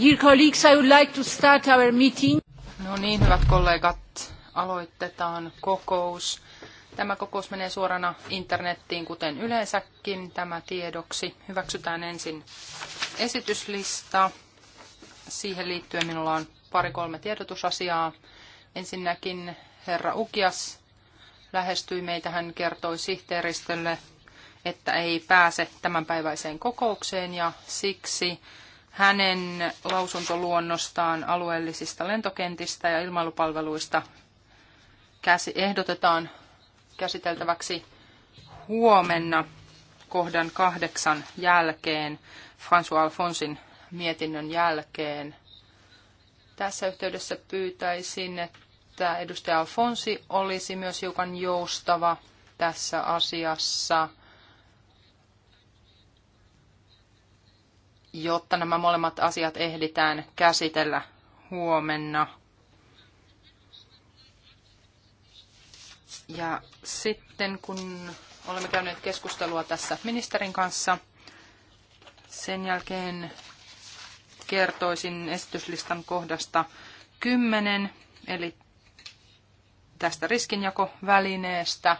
Dear colleagues, I would like to start our meeting. No niin, hyvät kollegat, aloitetaan kokous. Tämä kokous menee suorana internettiin, kuten yleensäkin tämä tiedoksi. Hyväksytään ensin esityslista. Siihen liittyen minulla on pari-kolme tiedotusasiaa. Ensinnäkin herra Ukias lähestyi meitä. Hän kertoi sihteeristölle, että ei pääse tämänpäiväiseen kokoukseen ja siksi hänen lausuntoluonnostaan alueellisista lentokentistä ja ilmailupalveluista käsi, ehdotetaan käsiteltäväksi huomenna kohdan kahdeksan jälkeen, François Alfonsin mietinnön jälkeen. Tässä yhteydessä pyytäisin, että edustaja Alfonsi olisi myös hiukan joustava tässä asiassa – jotta nämä molemmat asiat ehditään käsitellä huomenna. Ja sitten kun olemme käyneet keskustelua tässä ministerin kanssa, sen jälkeen kertoisin esityslistan kohdasta 10, eli tästä riskinjakovälineestä.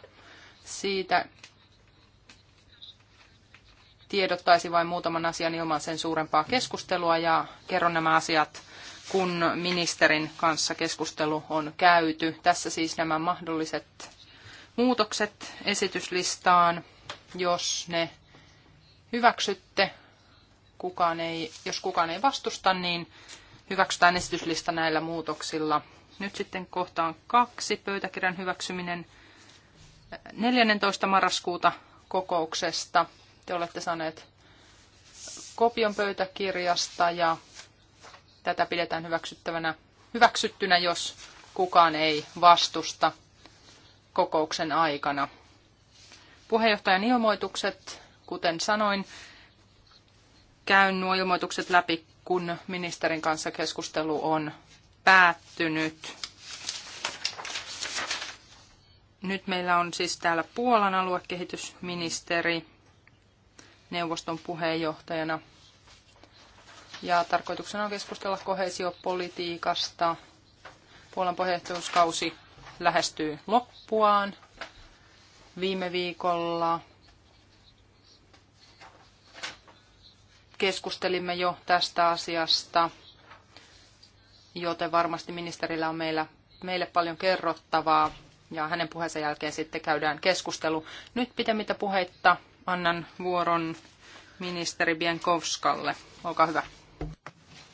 Siitä tiedottaisi vain muutaman asian ilman sen suurempaa keskustelua ja kerron nämä asiat, kun ministerin kanssa keskustelu on käyty. Tässä siis nämä mahdolliset muutokset esityslistaan, jos ne hyväksytte. Kukaan ei, jos kukaan ei vastusta, niin hyväksytään esityslista näillä muutoksilla. Nyt sitten kohtaan kaksi, pöytäkirjan hyväksyminen 14. marraskuuta kokouksesta. Te olette saaneet kopion pöytäkirjasta ja tätä pidetään hyväksyttävänä, hyväksyttynä, jos kukaan ei vastusta kokouksen aikana. Puheenjohtajan ilmoitukset, kuten sanoin, käyn nuo ilmoitukset läpi, kun ministerin kanssa keskustelu on päättynyt. Nyt meillä on siis täällä Puolan aluekehitysministeri neuvoston puheenjohtajana. Ja tarkoituksena on keskustella kohesiopolitiikasta. Puolan puheenjohtajuuskausi lähestyy loppuaan. Viime viikolla keskustelimme jo tästä asiasta, joten varmasti ministerillä on meillä, meille paljon kerrottavaa ja hänen puheensa jälkeen sitten käydään keskustelu. Nyt pitemmittä puheitta annan vuoron ministeri Bienkovskalle. Olkaa hyvä.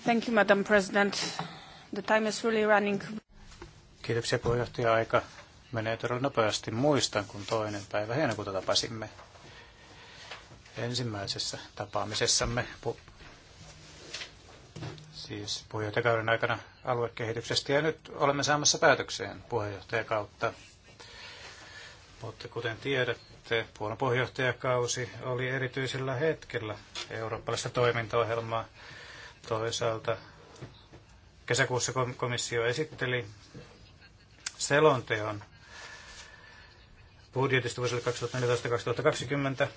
Thank you, Madam President. The time is really running. Kiitoksia puheenjohtaja. Aika menee todella nopeasti. Muistan, kun toinen päivä heinäkuuta tapasimme ensimmäisessä tapaamisessamme, pu- siis puheenjohtajakauden aikana aluekehityksestä, ja nyt olemme saamassa päätökseen puheenjohtajakautta. Mutta kuten tiedätte, että Puolan puheenjohtajakausi oli erityisellä hetkellä eurooppalaista toimintaohjelmaa. Toisaalta kesäkuussa komissio esitteli selonteon budjetista vuosille 2014-2020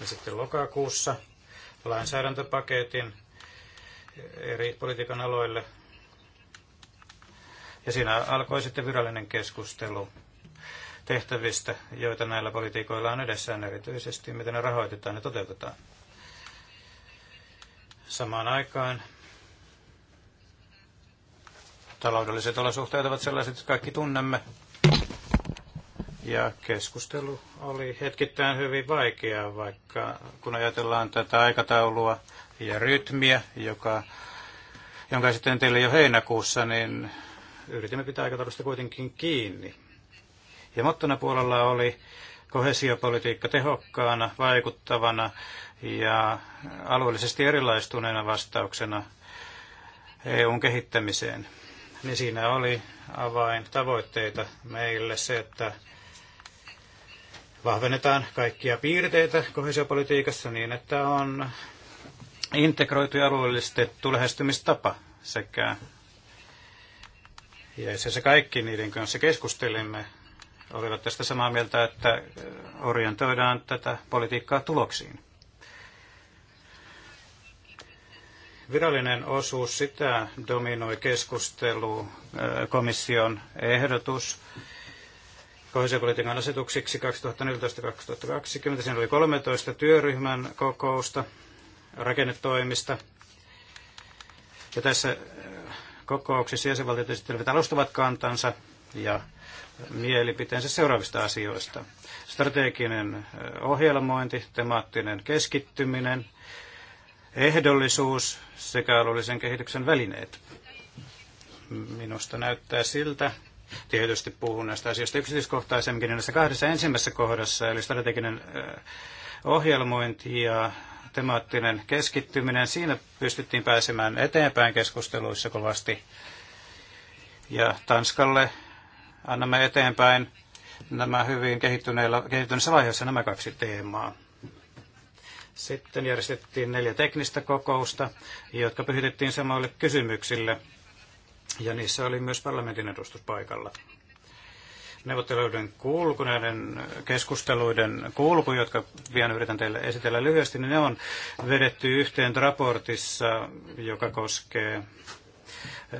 ja sitten lokakuussa lainsäädäntöpaketin eri politiikan aloille. Ja siinä alkoi sitten virallinen keskustelu tehtävistä, joita näillä politiikoilla on edessään erityisesti, miten ne rahoitetaan ja toteutetaan. Samaan aikaan taloudelliset olosuhteet ovat sellaiset, että kaikki tunnemme. Ja keskustelu oli hetkittäin hyvin vaikeaa, vaikka kun ajatellaan tätä aikataulua ja rytmiä, joka, jonka sitten teille jo heinäkuussa, niin yritimme pitää aikataulusta kuitenkin kiinni. Ja mottona puolella oli kohesiopolitiikka tehokkaana, vaikuttavana ja alueellisesti erilaistuneena vastauksena EUn kehittämiseen. Niin siinä oli avain tavoitteita meille se, että vahvennetaan kaikkia piirteitä kohesiopolitiikassa niin, että on integroitu ja alueellistettu lähestymistapa sekä ja itse asiassa kaikki niiden kanssa keskustelimme olivat tästä samaa mieltä, että äh, orientoidaan tätä politiikkaa tuloksiin. Virallinen osuus sitä dominoi keskustelu, äh, komission ehdotus kohesiopolitiikan asetuksiksi 2014-2020. Siinä oli 13 työryhmän kokousta rakennetoimista. Ja tässä äh, kokouksessa jäsenvaltiot esittelevät alustavat kantansa ja mielipiteensä seuraavista asioista. Strateginen ohjelmointi, temaattinen keskittyminen, ehdollisuus sekä alueellisen kehityksen välineet. Minusta näyttää siltä, tietysti puhun näistä asioista yksityiskohtaisemminkin näissä kahdessa ensimmäisessä kohdassa, eli strateginen ohjelmointi ja temaattinen keskittyminen. Siinä pystyttiin pääsemään eteenpäin keskusteluissa kovasti. Ja Tanskalle annamme eteenpäin nämä hyvin kehittyneillä, kehittyneessä vaiheessa nämä kaksi teemaa. Sitten järjestettiin neljä teknistä kokousta, jotka pyhitettiin samoille kysymyksille, ja niissä oli myös parlamentin edustus paikalla. Neuvotteluiden kulku, näiden keskusteluiden kulku, jotka vielä yritän teille esitellä lyhyesti, niin ne on vedetty yhteen raportissa, joka koskee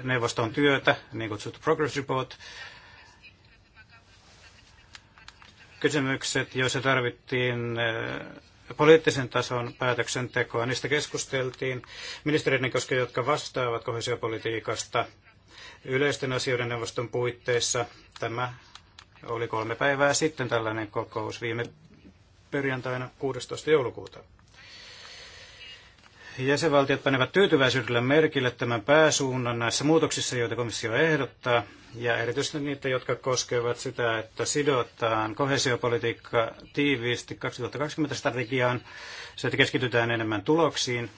neuvoston työtä, niin kutsuttu Progress Report, kysymykset, joissa tarvittiin äh, poliittisen tason päätöksentekoa. Niistä keskusteltiin ministeriöiden koska jotka vastaavat kohesiopolitiikasta yleisten asioiden neuvoston puitteissa. Tämä oli kolme päivää sitten tällainen kokous viime perjantaina 16. joulukuuta jäsenvaltiot panevat tyytyväisyydellä merkille tämän pääsuunnan näissä muutoksissa, joita komissio ehdottaa, ja erityisesti niitä, jotka koskevat sitä, että sidotaan kohesiopolitiikka tiiviisti 2020-strategiaan, se, että keskitytään enemmän tuloksiin,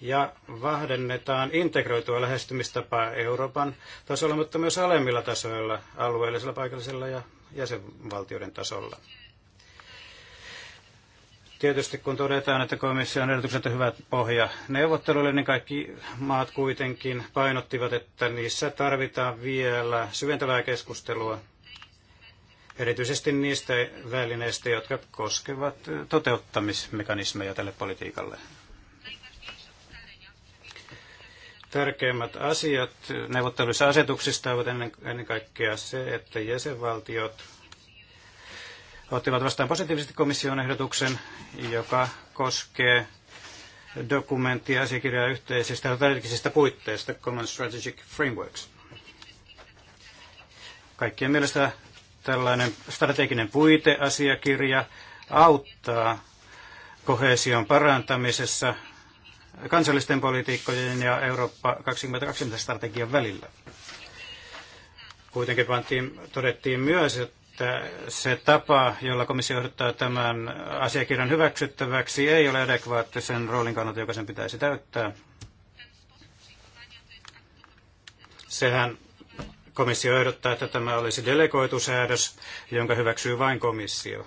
ja vahdennetaan integroitua lähestymistapaa Euroopan tasolla, mutta myös alemmilla tasoilla, alueellisella, paikallisella ja jäsenvaltioiden tasolla. Tietysti kun todetaan, että komission edellytykset on hyvät pohja neuvotteluille, niin kaikki maat kuitenkin painottivat, että niissä tarvitaan vielä syventävää keskustelua, erityisesti niistä välineistä, jotka koskevat toteuttamismekanismeja tälle politiikalle. Tärkeimmät asiat neuvotteluissa asetuksista ovat ennen kaikkea se, että jäsenvaltiot ottivat vastaan positiivisesti komission ehdotuksen, joka koskee dokumenttia asiakirjaa yhteisistä strategisista puitteista, Common Strategic Frameworks. Kaikkien mielestä tällainen strateginen puiteasiakirja auttaa kohesion parantamisessa kansallisten politiikkojen ja Eurooppa 2020 strategian välillä. Kuitenkin todettiin myös, että että se tapa, jolla komissio ehdottaa tämän asiakirjan hyväksyttäväksi, ei ole adekvaatti sen roolin kannalta, joka sen pitäisi täyttää. Sehän komissio ehdottaa, että tämä olisi delegoitu säädös, jonka hyväksyy vain komissio.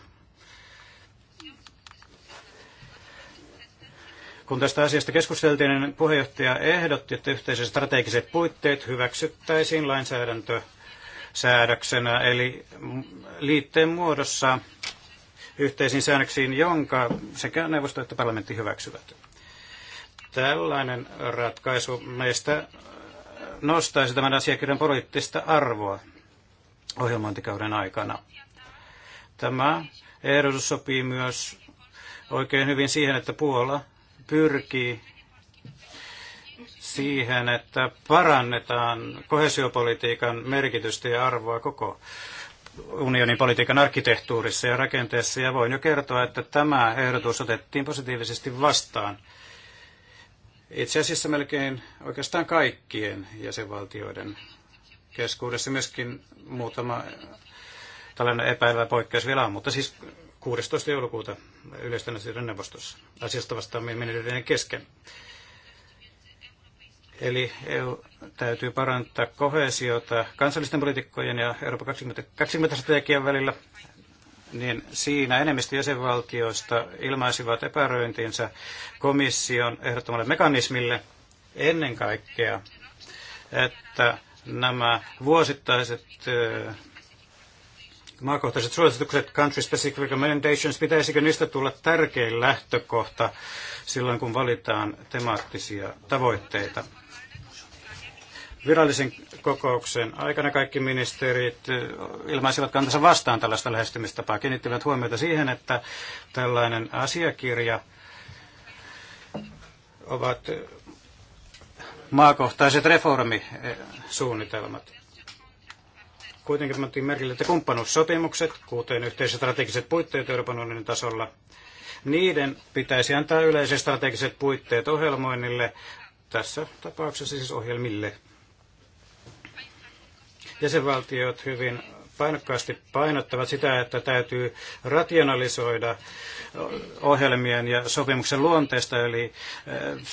Kun tästä asiasta keskusteltiin, niin puheenjohtaja ehdotti, että yhteiset strategiset puitteet hyväksyttäisiin lainsäädäntö säädöksenä, eli liitteen muodossa yhteisiin säännöksiin, jonka sekä neuvosto että parlamentti hyväksyvät. Tällainen ratkaisu meistä nostaisi tämän asiakirjan poliittista arvoa ohjelmointikauden aikana. Tämä ehdotus sopii myös oikein hyvin siihen, että Puola pyrkii siihen, että parannetaan kohesiopolitiikan merkitystä ja arvoa koko unionin politiikan arkkitehtuurissa ja rakenteessa. Ja voin jo kertoa, että tämä ehdotus otettiin positiivisesti vastaan. Itse asiassa melkein oikeastaan kaikkien jäsenvaltioiden keskuudessa myöskin muutama tällainen epäilevä poikkeus vielä on, mutta siis 16. joulukuuta yleisten asioiden neuvostossa asiasta vastaaminen kesken. Eli EU täytyy parantaa kohesiota kansallisten poliitikkojen ja Euroopan 2020 strategian välillä, niin siinä enemmistö jäsenvaltioista ilmaisivat epäröintinsä komission ehdottomalle mekanismille ennen kaikkea, että nämä vuosittaiset maakohtaiset suositukset, country specific recommendations, pitäisikö niistä tulla tärkein lähtökohta silloin, kun valitaan temaattisia tavoitteita? virallisen kokouksen aikana kaikki ministerit ilmaisivat kantansa vastaan tällaista lähestymistapaa, kiinnittivät huomiota siihen, että tällainen asiakirja ovat maakohtaiset reformisuunnitelmat. Kuitenkin pantiin merkille, että kumppanuussopimukset, kuten yhteiset strategiset puitteet Euroopan unionin tasolla, niiden pitäisi antaa yleiset strategiset puitteet ohjelmoinnille, tässä tapauksessa siis ohjelmille jäsenvaltiot hyvin painokkaasti painottavat sitä, että täytyy rationalisoida ohjelmien ja sopimuksen luonteesta, eli äh,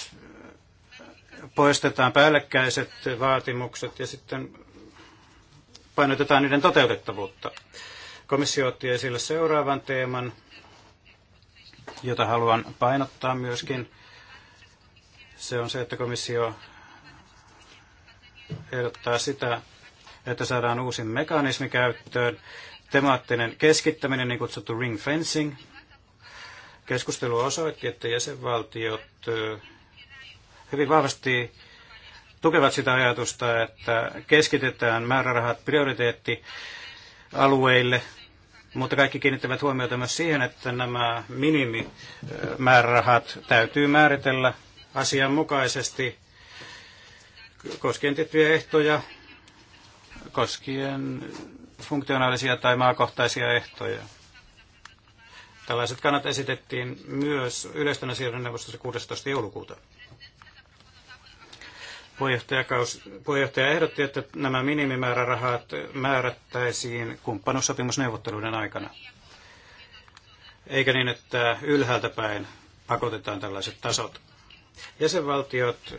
poistetaan päällekkäiset vaatimukset ja sitten painotetaan niiden toteutettavuutta. Komissio otti esille seuraavan teeman, jota haluan painottaa myöskin. Se on se, että komissio ehdottaa sitä, että saadaan uusi mekanismi käyttöön, temaattinen keskittäminen, niin kutsuttu ring fencing. Keskustelu osoitti, että jäsenvaltiot hyvin vahvasti tukevat sitä ajatusta, että keskitetään määrärahat prioriteettialueille, mutta kaikki kiinnittävät huomiota myös siihen, että nämä minimimäärärahat täytyy määritellä asianmukaisesti koskien tiettyjä ehtoja koskien funktionaalisia tai maakohtaisia ehtoja. Tällaiset kannat esitettiin myös yleisten asioiden neuvostossa 16. joulukuuta. puheenjohtaja ehdotti, että nämä minimimäärärahat määrättäisiin kumppanuussopimusneuvotteluiden aikana. Eikä niin, että ylhäältä päin pakotetaan tällaiset tasot. Jäsenvaltiot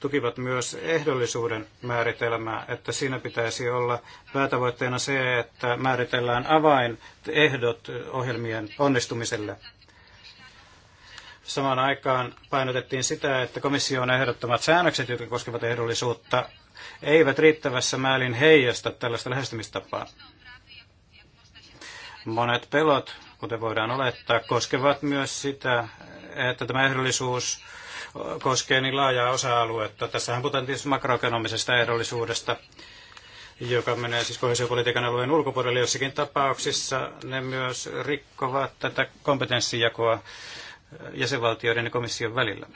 tukivat myös ehdollisuuden määritelmää, että siinä pitäisi olla päätavoitteena se, että määritellään avainehdot ohjelmien onnistumiselle. Samaan aikaan painotettiin sitä, että komission ehdottomat säännökset, jotka koskevat ehdollisuutta, eivät riittävässä määrin heijasta tällaista lähestymistapaa. Monet pelot, kuten voidaan olettaa, koskevat myös sitä, että tämä ehdollisuus koskee niin laajaa osa-aluetta. Tässähän puhutaan tietysti makroekonomisesta ehdollisuudesta, joka menee siis kohesiopolitiikan alueen ulkopuolelle. Jossakin tapauksissa ne myös rikkovat tätä kompetenssijakoa jäsenvaltioiden ja komission välillä.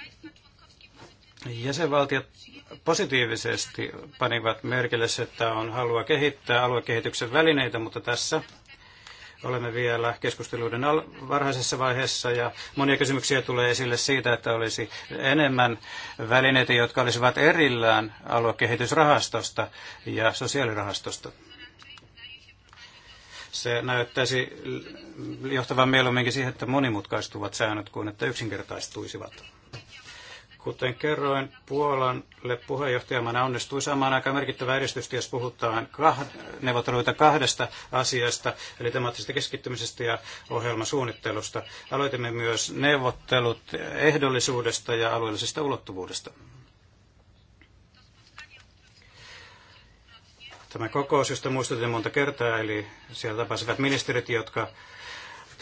Jäsenvaltiot positiivisesti panivat merkille, että on halua kehittää aluekehityksen välineitä, mutta tässä Olemme vielä keskusteluiden varhaisessa vaiheessa ja monia kysymyksiä tulee esille siitä, että olisi enemmän välineitä, jotka olisivat erillään aluekehitysrahastosta ja sosiaalirahastosta. Se näyttäisi johtavan mieluumminkin siihen, että monimutkaistuvat säännöt kuin että yksinkertaistuisivat. Kuten kerroin, Puolalle puheenjohtajamana onnistui saamaan aika merkittävä edistystä, jos puhutaan kah- neuvotteluita kahdesta asiasta, eli temaattisesta keskittymisestä ja ohjelmasuunnittelusta. Aloitimme myös neuvottelut ehdollisuudesta ja alueellisesta ulottuvuudesta. Tämä kokous, josta muistutin monta kertaa, eli siellä tapasivat ministerit, jotka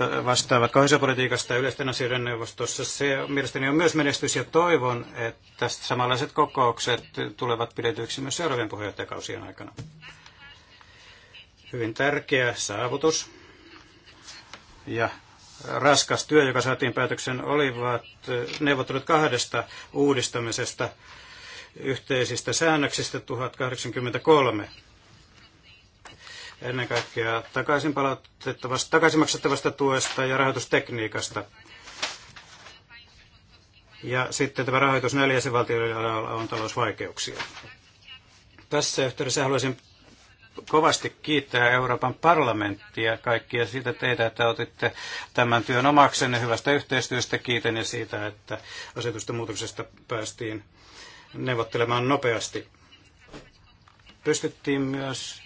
vasta- vastaavat kansanpolitiikasta ja yleisten asioiden neuvostossa. Se mielestäni on myös menestys ja toivon, että samanlaiset kokoukset tulevat pidetyiksi myös seuraavien puheenjohtajakausien aikana. Hyvin tärkeä saavutus ja raskas työ, joka saatiin päätöksen, olivat neuvottelut kahdesta uudistamisesta yhteisistä säännöksistä 1083 ennen kaikkea takaisin, takaisin maksettavasta tuesta ja rahoitustekniikasta. Ja sitten tämä rahoitus neljäsen valtioilla on talousvaikeuksia. Tässä yhteydessä haluaisin kovasti kiittää Euroopan parlamenttia kaikkia siitä teitä, että otitte tämän työn omaksenne hyvästä yhteistyöstä. Kiitän ja siitä, että asetusten muutoksesta päästiin neuvottelemaan nopeasti. Pystyttiin myös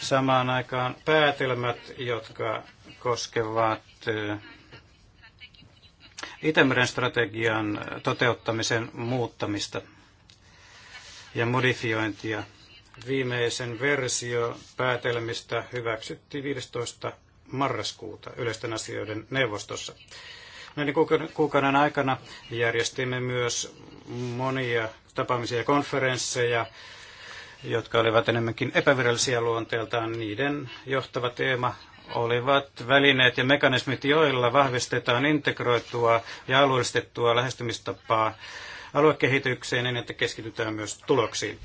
samaan aikaan päätelmät, jotka koskevat eh, Itämeren strategian toteuttamisen muuttamista ja modifiointia. Viimeisen versio päätelmistä hyväksyttiin 15. marraskuuta yleisten asioiden neuvostossa. Näiden kuukauden aikana järjestimme myös monia tapaamisia ja konferensseja jotka olivat enemmänkin epävirallisia luonteeltaan, niiden johtava teema olivat välineet ja mekanismit, joilla vahvistetaan integroitua ja alueellistettua lähestymistapaa aluekehitykseen niin, että keskitytään myös tuloksiin.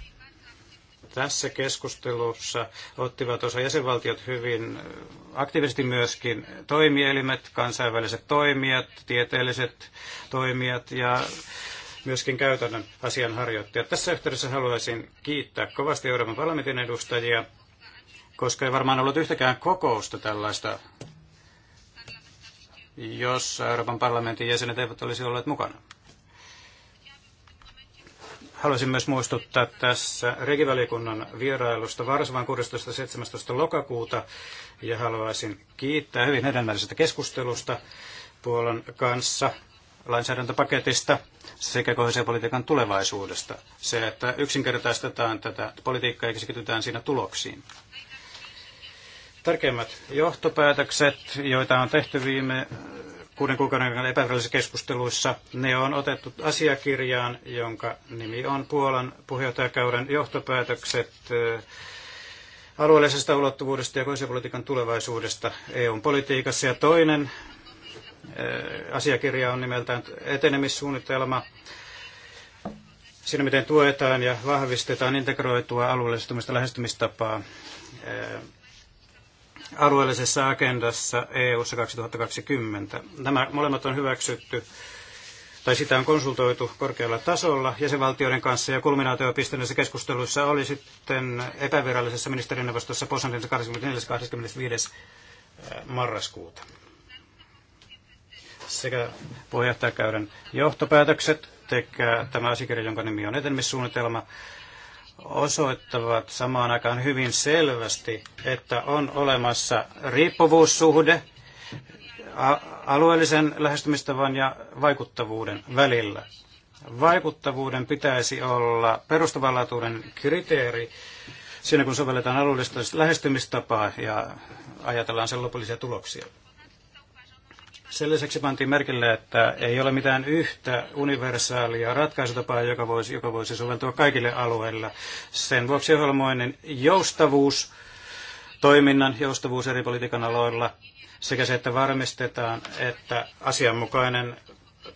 Tässä keskustelussa ottivat osa jäsenvaltiot hyvin aktiivisesti myöskin toimielimet, kansainväliset toimijat, tieteelliset toimijat ja myöskin käytännön asianharjoittajat. Tässä yhteydessä haluaisin kiittää kovasti Euroopan parlamentin edustajia, koska ei varmaan ollut yhtäkään kokousta tällaista, jos Euroopan parlamentin jäsenet eivät olisi olleet mukana. Haluaisin myös muistuttaa tässä regivalikunnan vierailusta Varsovan 16.17. lokakuuta ja haluaisin kiittää hyvin hedelmällisestä keskustelusta Puolan kanssa lainsäädäntöpaketista sekä politiikan tulevaisuudesta. Se, että yksinkertaistetaan tätä politiikkaa ja keskitytään siinä tuloksiin. Tärkeimmät johtopäätökset, joita on tehty viime kuuden kuukauden aikana epävirallisissa keskusteluissa, ne on otettu asiakirjaan, jonka nimi on Puolan puheenjohtajakauden johtopäätökset eh, alueellisesta ulottuvuudesta ja politiikan tulevaisuudesta eu politiikassa. Ja toinen asiakirja on nimeltään etenemissuunnitelma. Siinä miten tuetaan ja vahvistetaan integroitua alueellistumista lähestymistapaa alueellisessa agendassa eu 2020. Nämä molemmat on hyväksytty tai sitä on konsultoitu korkealla tasolla jäsenvaltioiden kanssa ja kulminaatiopisteellisessä keskusteluissa oli sitten epävirallisessa ministerineuvostossa Posantin 24.25. marraskuuta sekä puheenjohtajakäyden johtopäätökset sekä tämä asiakirja, jonka nimi on etenemissuunnitelma, osoittavat samaan aikaan hyvin selvästi, että on olemassa riippuvuussuhde alueellisen lähestymistavan ja vaikuttavuuden välillä. Vaikuttavuuden pitäisi olla perustavanlaatuinen kriteeri siinä, kun sovelletaan alueellista lähestymistapaa ja ajatellaan sen lopullisia tuloksia. Sen lisäksi pantiin merkille, että ei ole mitään yhtä universaalia ratkaisutapaa, joka voisi, joka voisi soveltua kaikille alueilla. Sen vuoksi ohjelmoinnin joustavuus, toiminnan joustavuus eri politiikan aloilla sekä se, että varmistetaan, että asianmukainen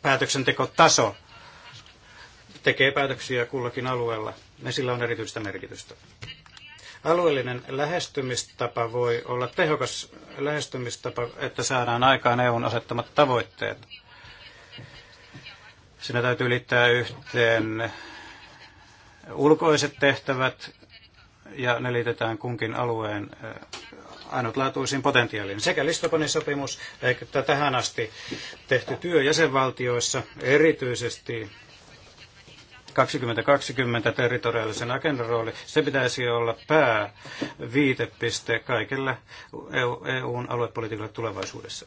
päätöksentekotaso tekee päätöksiä kullakin alueella, ne sillä on erityistä merkitystä. Alueellinen lähestymistapa voi olla tehokas lähestymistapa, että saadaan aikaan EUn asettamat tavoitteet. Siinä täytyy liittää yhteen ulkoiset tehtävät ja ne liitetään kunkin alueen ainutlaatuisiin potentiaaliin. Sekä Lissabonin sopimus että tähän asti tehty työ jäsenvaltioissa, erityisesti 2020 territoriaalisen agendan rooli, se pitäisi olla pääviitepiste kaikille EUn e aluepolitiikalle tulevaisuudessa.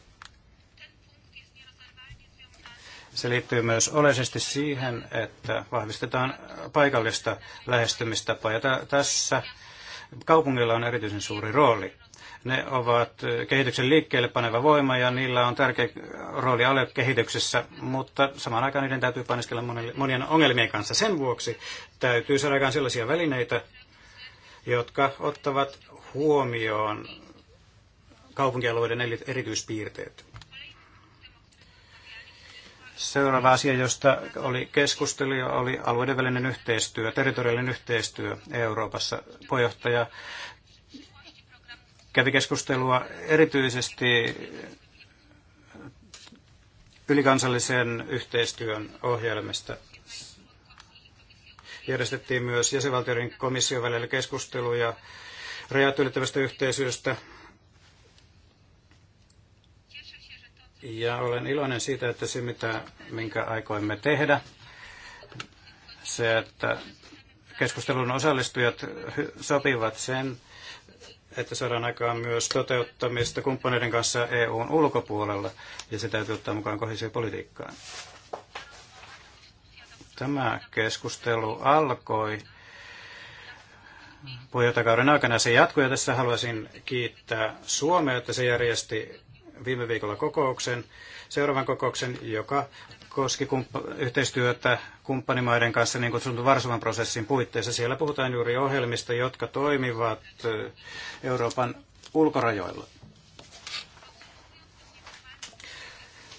Se liittyy myös oleisesti siihen, että vahvistetaan paikallista lähestymistapaa. Ja tässä kaupungilla on erityisen suuri rooli. Ne ovat kehityksen liikkeelle paneva voima ja niillä on tärkeä rooli aluekehityksessä, mutta samaan aikaan niiden täytyy painiskella monien ongelmien kanssa. Sen vuoksi täytyy saada aikaan sellaisia välineitä, jotka ottavat huomioon kaupunkialueiden erityispiirteet. Seuraava asia, josta oli keskustelija, oli alueiden välinen yhteistyö, territoriaalinen yhteistyö Euroopassa. Puheenjohtaja kävi keskustelua erityisesti ylikansallisen yhteistyön ohjelmista. Järjestettiin myös jäsenvaltioiden komission välillä keskusteluja rajat ylittävästä yhteisöstä. Ja olen iloinen siitä, että se mitä, minkä aikoimme tehdä, se, että keskustelun osallistujat sopivat sen, että saadaan aikaan myös toteuttamista kumppaneiden kanssa EUn ulkopuolella, ja se täytyy ottaa mukaan politiikkaan. Tämä keskustelu alkoi puheenjohtajakauden aikana se jatkuu ja tässä haluaisin kiittää Suomea, että se järjesti viime viikolla kokouksen, seuraavan kokouksen, joka koski kumppa- yhteistyötä kumppanimaiden kanssa niin kutsutun Varsovan prosessin puitteissa. Siellä puhutaan juuri ohjelmista, jotka toimivat Euroopan ulkorajoilla.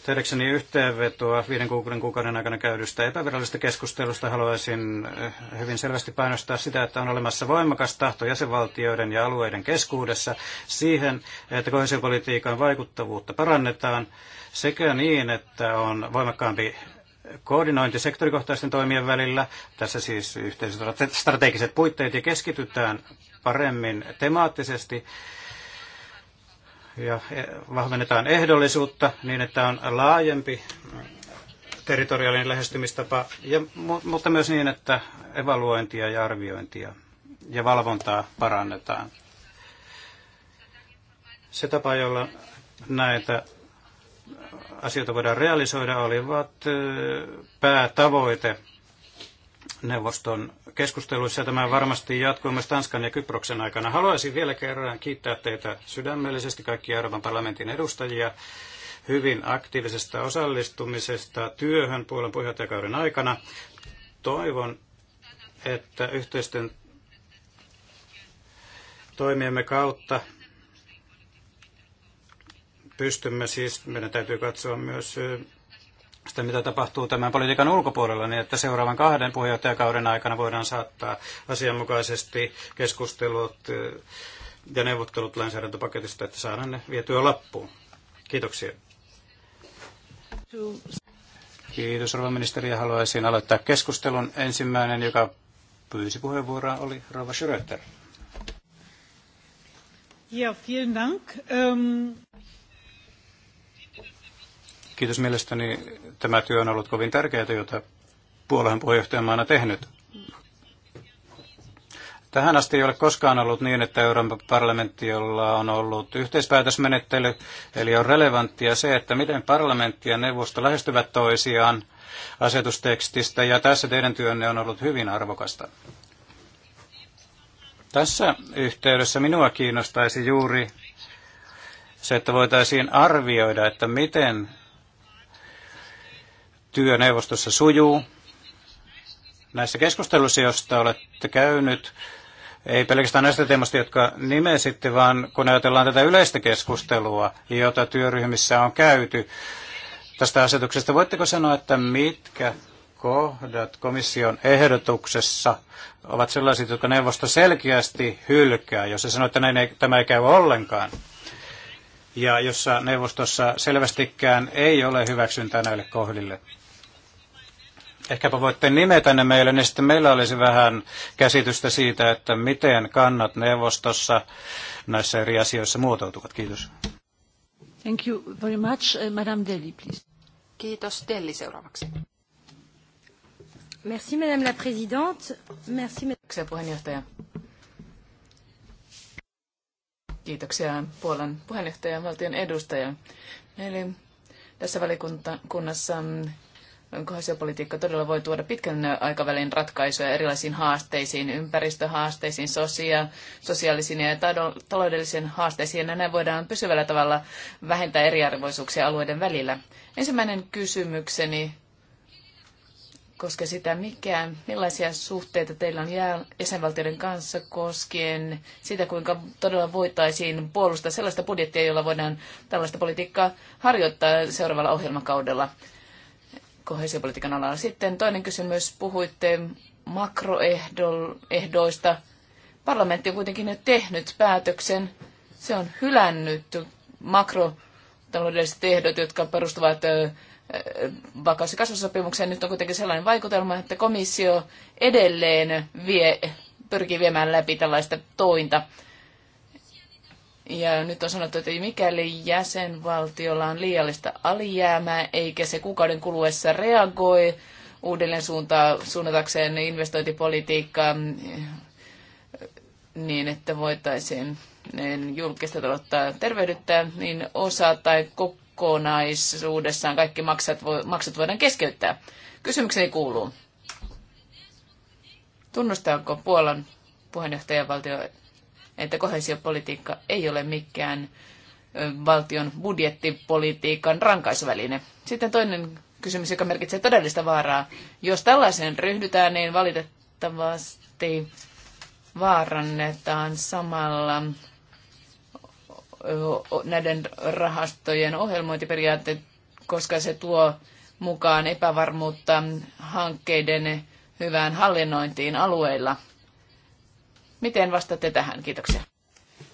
Tehdäkseni yhteenvetoa viiden kuukauden kuukauden aikana käydystä epävirallisesta keskustelusta haluaisin eh, hyvin selvästi painostaa sitä, että on olemassa voimakas tahto jäsenvaltioiden ja alueiden keskuudessa siihen, että kohesiopolitiikan vaikuttavuutta parannetaan sekä niin, että on voimakkaampi koordinointi sektorikohtaisten toimien välillä. Tässä siis yhteiset strategiset puitteet ja keskitytään paremmin temaattisesti ja vahvennetaan ehdollisuutta niin, että on laajempi territoriaalinen lähestymistapa, ja, mutta myös niin, että evaluointia ja arviointia ja valvontaa parannetaan. Se tapa, jolla näitä asioita voidaan realisoida, olivat päätavoite neuvoston keskusteluissa. Tämä varmasti jatkuu myös Tanskan ja Kyproksen aikana. Haluaisin vielä kerran kiittää teitä sydämellisesti kaikkia Euroopan parlamentin edustajia hyvin aktiivisesta osallistumisesta työhön puolen puheenjohtajakauden aikana. Toivon, että yhteisten toimiemme kautta pystymme siis, meidän täytyy katsoa myös sitä, mitä tapahtuu tämän politiikan ulkopuolella, niin että seuraavan kahden puheenjohtajakauden aikana voidaan saattaa asianmukaisesti keskustelut eh, ja neuvottelut lainsäädäntöpaketista, että saadaan ne vietyä lappuun. Kiitoksia. Kiitos, rouva ministeri. Haluaisin aloittaa keskustelun. Ensimmäinen, joka pyysi puheenvuoroa, oli rouva Schröter. Ja, vielen Dank. Um... Kiitos mielestäni. Tämä työ on ollut kovin tärkeää, jota puolueen puheenjohtajamaana tehnyt. Tähän asti ei ole koskaan ollut niin, että Euroopan parlamentti, jolla on ollut yhteispäätösmenettely, eli on relevanttia se, että miten parlamentti ja neuvosto lähestyvät toisiaan asetustekstistä, ja tässä teidän työnne on ollut hyvin arvokasta. Tässä yhteydessä minua kiinnostaisi juuri se, että voitaisiin arvioida, että miten työneuvostossa sujuu. Näissä keskusteluissa, joista olette käynyt, ei pelkästään näistä teemoista, jotka nimesitte, vaan kun ajatellaan tätä yleistä keskustelua, jota työryhmissä on käyty tästä asetuksesta, voitteko sanoa, että mitkä kohdat komission ehdotuksessa ovat sellaisia, jotka neuvosto selkeästi hylkää, jos se sanoo, että näin ei, tämä ei käy ollenkaan? ja jossa neuvostossa selvästikään ei ole hyväksyntää näille kohdille. Ehkäpä voitte nimetä ne meille, niin sitten meillä olisi vähän käsitystä siitä, että miten kannat neuvostossa näissä eri asioissa muotoutuvat. Kiitos. Thank you very much. Eh, madame Deli, please. Kiitos. Deli seuraavaksi. Merci, Madame la Présidente. Merci, Madame... puheenjohtaja. Kiitoksia Puolan puheenjohtajan valtion edustaja. Eli tässä valikunnassa mm, kohesiopolitiikka todella voi tuoda pitkän aikavälin ratkaisuja erilaisiin haasteisiin, ympäristöhaasteisiin, sosia, sosiaalisiin ja taloudellisiin haasteisiin, ja näin voidaan pysyvällä tavalla vähentää eriarvoisuuksia alueiden välillä. Ensimmäinen kysymykseni koska sitä, mikä, millaisia suhteita teillä on jäsenvaltioiden kanssa koskien sitä, kuinka todella voitaisiin puolustaa sellaista budjettia, jolla voidaan tällaista politiikkaa harjoittaa seuraavalla ohjelmakaudella kohesiopolitiikan alalla. Sitten toinen kysymys, puhuitte makroehdoista. Parlamentti on kuitenkin nyt tehnyt päätöksen. Se on hylännyt makrotaloudelliset ehdot, jotka perustuvat vakaus- ja kasvusopimukseen. Nyt on kuitenkin sellainen vaikutelma, että komissio edelleen vie, pyrkii viemään läpi tällaista tointa. Ja nyt on sanottu, että mikäli jäsenvaltiolla on liiallista alijäämää, eikä se kuukauden kuluessa reagoi uudelleen suuntaa, suunnatakseen investointipolitiikkaa niin, että voitaisiin julkista taloutta tervehdyttää, niin osa tai koko kokonaisuudessaan kaikki maksat, voidaan keskeyttää. Kysymykseni kuuluu, tunnustaako Puolan puheenjohtajavaltio, että kohesiopolitiikka ei ole mikään valtion budjettipolitiikan rankaisuväline? Sitten toinen kysymys, joka merkitsee todellista vaaraa. Jos tällaiseen ryhdytään, niin valitettavasti vaarannetaan samalla näiden rahastojen ohjelmointiperiaatteet, koska se tuo mukaan epävarmuutta hankkeiden hyvään hallinnointiin alueilla. Miten vastaatte tähän? Kiitoksia.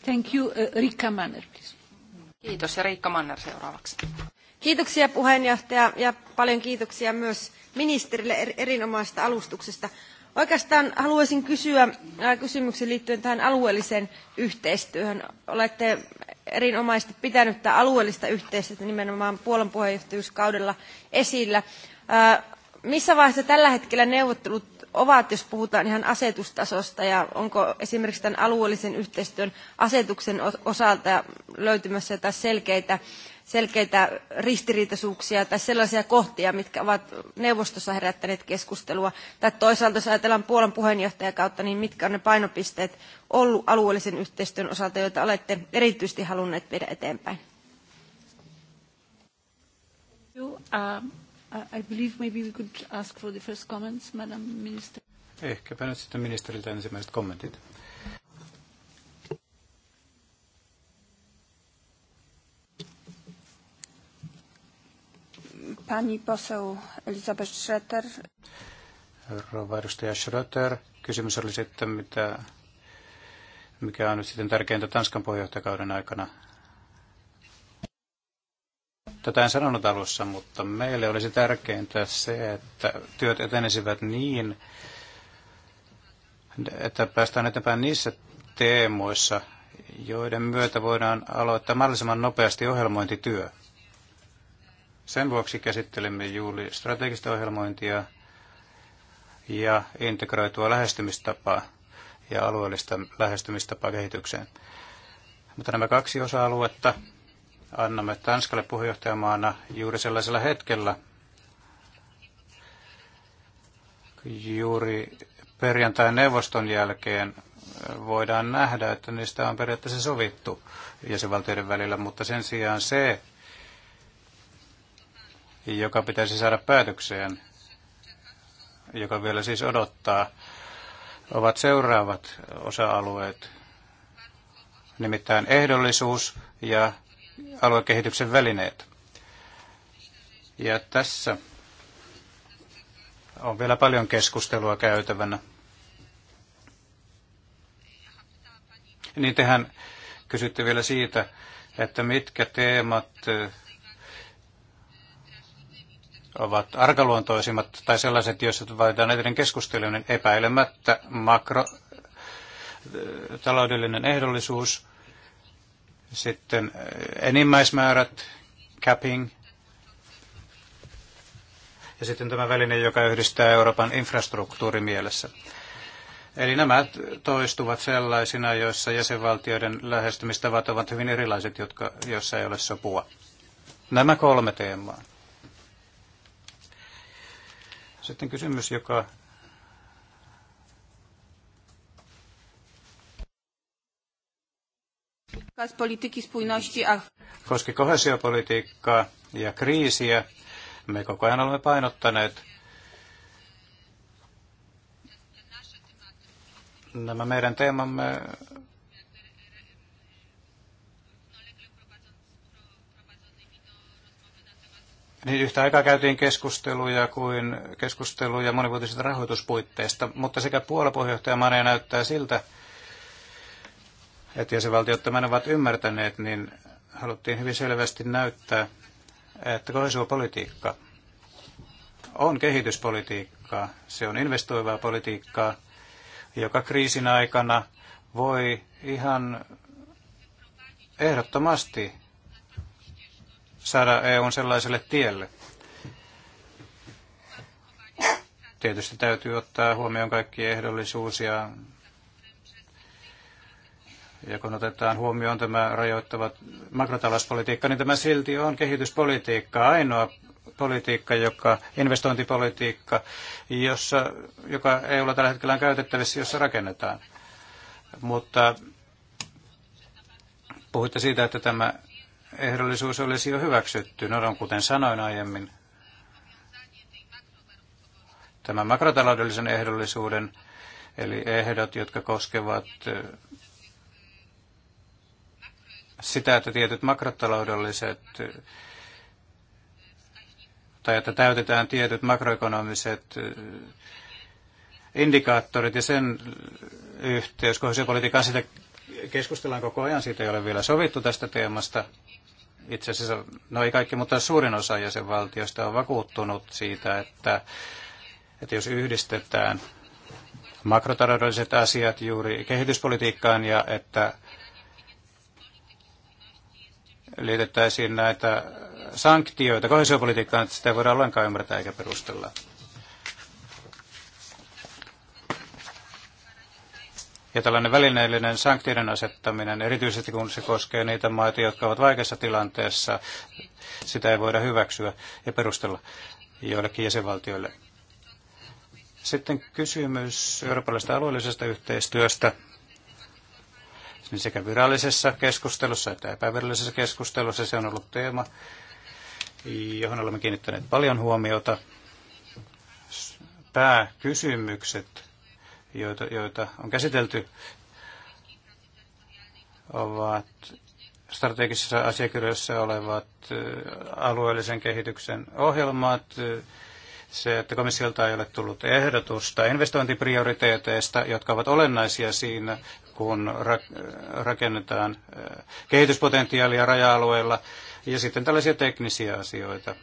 Thank you. Riikka Manner, please. Kiitos ja Riikka Manner seuraavaksi. Kiitoksia puheenjohtaja ja paljon kiitoksia myös ministerille er-, erinomaisesta alustuksesta. Oikeastaan haluaisin kysyä kysymyksen liittyen tähän alueelliseen yhteistyöhön. Olette erinomaisesti pitänyt tämä alueellista yhteistyötä nimenomaan Puolan puheenjohtajuuskaudella esillä. Missä vaiheessa tällä hetkellä neuvottelut ovat, jos puhutaan ihan asetustasosta, ja onko esimerkiksi tämän alueellisen yhteistyön asetuksen osalta löytymässä jotain selkeitä selkeitä ristiriitaisuuksia tai sellaisia kohtia, mitkä ovat neuvostossa herättäneet keskustelua? Tai toisaalta, jos ajatellaan Puolan puheenjohtajakautta, niin mitkä on ne painopisteet ollut alueellisen yhteistyön osalta, joita olette erityisesti halunneet viedä eteenpäin? Ehkäpä nyt sitten ministeriltä ensimmäiset kommentit. Pani poseł Elizabeth Schröter. Rouva edustaja Schröter. Kysymys oli sitten, mitä, mikä on nyt sitten tärkeintä Tanskan puheenjohtajakauden aikana. Tätä en sanonut alussa, mutta meille olisi tärkeintä se, että työt etenisivät niin, että päästään eteenpäin niissä teemoissa, joiden myötä voidaan aloittaa mahdollisimman nopeasti ohjelmointityö. Sen vuoksi käsittelemme juuri strategista ohjelmointia ja integroitua lähestymistapaa ja alueellista lähestymistapaa kehitykseen. Mutta nämä kaksi osa-aluetta annamme Tanskalle puheenjohtajamaana juuri sellaisella hetkellä, juuri perjantain neuvoston jälkeen voidaan nähdä, että niistä on periaatteessa sovittu jäsenvaltioiden välillä, mutta sen sijaan se, joka pitäisi saada päätökseen, joka vielä siis odottaa, ovat seuraavat osa-alueet, nimittäin ehdollisuus ja aluekehityksen välineet. Ja tässä on vielä paljon keskustelua käytävänä. Niin tehän kysytte vielä siitä, että mitkä teemat ovat arkaluontoisimmat tai sellaiset, joissa vaaditaan edelleen keskustelujen epäilemättä makrotaloudellinen äh, ehdollisuus, sitten äh, enimmäismäärät, capping, ja sitten tämä väline, joka yhdistää Euroopan infrastruktuuri mielessä. Eli nämä toistuvat sellaisina, joissa jäsenvaltioiden lähestymistavat ovat hyvin erilaiset, jotka, joissa ei ole sopua. Nämä kolme teemaa. Sitten kysymys, joka Koski kohesiopolitiikkaa ja kriisiä. Me koko ajan olemme painottaneet nämä meidän teemamme Niin yhtä aikaa käytiin keskusteluja kuin keskusteluja monivuotisista rahoituspuitteista, mutta sekä puolapuheenjohtaja Mane näyttää siltä, että jäsenvaltiot tämän ovat ymmärtäneet, niin haluttiin hyvin selvästi näyttää, että politiikka on kehityspolitiikkaa, se on investoivaa politiikkaa, joka kriisin aikana voi ihan ehdottomasti saada EUn sellaiselle tielle. Tietysti täytyy ottaa huomioon kaikki ehdollisuus ja, ja kun otetaan huomioon tämä rajoittava makrotalouspolitiikka, niin tämä silti on kehityspolitiikka. Ainoa politiikka, joka, investointipolitiikka, jossa, joka EUlla tällä hetkellä on käytettävissä, jossa rakennetaan. Mutta puhuitte siitä, että tämä ehdollisuus olisi jo hyväksytty. No, no kuten sanoin aiemmin, tämän makrotaloudellisen ehdollisuuden, eli ehdot, jotka koskevat eh, sitä, että tietyt makrotaloudelliset eh, tai että täytetään tietyt makroekonomiset eh, indikaattorit ja sen yhteys kohdallisuuspolitiikkaan, sitä keskustellaan koko ajan, siitä ei ole vielä sovittu tästä teemasta itse asiassa, no ei kaikki, mutta suurin osa jäsenvaltioista on vakuuttunut siitä, että, että jos yhdistetään makrotaloudelliset asiat juuri kehityspolitiikkaan ja että liitettäisiin näitä sanktioita kohesiopolitiikkaan, että sitä ei voida ollenkaan ymmärtää eikä perustella. Ja tällainen välineellinen sanktioiden asettaminen, erityisesti kun se koskee niitä maita, jotka ovat vaikeassa tilanteessa, sitä ei voida hyväksyä ja perustella joillekin jäsenvaltioille. Sitten kysymys eurooppalaisesta alueellisesta yhteistyöstä niin sekä virallisessa keskustelussa että epävirallisessa keskustelussa. Se on ollut teema, johon olemme kiinnittäneet paljon huomiota. Pääkysymykset joita, joita on käsitelty, ovat strategisissa asiakirjoissa olevat eh, alueellisen kehityksen ohjelmat, eh, se, että komissiolta ei ole tullut ehdotusta investointiprioriteeteista, jotka ovat olennaisia siinä, kun rakennetaan eh, kehityspotentiaalia raja-alueilla, ja sitten tällaisia teknisiä asioita,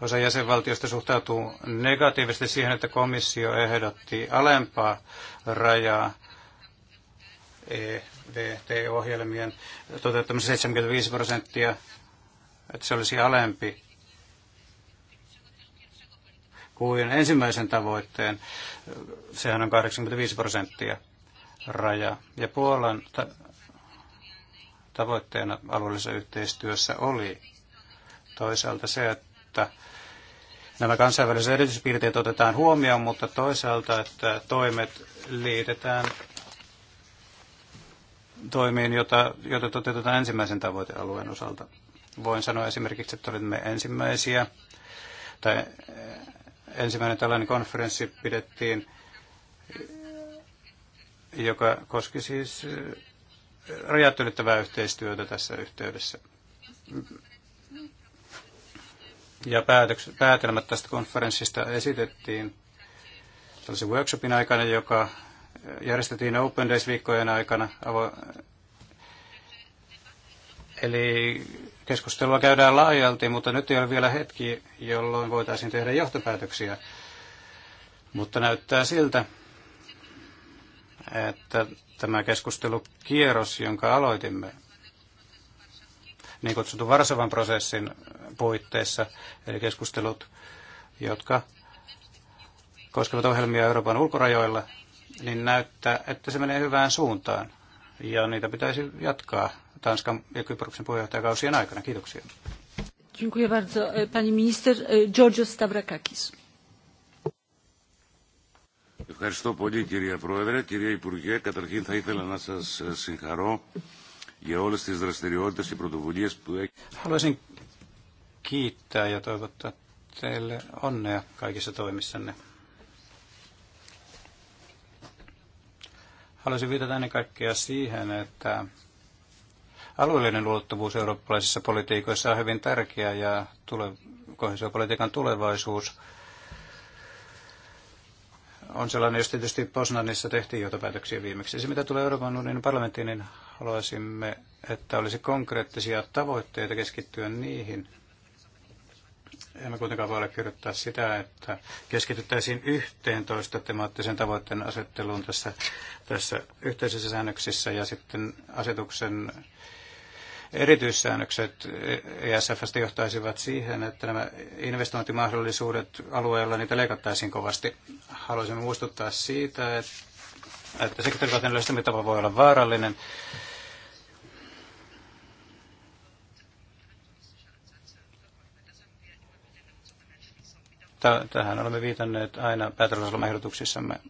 Osa jäsenvaltioista suhtautuu negatiivisesti siihen, että komissio ehdotti alempaa rajaa EVT-ohjelmien toteuttamisen 75 prosenttia, että se olisi alempi kuin ensimmäisen tavoitteen. Sehän on 85 prosenttia raja. Ja Puolan ta- tavoitteena alueellisessa yhteistyössä oli toisaalta se, että että nämä kansainväliset erityispiirteet otetaan huomioon, mutta toisaalta, että toimet liitetään toimiin, jota, jota toteutetaan ensimmäisen tavoitealueen osalta. Voin sanoa esimerkiksi, että olimme ensimmäisiä, tai eh, ensimmäinen tällainen konferenssi pidettiin, joka koski siis eh, rajat ylittävää yhteistyötä tässä yhteydessä ja päätöks, päätelmät tästä konferenssista esitettiin tällaisen workshopin aikana, joka järjestettiin Open Days-viikkojen aikana. Eli keskustelua käydään laajalti, mutta nyt ei ole vielä hetki, jolloin voitaisiin tehdä johtopäätöksiä. Mutta näyttää siltä, että tämä keskustelukierros, jonka aloitimme, niin kutsutun Varsovan prosessin puitteissa, eli keskustelut, jotka koskevat ohjelmia Euroopan ulkorajoilla, niin näyttää, että se menee hyvään suuntaan. Ja niitä pitäisi jatkaa Tanskan ja Kyproksen puheenjohtajakausien aikana. Kiitoksia. Dziękuję bardzo. E, pani minister e, Giorgio Stavrakakis. Ευχαριστώ πολύ κυρία Πρόεδρε. Κυρία Υπουργέ, καταρχήν θα ήθελα να σας συγχαρώ για όλες τις δραστηριότητες και πρωτοβουλίες που έχει. Haluaisin kiittää ja toivottaa teille onnea kaikissa toimissanne. Haluaisin viitata ennen kaikkea siihen, että alueellinen luottavuus eurooppalaisissa politiikoissa on hyvin tärkeä ja tule, kohdisopolitiikan tulevaisuus on sellainen, jos tietysti Poznanissa tehtiin johtopäätöksiä viimeksi. Se, mitä tulee Euroopan unionin parlamenttiin, niin haluaisimme, että olisi konkreettisia tavoitteita keskittyä niihin. Emme kuitenkaan voi allekirjoittaa sitä, että keskityttäisiin toista temaattisen tavoitteen asetteluun tässä, tässä yhteisessä säännöksissä ja sitten asetuksen Erityissäännökset ESFstä johtaisivat siihen, että nämä investointimahdollisuudet alueella niitä leikattaisiin kovasti. Haluaisimme muistuttaa siitä, että, että sektorikohtainen voi olla vaarallinen. Tähän olemme viitanneet aina päätöslauselmaehdotuksissamme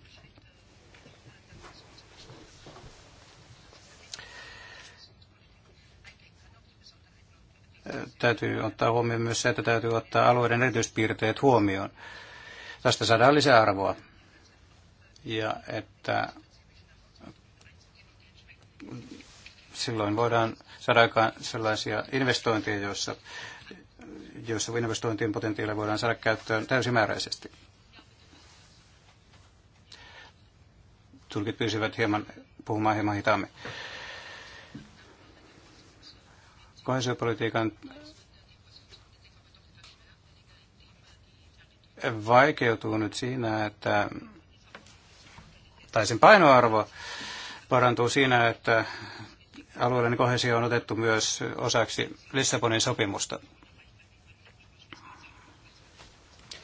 täytyy ottaa huomioon myös se, että täytyy ottaa alueiden erityispiirteet huomioon. Tästä saadaan lisäarvoa. Ja että silloin voidaan saada aikaan sellaisia investointeja, joissa, joissa investointien potentiaalia voidaan saada käyttöön täysimääräisesti. Tulkit pyysivät hieman puhumaan hieman hitaammin kohesiopolitiikan vaikeutuu nyt siinä, että, tai sen painoarvo parantuu siinä, että alueellinen kohesio on otettu myös osaksi Lissabonin sopimusta.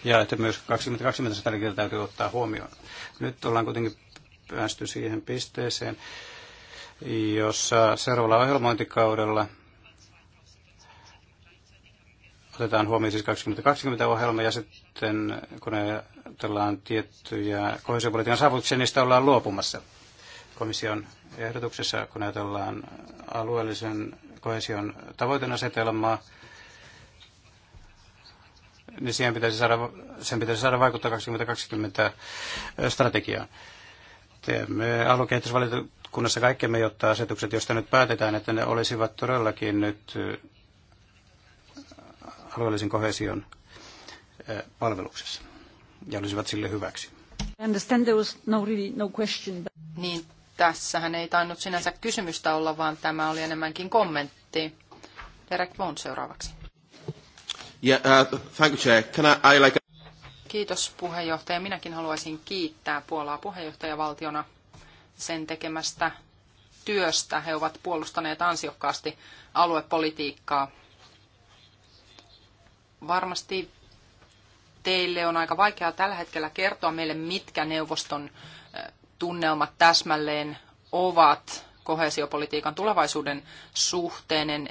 Ja että myös 2020 täytyy ottaa huomioon. Nyt ollaan kuitenkin päästy siihen pisteeseen, jossa seuraavalla ohjelmointikaudella – otetaan huomioon siis 2020-ohjelma ja sitten kun ajatellaan tiettyjä kohesiopolitiikan saavutuksia, niistä ollaan luopumassa komission ehdotuksessa, kun ajatellaan alueellisen kohesion tavoiteasetelmaa, niin siihen pitäisi saada, sen pitäisi saada vaikuttaa 2020 strategiaan. Teemme aluekehitysvaliokunnassa kaikkemme, jotta asetukset, joista nyt päätetään, että ne olisivat todellakin nyt alueellisen kohesion palveluksessa ja olisivat sille hyväksi. No no niin, tässähän ei tainnut sinänsä kysymystä olla, vaan tämä oli enemmänkin kommentti. Derek Vaughan seuraavaksi. Yeah, uh, thank you, Chair. Can I, I like... Kiitos puheenjohtaja. Minäkin haluaisin kiittää Puolaa puheenjohtajavaltiona sen tekemästä työstä. He ovat puolustaneet ansiokkaasti aluepolitiikkaa Varmasti teille on aika vaikeaa tällä hetkellä kertoa meille, mitkä neuvoston tunnelmat täsmälleen ovat kohesiopolitiikan tulevaisuuden suhteen,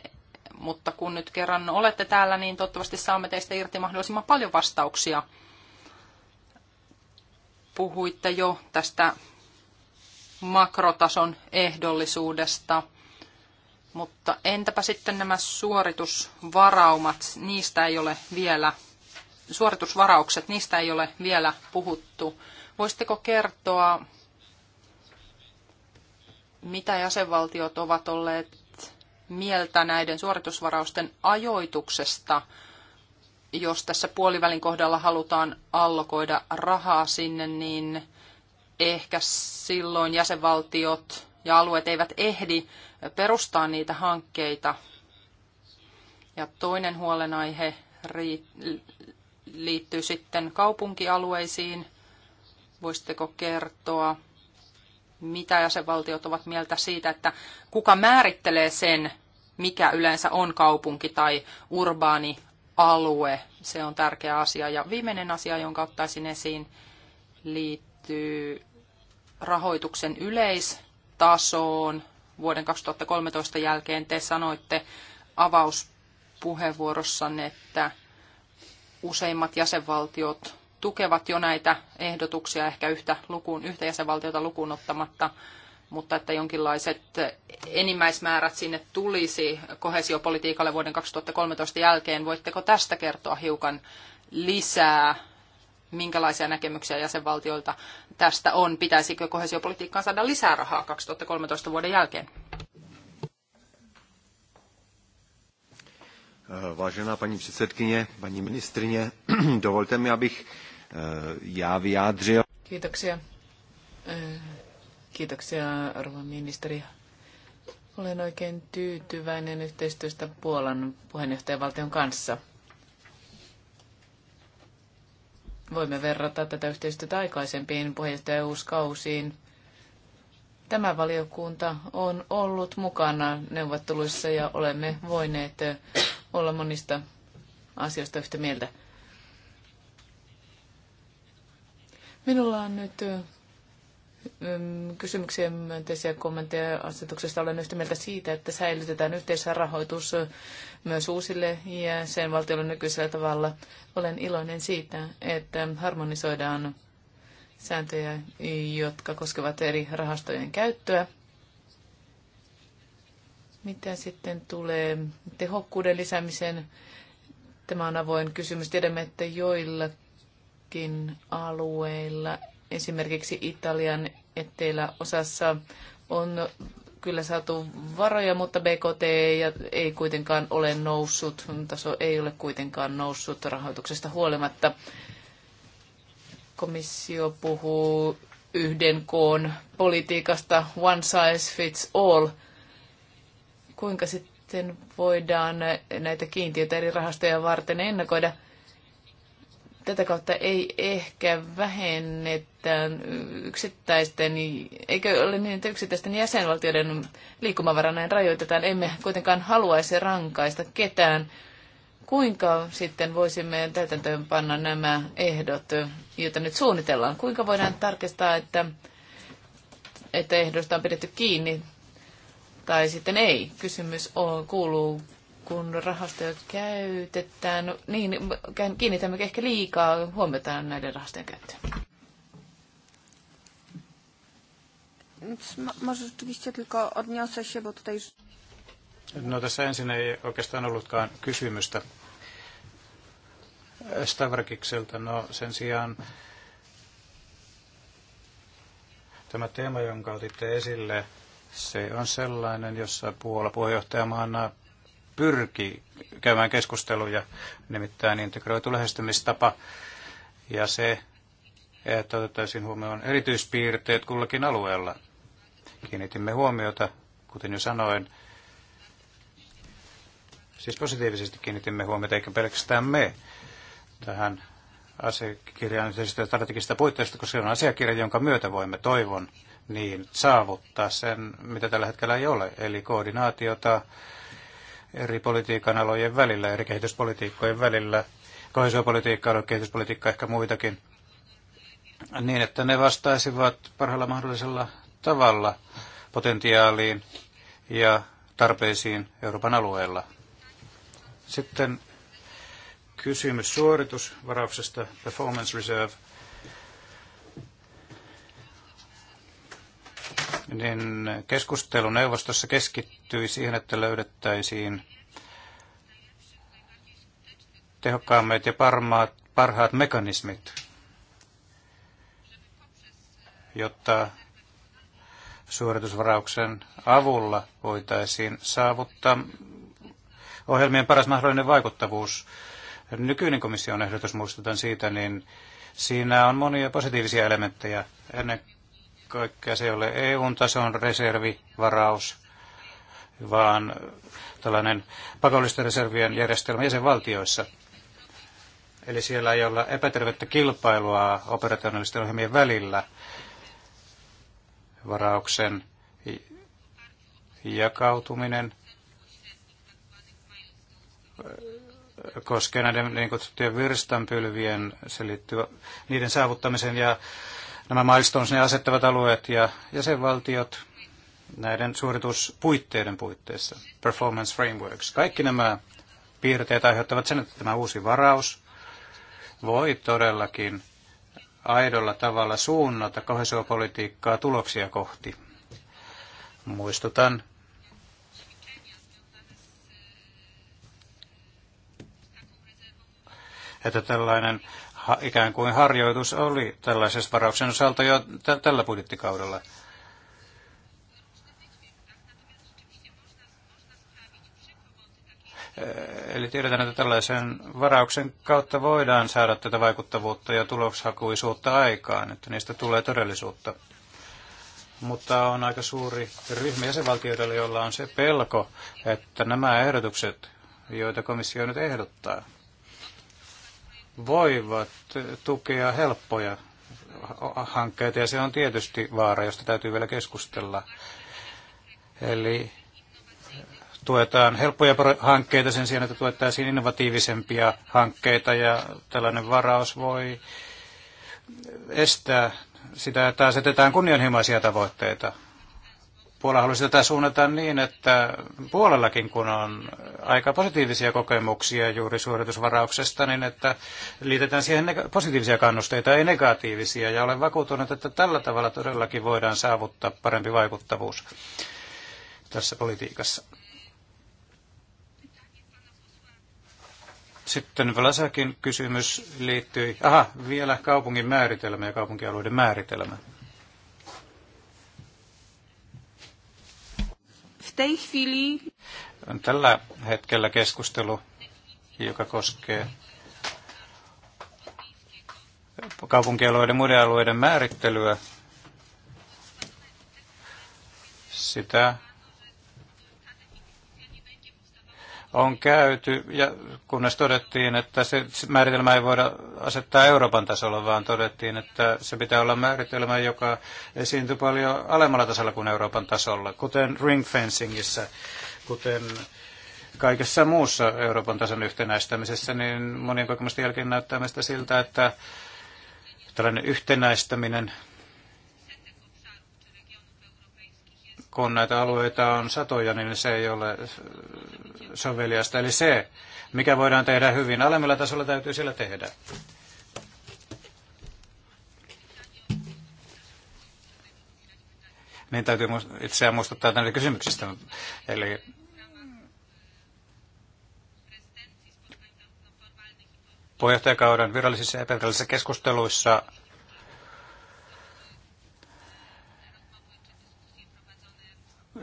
mutta kun nyt kerran olette täällä, niin toivottavasti saamme teistä irti mahdollisimman paljon vastauksia. Puhuitte jo tästä makrotason ehdollisuudesta – mutta entäpä sitten nämä suoritusvaraumat, niistä ei ole vielä, suoritusvaraukset, niistä ei ole vielä puhuttu. Voisitteko kertoa, mitä jäsenvaltiot ovat olleet mieltä näiden suoritusvarausten ajoituksesta, jos tässä puolivälin kohdalla halutaan allokoida rahaa sinne, niin ehkä silloin jäsenvaltiot ja alueet eivät ehdi perustaa niitä hankkeita. Ja toinen huolenaihe liittyy sitten kaupunkialueisiin. Voisitteko kertoa, mitä jäsenvaltiot ovat mieltä siitä, että kuka määrittelee sen, mikä yleensä on kaupunki tai urbaani alue. Se on tärkeä asia. Ja viimeinen asia, jonka ottaisin esiin, liittyy rahoituksen yleistasoon vuoden 2013 jälkeen te sanoitte avauspuheenvuorossanne, että useimmat jäsenvaltiot tukevat jo näitä ehdotuksia, ehkä yhtä, lukuun, yhtä jäsenvaltiota lukuun ottamatta, mutta että jonkinlaiset enimmäismäärät sinne tulisi kohesiopolitiikalle vuoden 2013 jälkeen. Voitteko tästä kertoa hiukan lisää? minkälaisia näkemyksiä jäsenvaltioilta tästä on. Pitäisikö kohesiopolitiikkaan saada lisää rahaa 2013 vuoden jälkeen? Eh, vážená paní předsedkyně, paní ministrině, dovolte mi, abych eh, já vyjádřil. Kiitoksia. Eh, kiitoksia, arvon ministeri. Olen oikein tyytyväinen yhteistyöstä Puolan puheenjohtajavaltion kanssa. Voimme verrata tätä yhteistyötä aikaisempiin puheenjohtajuuskausiin. Tämä valiokunta on ollut mukana neuvotteluissa ja olemme voineet olla monista asioista yhtä mieltä. Minulla on nyt kysymyksiä myönteisiä kommentteja asetuksesta. Olen yhtä mieltä siitä, että säilytetään yhteisrahoitus myös uusille jäsenvaltioille nykyisellä tavalla. Olen iloinen siitä, että harmonisoidaan sääntöjä, jotka koskevat eri rahastojen käyttöä. Mitä sitten tulee tehokkuuden lisäämiseen? Tämä on avoin kysymys. Tiedämme, että joillakin alueilla Esimerkiksi Italian etteillä osassa on kyllä saatu varoja, mutta BKT ei kuitenkaan ole noussut, taso ei ole kuitenkaan noussut rahoituksesta huolimatta. Komissio puhuu yhden koon politiikasta one size fits all. Kuinka sitten voidaan näitä kiintiöitä eri rahastoja varten ennakoida? tätä kautta ei ehkä vähennetä yksittäisten, eikö ole niin, että yksittäisten jäsenvaltioiden liikkumavara näin rajoitetaan. Emme kuitenkaan haluaisi rankaista ketään. Kuinka sitten voisimme täytäntöön panna nämä ehdot, joita nyt suunnitellaan? Kuinka voidaan tarkistaa, että, että ehdosta on pidetty kiinni tai sitten ei? Kysymys on, kuuluu, kun rahastoja käytetään, no niin kiinnitämme ehkä liikaa huomiota näiden rahastojen käyttöön. Może rzeczywiście tylko odniosę się, bo tutaj... No tässä ensin ei oikeastaan ollutkaan kysymystä Stavrakikselta. No sen sijaan tämä teema, jonka otitte esille, se on sellainen, jossa Puola puheenjohtajamaana pyrki käymään keskusteluja, nimittäin integroitu lähestymistapa ja se, että otettaisiin huomioon erityispiirteet kullakin alueella. Kiinnitimme huomiota, kuten jo sanoin, siis positiivisesti kiinnitimme huomiota, eikä pelkästään me tähän asiakirjaan siis strategista puitteista, koska se on asiakirja, jonka myötä voimme toivon niin saavuttaa sen, mitä tällä hetkellä ei ole, eli koordinaatiota eri politiikan alojen välillä, eri kehityspolitiikkojen välillä, kohesiopolitiikka, kehityspolitiikka, ehkä muitakin, niin että ne vastaisivat parhaalla mahdollisella tavalla potentiaaliin ja tarpeisiin Euroopan alueella. Sitten kysymys suoritusvarauksesta, performance reserve. niin keskustelu neuvostossa keskittyi siihen, että löydettäisiin tehokkaammat ja parmaat, parhaat mekanismit, jotta suoritusvarauksen avulla voitaisiin saavuttaa ohjelmien paras mahdollinen vaikuttavuus. Nykyinen komission ehdotus, muistutan siitä, niin siinä on monia positiivisia elementtejä. Ennen kaikkea se ei ole EU-tason reservivaraus, vaan tällainen pakollisten reservien järjestelmä jäsenvaltioissa. Eli siellä ei ole epätervettä kilpailua operationaalisten ohjelmien välillä varauksen jakautuminen koskee näiden niin kutsuttujen virstanpylvien, se liittyy niiden saavuttamiseen ja Nämä milestones ne asettavat alueet ja jäsenvaltiot näiden suorituspuitteiden puitteissa, performance frameworks. Kaikki nämä piirteet aiheuttavat sen, että tämä uusi varaus voi todellakin aidolla tavalla suunnata kohesiopolitiikkaa tuloksia kohti. Muistutan että tällainen ikään kuin harjoitus oli tällaisessa varauksen osalta jo tällä budjettikaudella. Eli tiedetään, että tällaisen varauksen kautta voidaan saada tätä vaikuttavuutta ja tuloshakuisuutta aikaan, että niistä tulee todellisuutta. Mutta on aika suuri ryhmä jäsenvaltioilla, jolla on se pelko, että nämä ehdotukset, joita komissio nyt ehdottaa, voivat tukea helppoja hankkeita ja se on tietysti vaara, josta täytyy vielä keskustella. Eli tuetaan helppoja hankkeita sen sijaan, että tuettaisiin innovatiivisempia hankkeita ja tällainen varaus voi estää sitä, että asetetaan kunnianhimoisia tavoitteita. Puola haluaisi tätä suunnata niin, että puolellakin kun on aika positiivisia kokemuksia juuri suoritusvarauksesta, niin että liitetään siihen positiivisia kannusteita, ei negatiivisia. Ja olen vakuutunut, että tällä tavalla todellakin voidaan saavuttaa parempi vaikuttavuus tässä politiikassa. Sitten Vlasakin kysymys liittyy, aha, vielä kaupungin määritelmä ja kaupunkialueiden määritelmä. On tällä hetkellä keskustelu, joka koskee kaupunkialueiden muiden alueiden määrittelyä. Sitä on käyty, ja kunnes todettiin, että se määritelmä ei voida asettaa Euroopan tasolla, vaan todettiin, että se pitää olla määritelmä, joka esiintyy paljon alemmalla tasolla kuin Euroopan tasolla, kuten ring fencingissä, kuten kaikessa muussa Euroopan tason yhtenäistämisessä, niin monien kokemusten jälkeen näyttää meistä siltä, että tällainen yhtenäistäminen kun näitä alueita on satoja, niin se ei ole soveliasta. Eli se, mikä voidaan tehdä hyvin alemmilla tasolla, täytyy siellä tehdä. Niin täytyy itseään muistuttaa tänne kysymyksistä. Eli puheenjohtajakauden virallisissa ja epävirallisissa keskusteluissa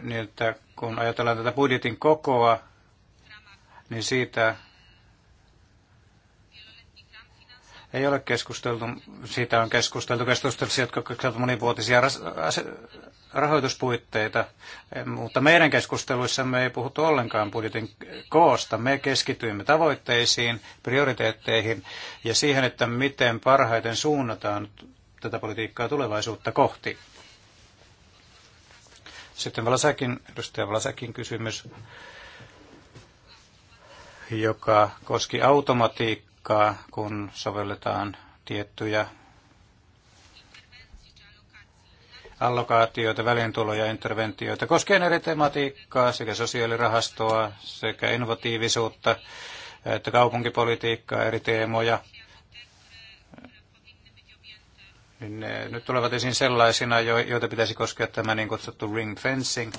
niin että kun ajatellaan tätä budjetin kokoa, niin siitä ei ole keskusteltu, siitä on keskusteltu keskustelussa, jotka ovat monivuotisia rahoituspuitteita, mutta meidän keskusteluissamme ei puhuttu ollenkaan budjetin koosta. Me keskityimme tavoitteisiin, prioriteetteihin ja siihen, että miten parhaiten suunnataan tätä politiikkaa tulevaisuutta kohti. Sitten Valasäkin, edustaja Valasäkin kysymys, joka koski automatiikkaa, kun sovelletaan tiettyjä allokaatioita, väliintuloja, interventioita, koskien eri tematiikkaa, sekä sosiaalirahastoa, sekä innovatiivisuutta, että kaupunkipolitiikkaa, eri teemoja – niin ne nyt tulevat esiin sellaisina, joita pitäisi koskea tämä niin kutsuttu ring fencing.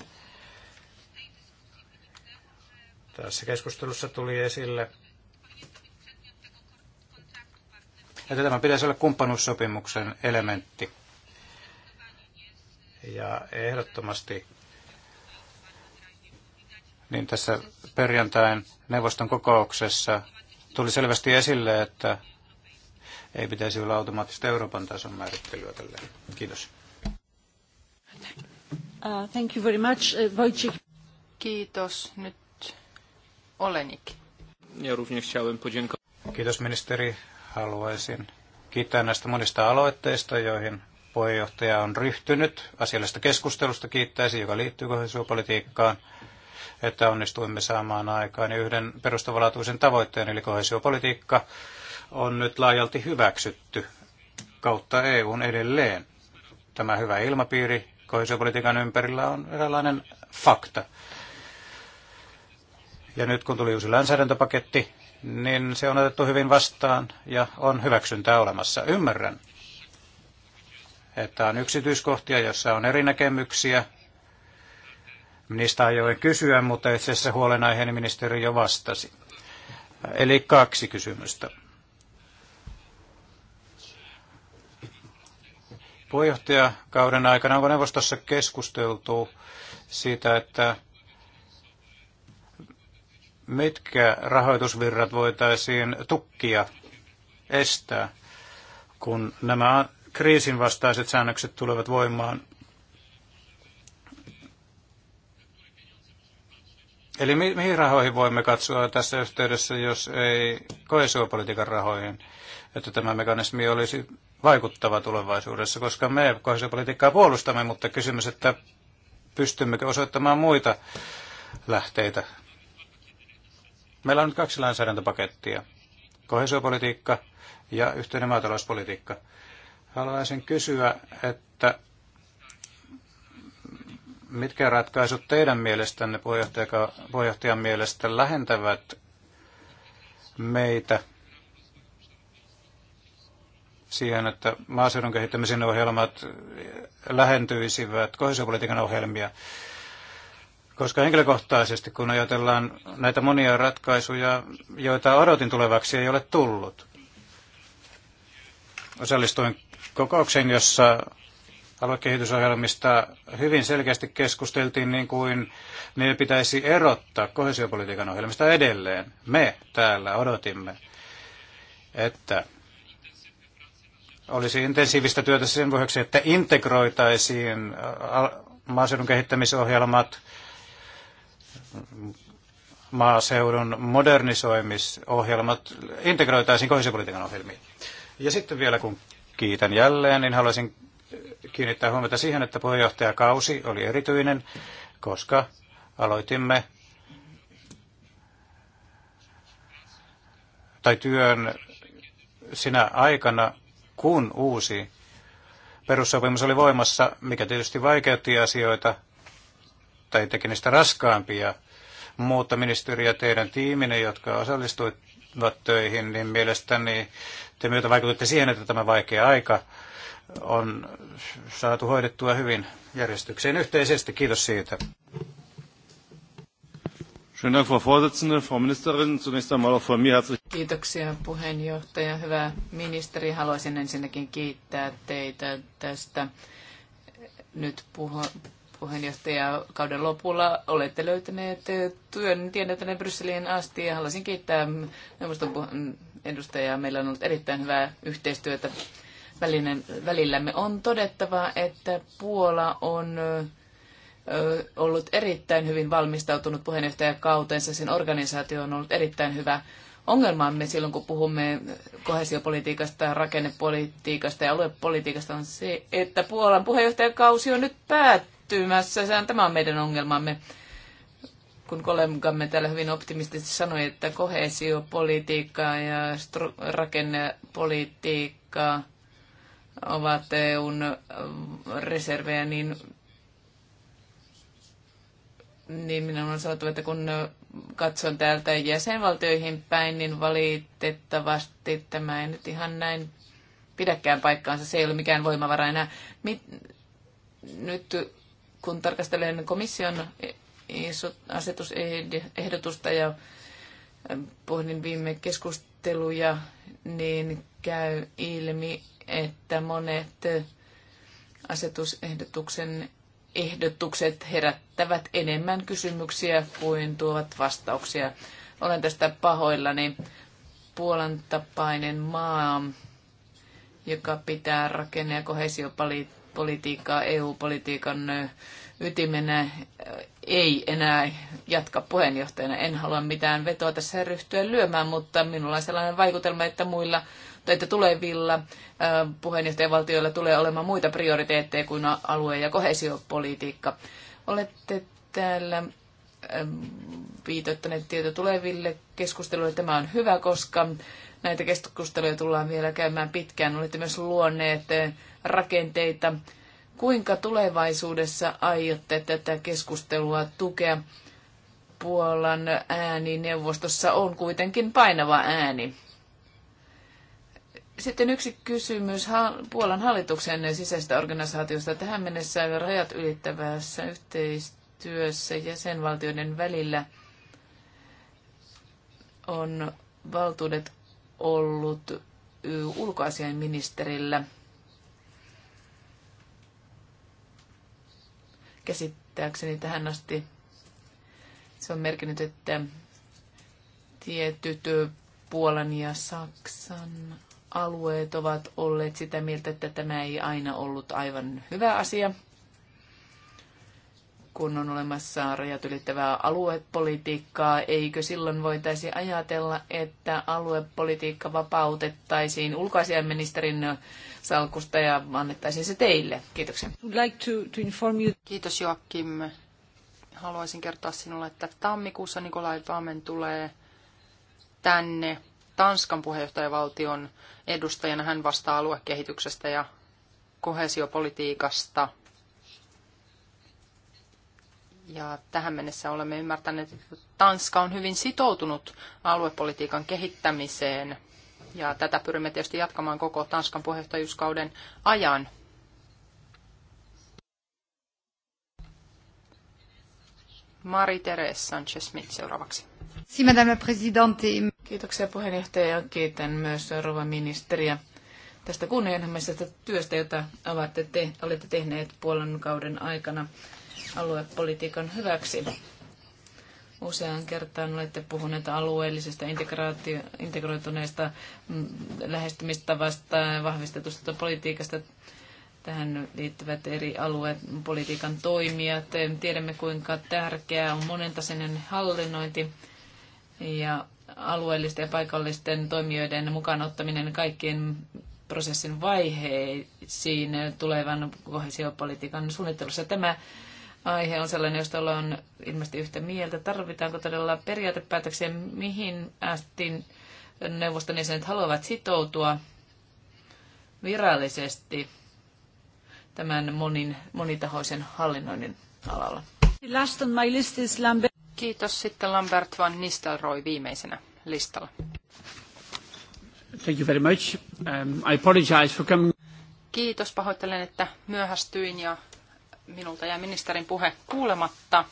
Tässä keskustelussa tuli esille, että tämä pitäisi olla kumppanuussopimuksen elementti. Ja ehdottomasti niin tässä perjantain neuvoston kokouksessa tuli selvästi esille, että ei pitäisi olla automaattista Euroopan tason määrittelyä tälle. Kiitos. Uh, thank you very much, uh, Wojciech. Kiitos. Nyt Olenik. Ja Kiitos ministeri. Haluaisin kiittää näistä monista aloitteista, joihin puheenjohtaja on ryhtynyt. asiallista keskustelusta kiittäisi, joka liittyy kohesiopolitiikkaan, että onnistuimme saamaan aikaan yhden perustavalaatuisen tavoitteen, eli kohesiopolitiikka on nyt laajalti hyväksytty kautta EUn edelleen. Tämä hyvä ilmapiiri koisopolitiikan ympärillä on eräänlainen fakta. Ja nyt kun tuli uusi lainsäädäntöpaketti, niin se on otettu hyvin vastaan ja on hyväksyntää olemassa. Ymmärrän, että on yksityiskohtia, joissa on eri näkemyksiä. Niistä ajoin kysyä, mutta itse asiassa huolenaiheeni ministeri jo vastasi. Eli kaksi kysymystä. puheenjohtajakauden aikana, onko neuvostossa keskusteltu siitä, että mitkä rahoitusvirrat voitaisiin tukkia, estää, kun nämä kriisin vastaiset säännökset tulevat voimaan. Eli mi- mihin rahoihin voimme katsoa tässä yhteydessä, jos ei koesuopolitiikan rahoihin, että tämä mekanismi olisi vaikuttava tulevaisuudessa, koska me kohesiopolitiikkaa puolustamme, mutta kysymys, että pystymmekö osoittamaan muita lähteitä. Meillä on nyt kaksi lainsäädäntöpakettia, kohesiopolitiikka ja yhteinen maatalouspolitiikka. Haluaisin kysyä, että mitkä ratkaisut teidän mielestänne, puheenjohtajan mielestä, lähentävät meitä siihen, että maaseudun kehittämisen ohjelmat lähentyisivät kohesiopolitiikan ohjelmia. Koska henkilökohtaisesti, kun ajatellaan näitä monia ratkaisuja, joita odotin tulevaksi, ei ole tullut. Osallistuin kokoukseen, jossa aluekehitysohjelmista hyvin selkeästi keskusteltiin niin kuin ne pitäisi erottaa kohesiopolitiikan ohjelmista edelleen. Me täällä odotimme, että olisi intensiivistä työtä sen vuoksi, että integroitaisiin maaseudun kehittämisohjelmat maaseudun modernisoimisohjelmat integroitaisiin kohdispolitiikan ohjelmiin. Ja sitten vielä kun kiitän jälleen, niin haluaisin kiinnittää huomiota siihen, että puheenjohtajakausi oli erityinen, koska aloitimme tai työn sinä aikana, kun uusi perussopimus oli voimassa, mikä tietysti vaikeutti asioita tai teki niistä raskaampia, mutta ministeri ja teidän tiiminen, jotka osallistuivat töihin, niin mielestäni te myötä vaikutitte siihen, että tämä vaikea aika on saatu hoidettua hyvin järjestykseen yhteisesti. Kiitos siitä. Kiitoksia puheenjohtaja. Hyvä ministeri, haluaisin ensinnäkin kiittää teitä tästä nyt puheenjohtaja kauden lopulla olette löytäneet työn tiedä tänne Brysseliin asti ja haluaisin kiittää neuvoston edustajaa. Meillä on ollut erittäin hyvää yhteistyötä välillämme. On todettava, että Puola on ollut erittäin hyvin valmistautunut puheenjohtajakautensa. Sen organisaatio on ollut erittäin hyvä ongelmamme silloin, kun puhumme kohesiopolitiikasta, rakennepolitiikasta ja aluepolitiikasta, on se, että Puolan puheenjohtajakausi on nyt päättymässä. Sehän tämä on meidän ongelmamme. Kun kollegamme täällä hyvin optimistisesti sanoi, että kohesiopolitiikka ja rakennepolitiikka ovat EUn reservejä, niin niin minä olen sanottu, että kun katson täältä jäsenvaltioihin päin, niin valitettavasti tämä ei nyt ihan näin pidäkään paikkaansa. Se ei ole mikään voimavara enää. Mit, nyt kun tarkastelen komission asetusehdotusta ja pohdin viime keskusteluja, niin käy ilmi, että monet asetusehdotuksen ehdotukset herättävät enemmän kysymyksiä kuin tuovat vastauksia. Olen tästä pahoillani. Puolan tapainen maa, joka pitää rakenne- ja kohesiopolitiikkaa EU-politiikan ytimenä, ei enää jatka puheenjohtajana. En halua mitään vetoa tässä ryhtyä lyömään, mutta minulla on sellainen vaikutelma, että muilla tai että tulevilla puheenjohtajavaltioilla tulee olemaan muita prioriteetteja kuin alue- ja kohesiopolitiikka. Olette täällä viitoittaneet tieto tuleville keskusteluille. Tämä on hyvä, koska näitä keskusteluja tullaan vielä käymään pitkään. Olette myös luonneet rakenteita. Kuinka tulevaisuudessa aiotte tätä keskustelua tukea? Puolan ääni neuvostossa on kuitenkin painava ääni. Sitten yksi kysymys Puolan hallituksen sisäisestä organisaatiosta. Tähän mennessä rajat ylittävässä yhteistyössä jäsenvaltioiden välillä on valtuudet ollut ulkoasiainministerillä. Käsittääkseni tähän asti se on merkinnyt, että tietyt Puolan ja Saksan alueet ovat olleet sitä mieltä, että tämä ei aina ollut aivan hyvä asia, kun on olemassa rajat ylittävää aluepolitiikkaa, eikö silloin voitaisi ajatella, että aluepolitiikka vapautettaisiin ulkoasiainministerin salkusta ja annettaisiin se teille? Kiitoksia. Like to, to inform you. Kiitos Joakim. Haluaisin kertoa sinulle, että tammikuussa Nikolai Vaamen tulee tänne Tanskan puheenjohtajavaltion edustajana. Hän vastaa aluekehityksestä ja kohesiopolitiikasta. Ja tähän mennessä olemme ymmärtäneet, että Tanska on hyvin sitoutunut aluepolitiikan kehittämiseen. Ja tätä pyrimme tietysti jatkamaan koko Tanskan puheenjohtajuuskauden ajan. Marie Teres Sanchez-Smith seuraavaksi. Kiitoksia puheenjohtaja ja kiitän myös rouva ministeriä tästä kunnianhimoisesta työstä, jota avatte te, olette tehneet puolen kauden aikana aluepolitiikan hyväksi. Useaan kertaan olette puhuneet alueellisesta integraatio, integroituneesta mm, lähestymistavasta ja vahvistetusta politiikasta. Tähän liittyvät eri alueet, politiikan toimijat. Tiedämme, kuinka tärkeää on monentasainen hallinnointi ja alueellisten ja paikallisten toimijoiden mukaan ottaminen kaikkien prosessin vaiheisiin tulevan kohesiopolitiikan suunnittelussa. Tämä aihe on sellainen, josta ollaan ilmeisesti yhtä mieltä. Tarvitaanko todella periaatepäätöksiä, mihin asti neuvoston jäsenet haluavat sitoutua virallisesti tämän monin, monitahoisen hallinnoinnin alalla? Last on my list is Lambert. Kiitos. Sitten Lambert van Nistelrooy viimeisenä listalla. Thank you very much. Um, I apologize for coming. Kiitos. Pahoittelen, että myöhästyin ja minulta jäi ministerin puhe kuulematta.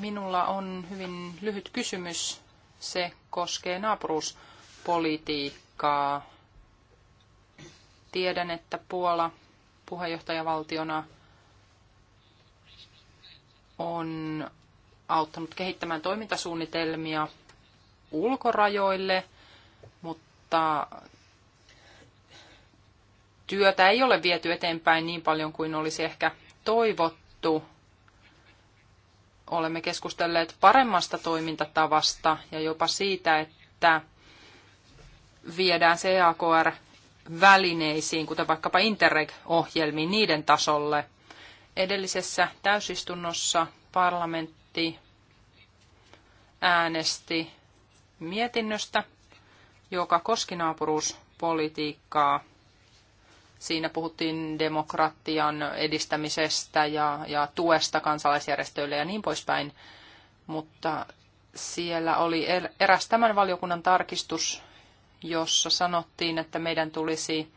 Minulla on hyvin lyhyt kysymys. Se koskee naapuruuspolitiikkaa. Tiedän, että Puola puheenjohtajavaltiona on auttanut kehittämään toimintasuunnitelmia ulkorajoille, mutta työtä ei ole viety eteenpäin niin paljon kuin olisi ehkä toivottu. Olemme keskustelleet paremmasta toimintatavasta ja jopa siitä, että viedään CAKR välineisiin, kuten vaikkapa Interreg-ohjelmiin, niiden tasolle. Edellisessä täysistunnossa parlament, parlamentti äänesti mietinnöstä, joka koski naapuruuspolitiikkaa. Siinä puhuttiin demokratian edistämisestä ja, ja tuesta kansalaisjärjestöille ja niin poispäin. Mutta siellä oli er, eräs tämän valiokunnan tarkistus, jossa sanottiin, että meidän tulisi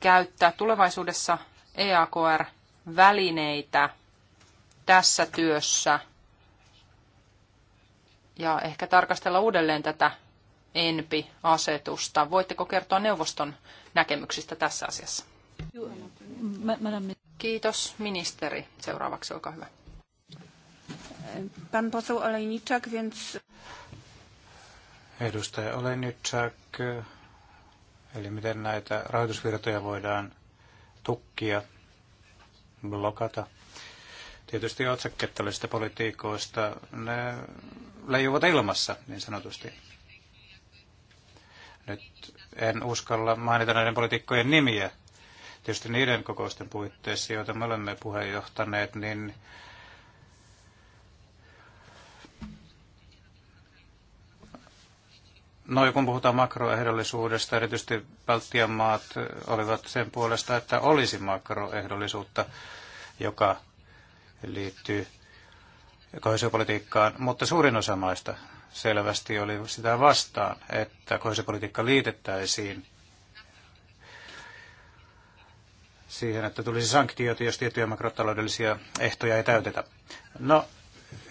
käyttää tulevaisuudessa EAKR-välineitä tässä työssä ja ehkä tarkastella uudelleen tätä ENPI-asetusta. Voitteko kertoa neuvoston näkemyksistä tässä asiassa? Kiitos ministeri. Seuraavaksi olkaa hyvä. Pan poseł Olejniczak, więc... Edustaja Olejniczak, eli miten näitä rahoitusvirtoja voidaan tukkia, blokata – Tietysti otsakkeet politiikoista, ne leijuvat ilmassa, niin sanotusti. Nyt en uskalla mainita näiden poliitikkojen nimiä. Tietysti niiden kokousten puitteissa, joita me olemme puheenjohtaneet, niin No, kun puhutaan makroehdollisuudesta, erityisesti Baltian maat olivat sen puolesta, että olisi makroehdollisuutta, joka liittyy kohesiopolitiikkaan, mutta suurin osa maista selvästi oli sitä vastaan, että kohesiopolitiikka liitettäisiin siihen, että tulisi sanktioita, jos tiettyjä makrotaloudellisia ehtoja ei täytetä. No,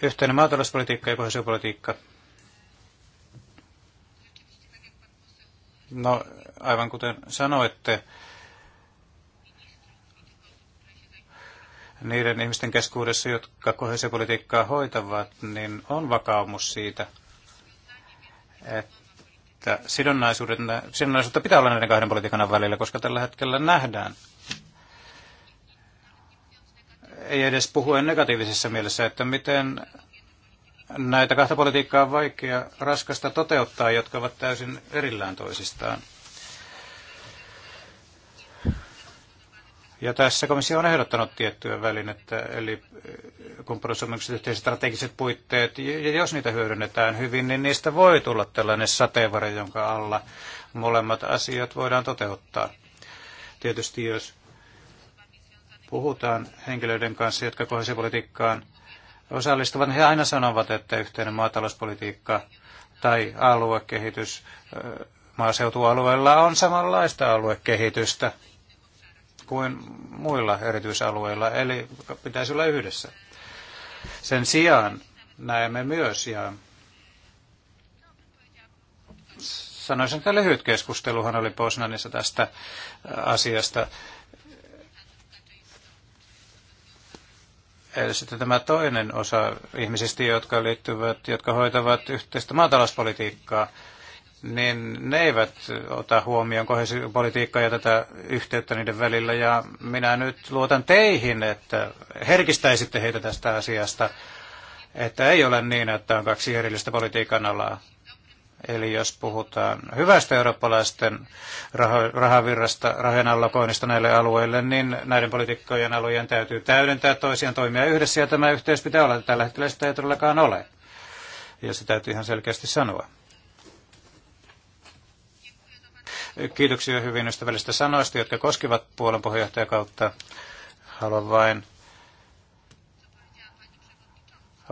yhteinen maatalouspolitiikka ja kohesiopolitiikka. No, aivan kuten sanoitte, niiden ihmisten keskuudessa, jotka kohesiopolitiikkaa hoitavat, niin on vakaumus siitä, että sidonnaisuudet, sidonnaisuutta pitää olla näiden kahden politiikan välillä, koska tällä hetkellä nähdään. Ei edes puhuen negatiivisessa mielessä, että miten näitä kahta politiikkaa on vaikea raskasta toteuttaa, jotka ovat täysin erillään toisistaan. Ja tässä komissio on ehdottanut tiettyä välinettä, eli eh, kumppanuussopimukset, yhteiset strategiset puitteet, ja jos niitä hyödynnetään hyvin, niin niistä voi tulla tällainen sateenvarjo, jonka alla molemmat asiat voidaan toteuttaa. Tietysti jos puhutaan henkilöiden kanssa, jotka politiikkaan osallistuvat, niin he aina sanovat, että yhteinen maatalouspolitiikka tai aluekehitys eh, maaseutualueella on samanlaista aluekehitystä kuin muilla erityisalueilla, eli pitäisi olla yhdessä. Sen sijaan näemme myös, ja sanoisin, että lyhyt keskusteluhan oli Posnanissa tästä asiasta, Eli sitten tämä toinen osa ihmisistä, jotka liittyvät, jotka hoitavat yhteistä maatalouspolitiikkaa, niin ne eivät ota huomioon kohesiopolitiikkaa ja tätä yhteyttä niiden välillä. Ja minä nyt luotan teihin, että herkistäisitte heitä tästä asiasta, että ei ole niin, että on kaksi erillistä politiikan alaa. Eli jos puhutaan hyvästä eurooppalaisten raho- rahavirrasta, rahojen allokoinnista näille alueille, niin näiden politiikkojen alueen täytyy täydentää toisiaan toimia yhdessä, ja tämä yhteys pitää olla. Tällä hetkellä sitä ei todellakaan ole. Ja se täytyy ihan selkeästi sanoa. Kiitoksia hyvin ystävällistä sanoista, jotka koskivat puolen puheenjohtajakautta. Haluan vain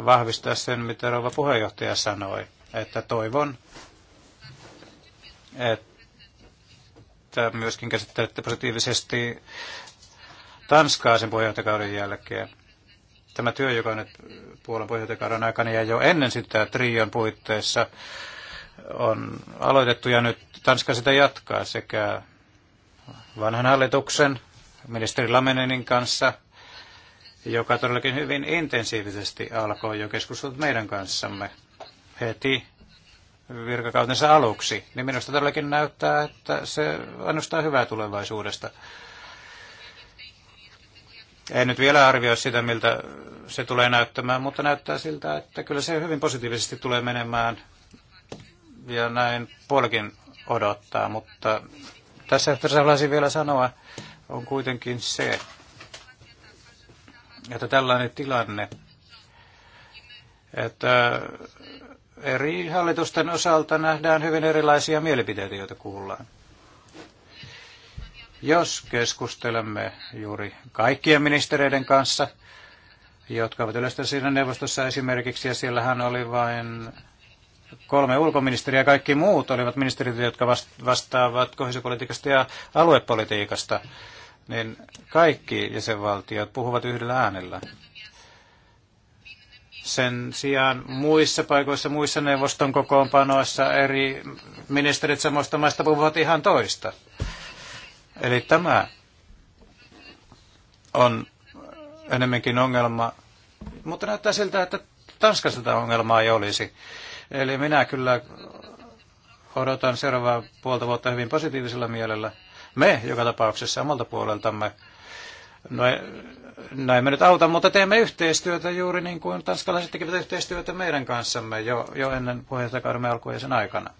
vahvistaa sen, mitä rouva puheenjohtaja sanoi, että toivon, että myöskin käsittelette positiivisesti Tanskaa sen puheenjohtajakauden jälkeen. Tämä työ, joka on nyt puolen puheenjohtajakauden aikana ja jo ennen sitä trion puitteissa, on aloitettu ja nyt Tanska sitä jatkaa sekä vanhan hallituksen ministeri Lamenenin kanssa, joka todellakin hyvin intensiivisesti alkoi jo keskustelut meidän kanssamme heti virkakautensa aluksi, niin minusta todellakin näyttää, että se annustaa hyvää tulevaisuudesta. En nyt vielä arvioi sitä, miltä se tulee näyttämään, mutta näyttää siltä, että kyllä se hyvin positiivisesti tulee menemään ja näin puolikin odottaa, mutta tässä yhteydessä haluaisin vielä sanoa, on kuitenkin se, että tällainen tilanne, että eri hallitusten osalta nähdään hyvin erilaisia mielipiteitä, joita kuullaan. Jos keskustelemme juuri kaikkien ministereiden kanssa, jotka ovat yleensä siinä neuvostossa esimerkiksi, ja siellähän oli vain kolme ulkoministeriä ja kaikki muut olivat ministerit, jotka vastaavat kohesiopolitiikasta ja aluepolitiikasta, niin kaikki jäsenvaltiot puhuvat yhdellä äänellä. Sen sijaan muissa paikoissa, muissa neuvoston kokoonpanoissa eri ministerit samoista maista puhuvat ihan toista. Eli tämä on enemmänkin ongelma, mutta näyttää siltä, että Tanskassa tätä ongelmaa ei olisi. Eli minä kyllä odotan seuraavaa puolta vuotta hyvin positiivisella mielellä. Me joka tapauksessa omalta puoleltamme. No, e- no emme nyt auta, mutta teemme yhteistyötä juuri niin kuin tanskalaiset tekevät yhteistyötä meidän kanssamme jo, jo ennen puheenjohtajakaudemme alkua ja sen aikana.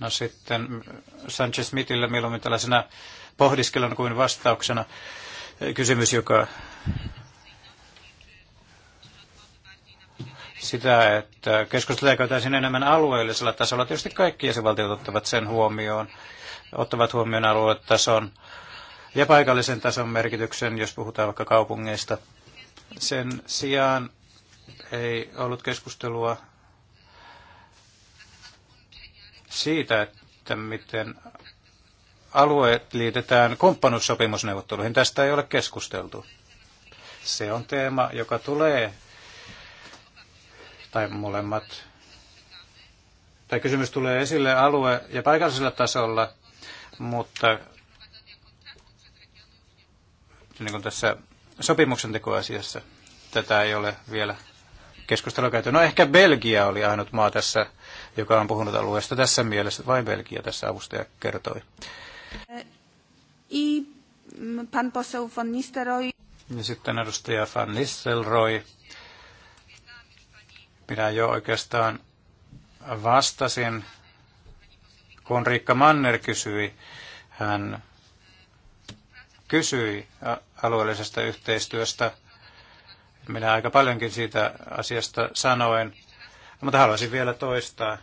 No sitten Sanchez mitillä mieluummin tällaisena pohdiskelun kuin vastauksena kysymys, joka sitä, että keskustelu käytäisiin enemmän alueellisella tasolla. Tietysti kaikki jäsenvaltiot ottavat sen huomioon, ottavat huomioon aluetason ja paikallisen tason merkityksen, jos puhutaan vaikka kaupungeista. Sen sijaan ei ollut keskustelua siitä, että miten alueet liitetään kumppanuussopimusneuvotteluihin. Tästä ei ole keskusteltu. Se on teema, joka tulee tai molemmat. Tämä kysymys tulee esille alue- ja paikallisella tasolla, mutta niin kuin tässä sopimuksen tekoasiassa tätä ei ole vielä keskustelua käyty. No ehkä Belgia oli ainut maa tässä, joka on puhunut alueesta tässä mielessä. vain Belgia tässä avustaja kertoi? I Ja sitten edustaja van Nistelrooy minä jo oikeastaan vastasin, kun Riikka Manner kysyi, hän kysyi alueellisesta yhteistyöstä. Minä aika paljonkin siitä asiasta sanoin, mutta haluaisin vielä toistaa.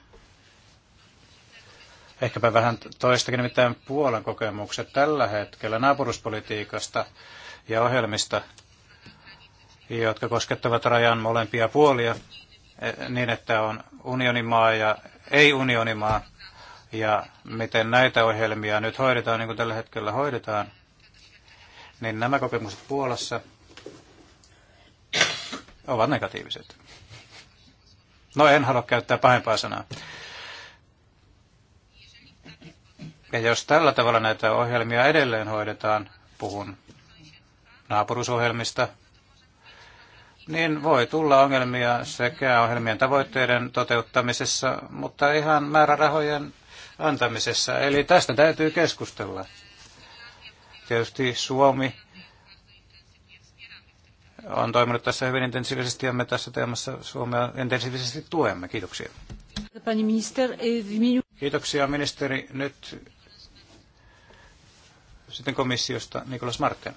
Ehkäpä vähän toistakin, nimittäin Puolan kokemukset tällä hetkellä naapuruspolitiikasta ja ohjelmista, jotka koskettavat rajan molempia puolia niin, että on unionimaa ja ei-unionimaa, ja miten näitä ohjelmia nyt hoidetaan, niin kuin tällä hetkellä hoidetaan, niin nämä kokemukset Puolassa ovat negatiiviset. No en halua käyttää pahempaa sanaa. Ja jos tällä tavalla näitä ohjelmia edelleen hoidetaan, puhun naapurusohjelmista, niin voi tulla ongelmia sekä ohjelmien tavoitteiden toteuttamisessa, mutta ihan määrärahojen antamisessa. Eli tästä täytyy keskustella. Tietysti Suomi on toiminut tässä hyvin intensiivisesti ja me tässä teemassa Suomea intensiivisesti tuemme. Kiitoksia. Kiitoksia ministeri. Nyt sitten komissiosta Nikolas Martin.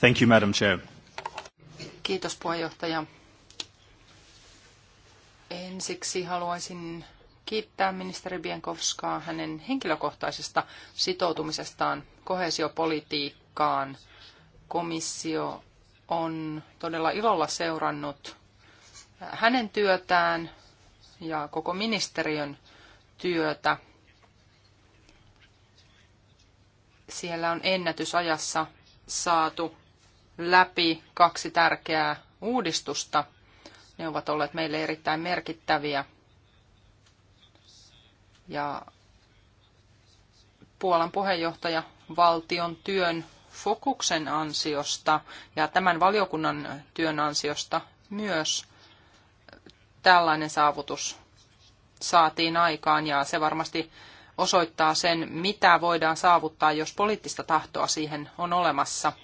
Thank you, Madam Chair. Kiitos puheenjohtaja. Ensiksi haluaisin kiittää ministeri Bienkovskaa hänen henkilökohtaisesta sitoutumisestaan kohesiopolitiikkaan. Komissio on todella ilolla seurannut hänen työtään ja koko ministeriön työtä. Siellä on ennätysajassa saatu läpi kaksi tärkeää uudistusta. Ne ovat olleet meille erittäin merkittäviä. Ja Puolan puheenjohtaja valtion työn fokuksen ansiosta ja tämän valiokunnan työn ansiosta myös tällainen saavutus saatiin aikaan ja se varmasti osoittaa sen, mitä voidaan saavuttaa, jos poliittista tahtoa siihen on olemassa –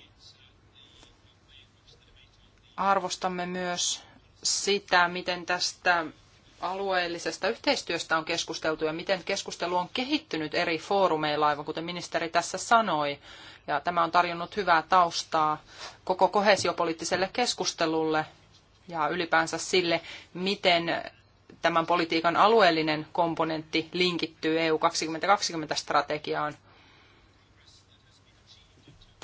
arvostamme myös sitä, miten tästä alueellisesta yhteistyöstä on keskusteltu ja miten keskustelu on kehittynyt eri foorumeilla, aivan kuten ministeri tässä sanoi. Ja tämä on tarjonnut hyvää taustaa koko kohesiopoliittiselle keskustelulle ja ylipäänsä sille, miten tämän politiikan alueellinen komponentti linkittyy EU 2020-strategiaan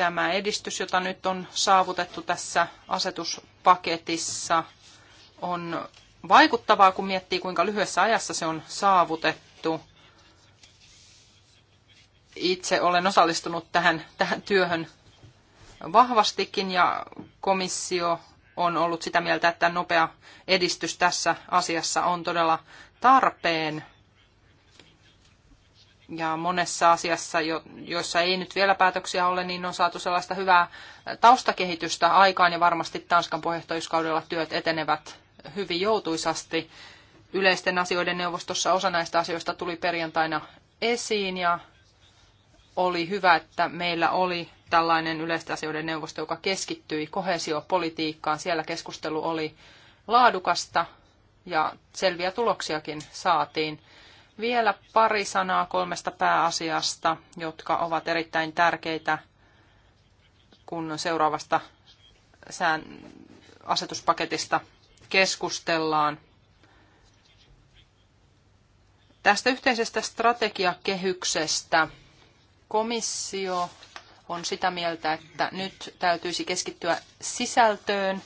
tämä edistys, jota nyt on saavutettu tässä asetuspaketissa, on vaikuttavaa, kun miettii, kuinka lyhyessä ajassa se on saavutettu. Itse olen osallistunut tähän, tähän työhön vahvastikin ja komissio on ollut sitä mieltä, että nopea edistys tässä asiassa on todella tarpeen ja monessa asiassa, jo, joissa ei nyt vielä päätöksiä ole, niin on saatu sellaista hyvää taustakehitystä aikaan ja varmasti Tanskan puheenjohtajuuskaudella työt etenevät hyvin joutuisasti. Yleisten asioiden neuvostossa osa näistä asioista tuli perjantaina esiin ja oli hyvä, että meillä oli tällainen yleisten asioiden neuvosto, joka keskittyi kohesiopolitiikkaan. Siellä keskustelu oli laadukasta ja selviä tuloksiakin saatiin. Vielä pari sanaa kolmesta pääasiasta, jotka ovat erittäin tärkeitä, kun seuraavasta sään asetuspaketista keskustellaan. Tästä yhteisestä strategiakehyksestä komissio on sitä mieltä, että nyt täytyisi keskittyä sisältöön,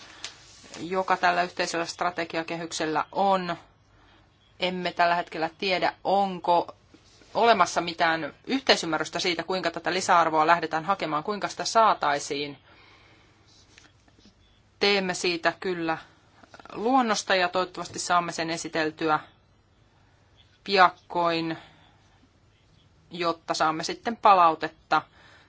joka tällä yhteisellä strategiakehyksellä on emme tällä hetkellä tiedä, onko olemassa mitään yhteisymmärrystä siitä, kuinka tätä lisäarvoa lähdetään hakemaan, kuinka sitä saataisiin. Teemme siitä kyllä luonnosta ja toivottavasti saamme sen esiteltyä piakkoin, jotta saamme sitten palautetta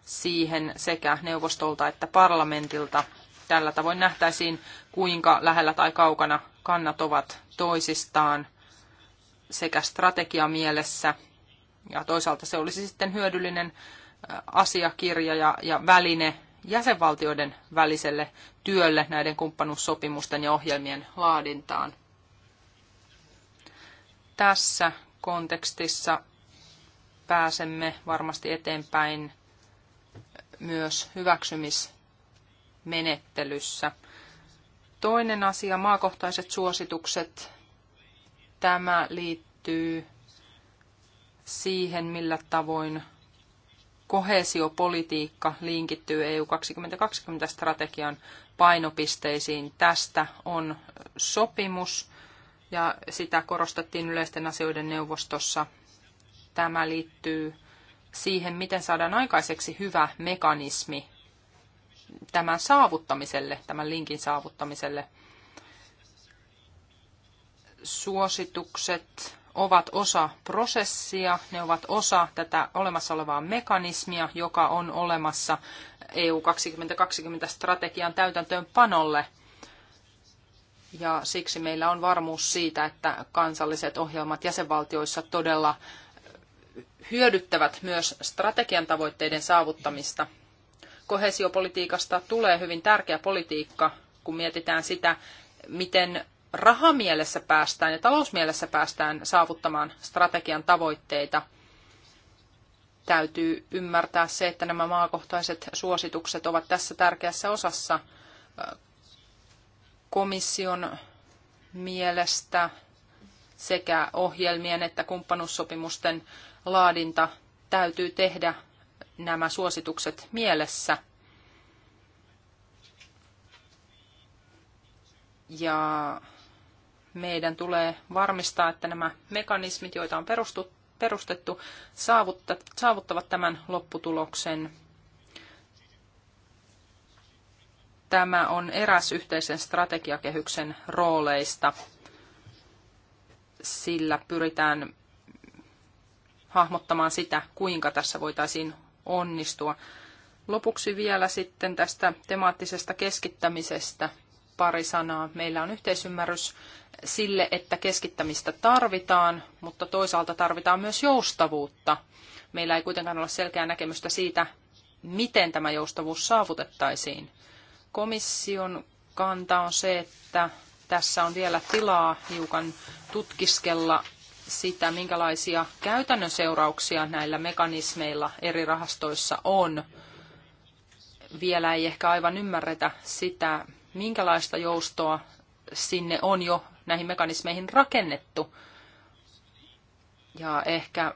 siihen sekä neuvostolta että parlamentilta. Tällä tavoin nähtäisiin, kuinka lähellä tai kaukana kannat ovat toisistaan – sekä strategia mielessä ja toisaalta se olisi sitten hyödyllinen asiakirja ja, ja väline jäsenvaltioiden väliselle työlle näiden kumppanuussopimusten ja ohjelmien laadintaan. Tässä kontekstissa pääsemme varmasti eteenpäin myös hyväksymismenettelyssä. Toinen asia, maakohtaiset suositukset tämä liittyy siihen, millä tavoin kohesiopolitiikka linkittyy EU 2020-strategian painopisteisiin. Tästä on sopimus ja sitä korostettiin yleisten asioiden neuvostossa. Tämä liittyy siihen, miten saadaan aikaiseksi hyvä mekanismi tämän saavuttamiselle, tämän linkin saavuttamiselle – suositukset ovat osa prosessia, ne ovat osa tätä olemassa olevaa mekanismia, joka on olemassa EU 2020-strategian täytäntöönpanolle. Ja siksi meillä on varmuus siitä, että kansalliset ohjelmat jäsenvaltioissa todella hyödyttävät myös strategian tavoitteiden saavuttamista. Kohesiopolitiikasta tulee hyvin tärkeä politiikka, kun mietitään sitä, miten rahamielessä päästään ja talousmielessä päästään saavuttamaan strategian tavoitteita, täytyy ymmärtää se, että nämä maakohtaiset suositukset ovat tässä tärkeässä osassa komission mielestä sekä ohjelmien että kumppanuussopimusten laadinta täytyy tehdä nämä suositukset mielessä. Ja meidän tulee varmistaa, että nämä mekanismit, joita on perustettu, saavuttavat tämän lopputuloksen. Tämä on eräs yhteisen strategiakehyksen rooleista. Sillä pyritään hahmottamaan sitä, kuinka tässä voitaisiin onnistua. Lopuksi vielä sitten tästä temaattisesta keskittämisestä – pari sanaa. Meillä on yhteisymmärrys sille, että keskittämistä tarvitaan, mutta toisaalta tarvitaan myös joustavuutta. Meillä ei kuitenkaan ole selkeää näkemystä siitä, miten tämä joustavuus saavutettaisiin. Komission kanta on se, että tässä on vielä tilaa hiukan tutkiskella sitä, minkälaisia käytännön seurauksia näillä mekanismeilla eri rahastoissa on. Vielä ei ehkä aivan ymmärretä sitä, minkälaista joustoa sinne on jo näihin mekanismeihin rakennettu. Ja ehkä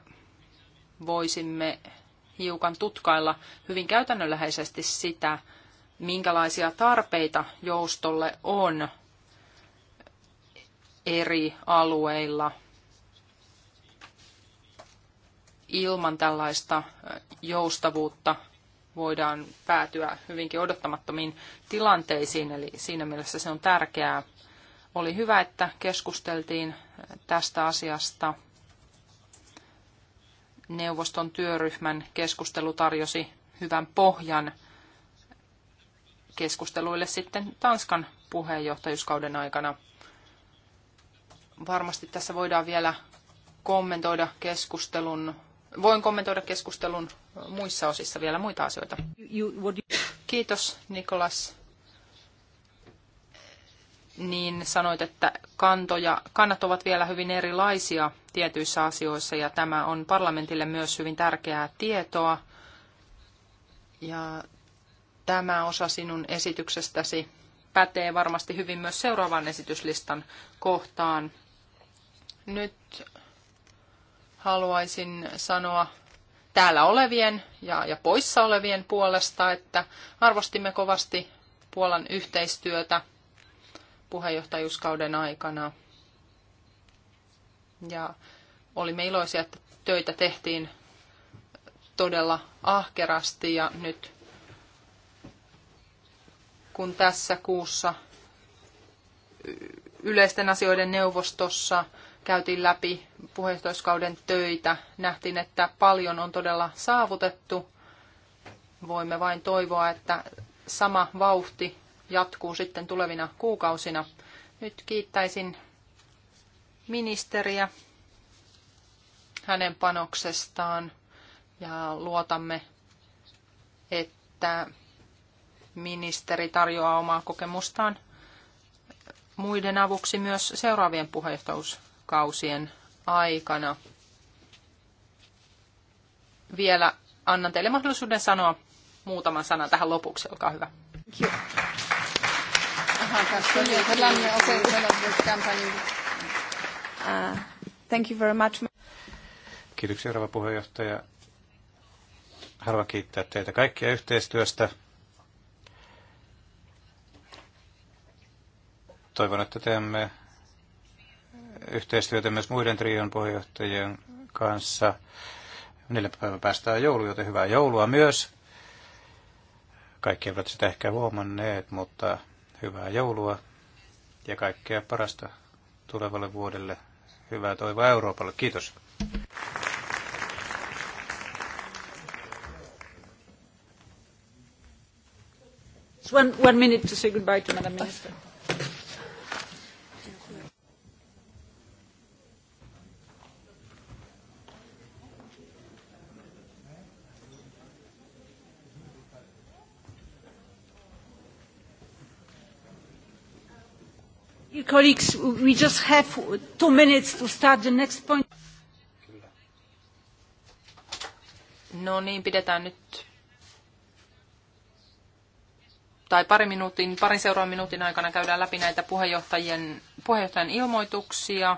voisimme hiukan tutkailla hyvin käytännönläheisesti sitä, minkälaisia tarpeita joustolle on eri alueilla ilman tällaista joustavuutta voidaan päätyä hyvinkin odottamattomiin tilanteisiin, eli siinä mielessä se on tärkeää. Oli hyvä, että keskusteltiin tästä asiasta. Neuvoston työryhmän keskustelu tarjosi hyvän pohjan keskusteluille sitten Tanskan puheenjohtajuuskauden aikana. Varmasti tässä voidaan vielä kommentoida keskustelun voin kommentoida keskustelun muissa osissa vielä muita asioita. Kiitos Nikolas. Niin sanoit, että kantoja, kannat ovat vielä hyvin erilaisia tietyissä asioissa ja tämä on parlamentille myös hyvin tärkeää tietoa. Ja tämä osa sinun esityksestäsi pätee varmasti hyvin myös seuraavan esityslistan kohtaan. Nyt haluaisin sanoa täällä olevien ja, ja poissa olevien puolesta, että arvostimme kovasti Puolan yhteistyötä puheenjohtajuuskauden aikana. Ja olimme iloisia, että töitä tehtiin todella ahkerasti ja nyt kun tässä kuussa yleisten asioiden neuvostossa – käytiin läpi puheenjohtajuuskauden töitä. Nähtiin, että paljon on todella saavutettu. Voimme vain toivoa, että sama vauhti jatkuu sitten tulevina kuukausina. Nyt kiittäisin ministeriä hänen panoksestaan ja luotamme, että ministeri tarjoaa omaa kokemustaan muiden avuksi myös seuraavien puheenjohtajuuskauden kuukausien aikana. Vielä annan teille mahdollisuuden sanoa muutaman sanan tähän lopuksi. Olkaa hyvä. Thank you ah, very much. Kiitoksia, herra puheenjohtaja. Haluan kiittää teitä kaikkia yhteistyöstä. Toivon, että teemme yhteistyötä myös muiden trion puheenjohtajien kanssa. Neljä päivä päästään joulu, joten hyvää joulua myös. Kaikki eivät sitä ehkä huomanneet, mutta hyvää joulua ja kaikkea parasta tulevalle vuodelle. Hyvää toivoa Euroopalle. Kiitos. One, one minute to say goodbye to Madam Minister. colleagues, we just have two minutes to start the next point. No niin, pidetään nyt tai pari minuutin, parin seuraavan minuutin aikana käydään läpi näitä puheenjohtajien, puheenjohtajan ilmoituksia.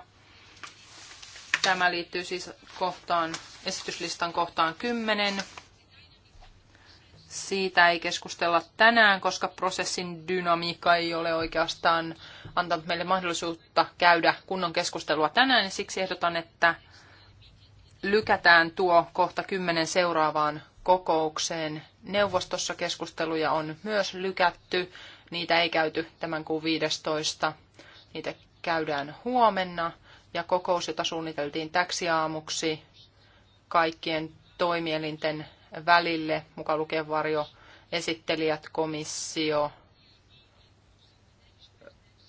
Tämä liittyy siis kohtaan, esityslistan kohtaan 10. Siitä ei keskustella tänään, koska prosessin dynamiikka ei ole oikeastaan antanut meille mahdollisuutta käydä kunnon keskustelua tänään, ja siksi ehdotan, että lykätään tuo kohta kymmenen seuraavaan kokoukseen. Neuvostossa keskusteluja on myös lykätty. Niitä ei käyty tämän kuun 15. Niitä käydään huomenna. Ja kokous, jota suunniteltiin täksi aamuksi kaikkien toimielinten välille, mukaan lukien varjo, esittelijät, komissio,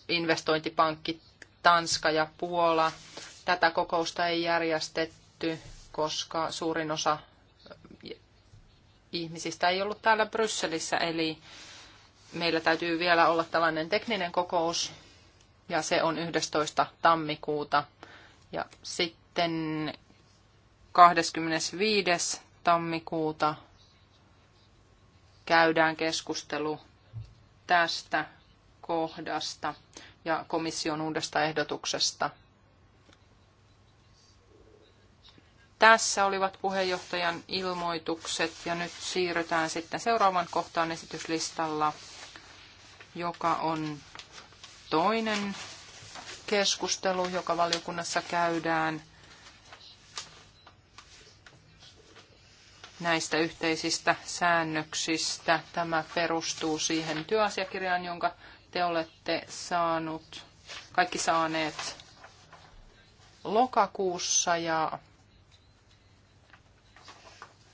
investointipankki Tanska ja Puola. Tätä kokousta ei järjestetty, koska suurin osa ihmisistä ei ollut täällä Brysselissä, eli meillä täytyy vielä olla tällainen tekninen kokous, ja se on 11. tammikuuta. Ja sitten 25 tammikuuta käydään keskustelu tästä kohdasta ja komission uudesta ehdotuksesta. Tässä olivat puheenjohtajan ilmoitukset ja nyt siirrytään sitten seuraavan kohtaan esityslistalla, joka on toinen keskustelu, joka valiokunnassa käydään – näistä yhteisistä säännöksistä. Tämä perustuu siihen työasiakirjaan, jonka te olette saanut, kaikki saaneet lokakuussa ja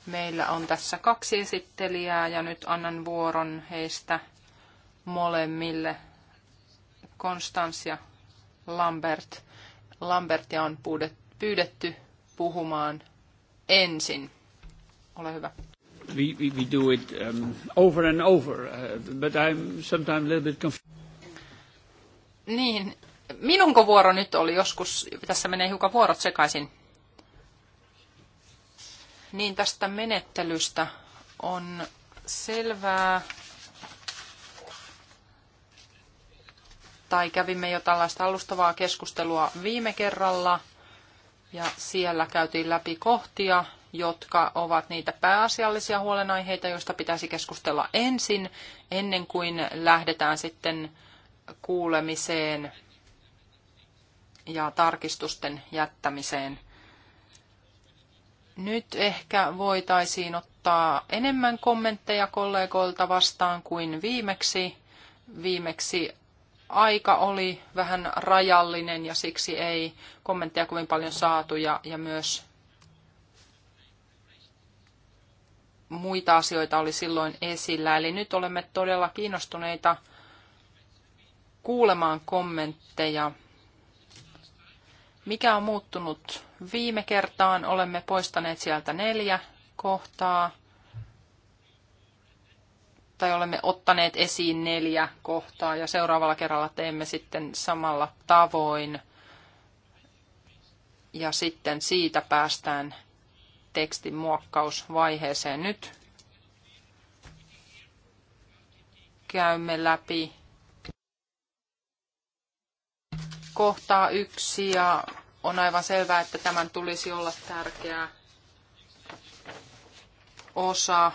meillä on tässä kaksi esittelijää ja nyt annan vuoron heistä molemmille. Konstanssia Lambert. Lambertia on pyydetty puhumaan ensin. Ole hyvä. We, we, we do it um, over and over, uh, but I'm sometimes a little bit confused. Niin, minunko vuoro nyt oli joskus, tässä menee hiukan vuorot sekaisin. Niin tästä menettelystä on selvää, tai kävimme jo tällaista alustavaa keskustelua viime kerralla, ja siellä käytiin läpi kohtia, jotka ovat niitä pääasiallisia huolenaiheita, joista pitäisi keskustella ensin, ennen kuin lähdetään sitten kuulemiseen ja tarkistusten jättämiseen. Nyt ehkä voitaisiin ottaa enemmän kommentteja kollegoilta vastaan kuin viimeksi. Viimeksi aika oli vähän rajallinen ja siksi ei kommentteja kovin paljon saatu ja, ja myös muita asioita oli silloin esillä. Eli nyt olemme todella kiinnostuneita kuulemaan kommentteja. Mikä on muuttunut viime kertaan? Olemme poistaneet sieltä neljä kohtaa. Tai olemme ottaneet esiin neljä kohtaa ja seuraavalla kerralla teemme sitten samalla tavoin. Ja sitten siitä päästään tekstin muokkausvaiheeseen. Nyt käymme läpi kohtaa yksi ja on aivan selvää, että tämän tulisi olla tärkeä osa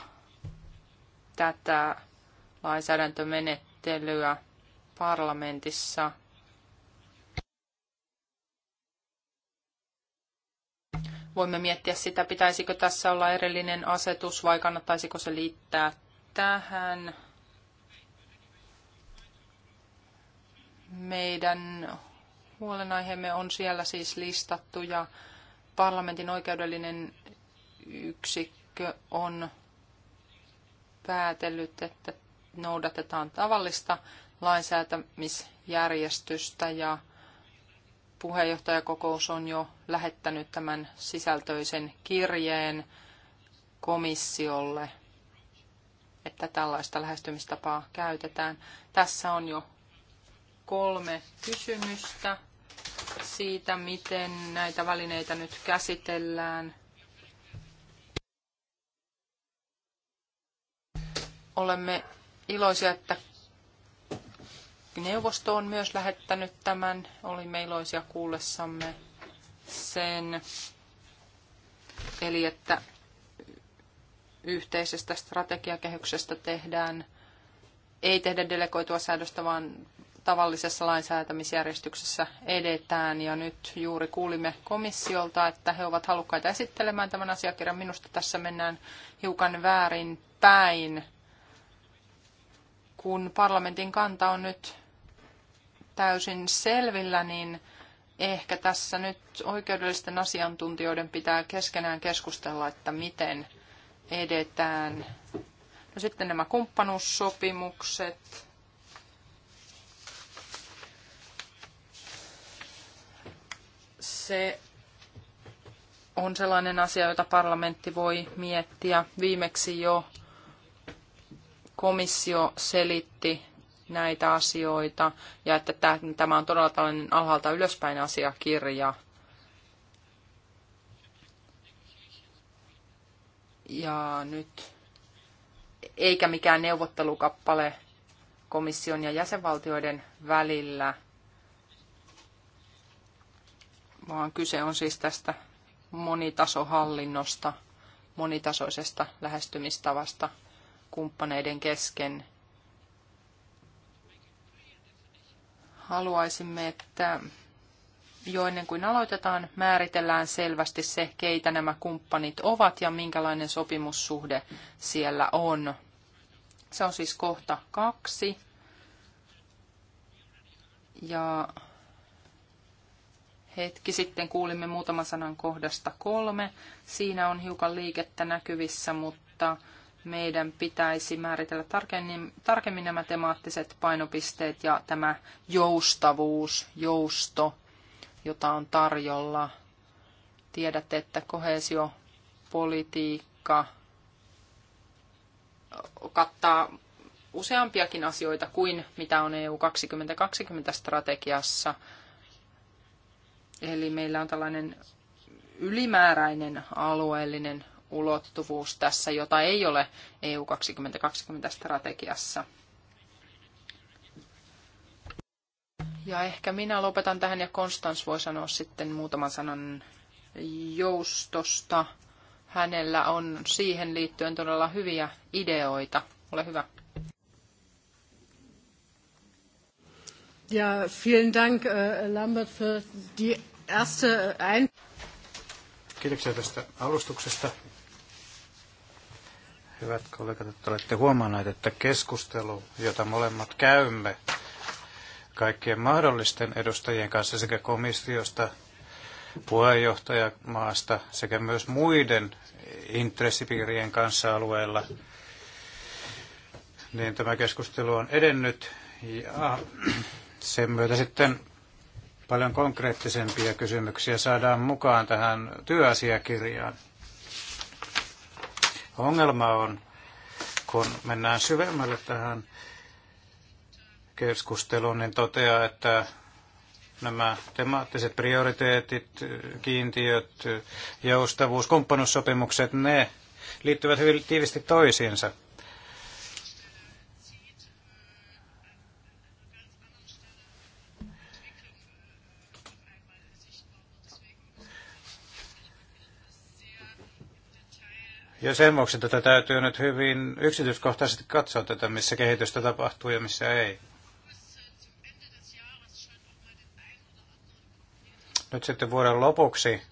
tätä lainsäädäntömenettelyä parlamentissa – Voimme miettiä sitä, pitäisikö tässä olla erillinen asetus vai kannattaisiko se liittää tähän. Meidän huolenaiheemme on siellä siis listattu ja parlamentin oikeudellinen yksikkö on päätellyt, että noudatetaan tavallista lainsäätämisjärjestystä ja puheenjohtajakokous on jo lähettänyt tämän sisältöisen kirjeen komissiolle, että tällaista lähestymistapaa käytetään. Tässä on jo kolme kysymystä siitä, miten näitä välineitä nyt käsitellään. Olemme iloisia, että Neuvosto on myös lähettänyt tämän. Olimme iloisia kuullessamme sen. Eli että yhteisestä strategiakehyksestä tehdään, ei tehdä delegoitua säädöstä, vaan tavallisessa lainsäätämisjärjestyksessä edetään. Ja nyt juuri kuulimme komissiolta, että he ovat halukkaita esittelemään tämän asiakirjan. Minusta tässä mennään hiukan väärin päin, kun parlamentin kanta on nyt täysin selvillä, niin ehkä tässä nyt oikeudellisten asiantuntijoiden pitää keskenään keskustella, että miten edetään. No sitten nämä kumppanuussopimukset. Se on sellainen asia, jota parlamentti voi miettiä. Viimeksi jo komissio selitti näitä asioita ja että tämä on todella tällainen alhaalta ylöspäin asiakirja. Ja nyt, eikä mikään neuvottelukappale komission ja jäsenvaltioiden välillä, vaan kyse on siis tästä monitasohallinnosta, monitasoisesta lähestymistavasta kumppaneiden kesken haluaisimme, että jo ennen kuin aloitetaan, määritellään selvästi se, keitä nämä kumppanit ovat ja minkälainen sopimussuhde siellä on. Se on siis kohta kaksi. Ja hetki sitten kuulimme muutaman sanan kohdasta kolme. Siinä on hiukan liikettä näkyvissä, mutta meidän pitäisi määritellä tarkemmin, tarkemmin nämä temaattiset painopisteet ja tämä joustavuus, jousto, jota on tarjolla. Tiedätte, että kohesiopolitiikka kattaa useampiakin asioita kuin mitä on EU 2020-strategiassa. Eli meillä on tällainen ylimääräinen alueellinen ulottuvuus tässä, jota ei ole EU 2020-strategiassa. Ja ehkä minä lopetan tähän ja Konstans voi sanoa sitten muutaman sanan joustosta. Hänellä on siihen liittyen todella hyviä ideoita. Ole hyvä. Ja, vielen Dank, äh, Lambert, für die erste ein... Kiitoksia tästä alustuksesta. Hyvät kollegat, että olette huomanneet, että keskustelu, jota molemmat käymme kaikkien mahdollisten edustajien kanssa sekä komissiosta, puheenjohtajamaasta sekä myös muiden intressipiirien kanssa alueella, niin tämä keskustelu on edennyt ja sen myötä sitten paljon konkreettisempia kysymyksiä saadaan mukaan tähän työasiakirjaan. Ongelma on, kun mennään syvemmälle tähän keskusteluun, niin toteaa, että nämä temaattiset prioriteetit, kiintiöt, joustavuus, kumppanuussopimukset, ne liittyvät hyvin tiivisti toisiinsa. Ja sen vuoksi tätä täytyy nyt hyvin yksityiskohtaisesti katsoa tätä, missä kehitystä tapahtuu ja missä ei. Nyt sitten vuoden lopuksi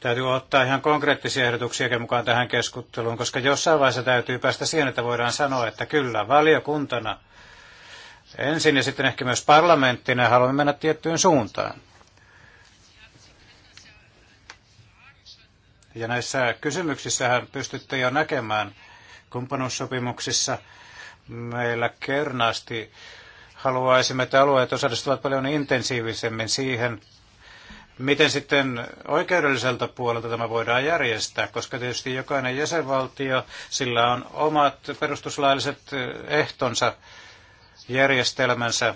täytyy ottaa ihan konkreettisia ehdotuksia mukaan tähän keskusteluun, koska jossain vaiheessa täytyy päästä siihen, että voidaan sanoa, että kyllä, valiokuntana ensin ja sitten ehkä myös parlamenttina haluamme mennä tiettyyn suuntaan. Ja näissä kysymyksissähän pystytte jo näkemään kumppanuussopimuksissa. Meillä kernaasti haluaisimme, että alueet osallistuvat paljon intensiivisemmin siihen, miten sitten oikeudelliselta puolelta tämä voidaan järjestää, koska tietysti jokainen jäsenvaltio, sillä on omat perustuslailliset ehtonsa, järjestelmänsä,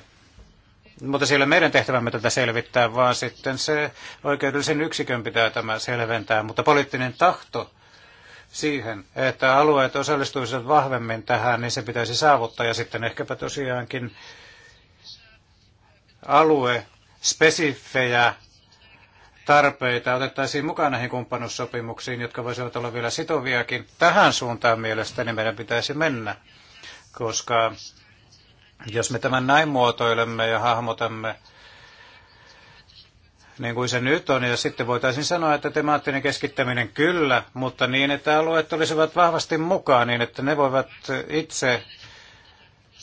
mutta siellä meidän tehtävämme tätä selvittää, vaan sitten se oikeudellisen yksikön pitää tämä selventää. Mutta poliittinen tahto siihen, että alueet osallistuisivat vahvemmin tähän, niin se pitäisi saavuttaa. Ja sitten ehkäpä tosiaankin alue spesifejä tarpeita otettaisiin mukaan näihin kumppanuussopimuksiin, jotka voisivat olla vielä sitoviakin. Tähän suuntaan mielestäni meidän pitäisi mennä, koska jos me tämän näin muotoilemme ja hahmotamme, niin kuin se nyt on, ja sitten voitaisiin sanoa, että temaattinen keskittäminen kyllä, mutta niin, että alueet olisivat vahvasti mukaan, niin että ne voivat itse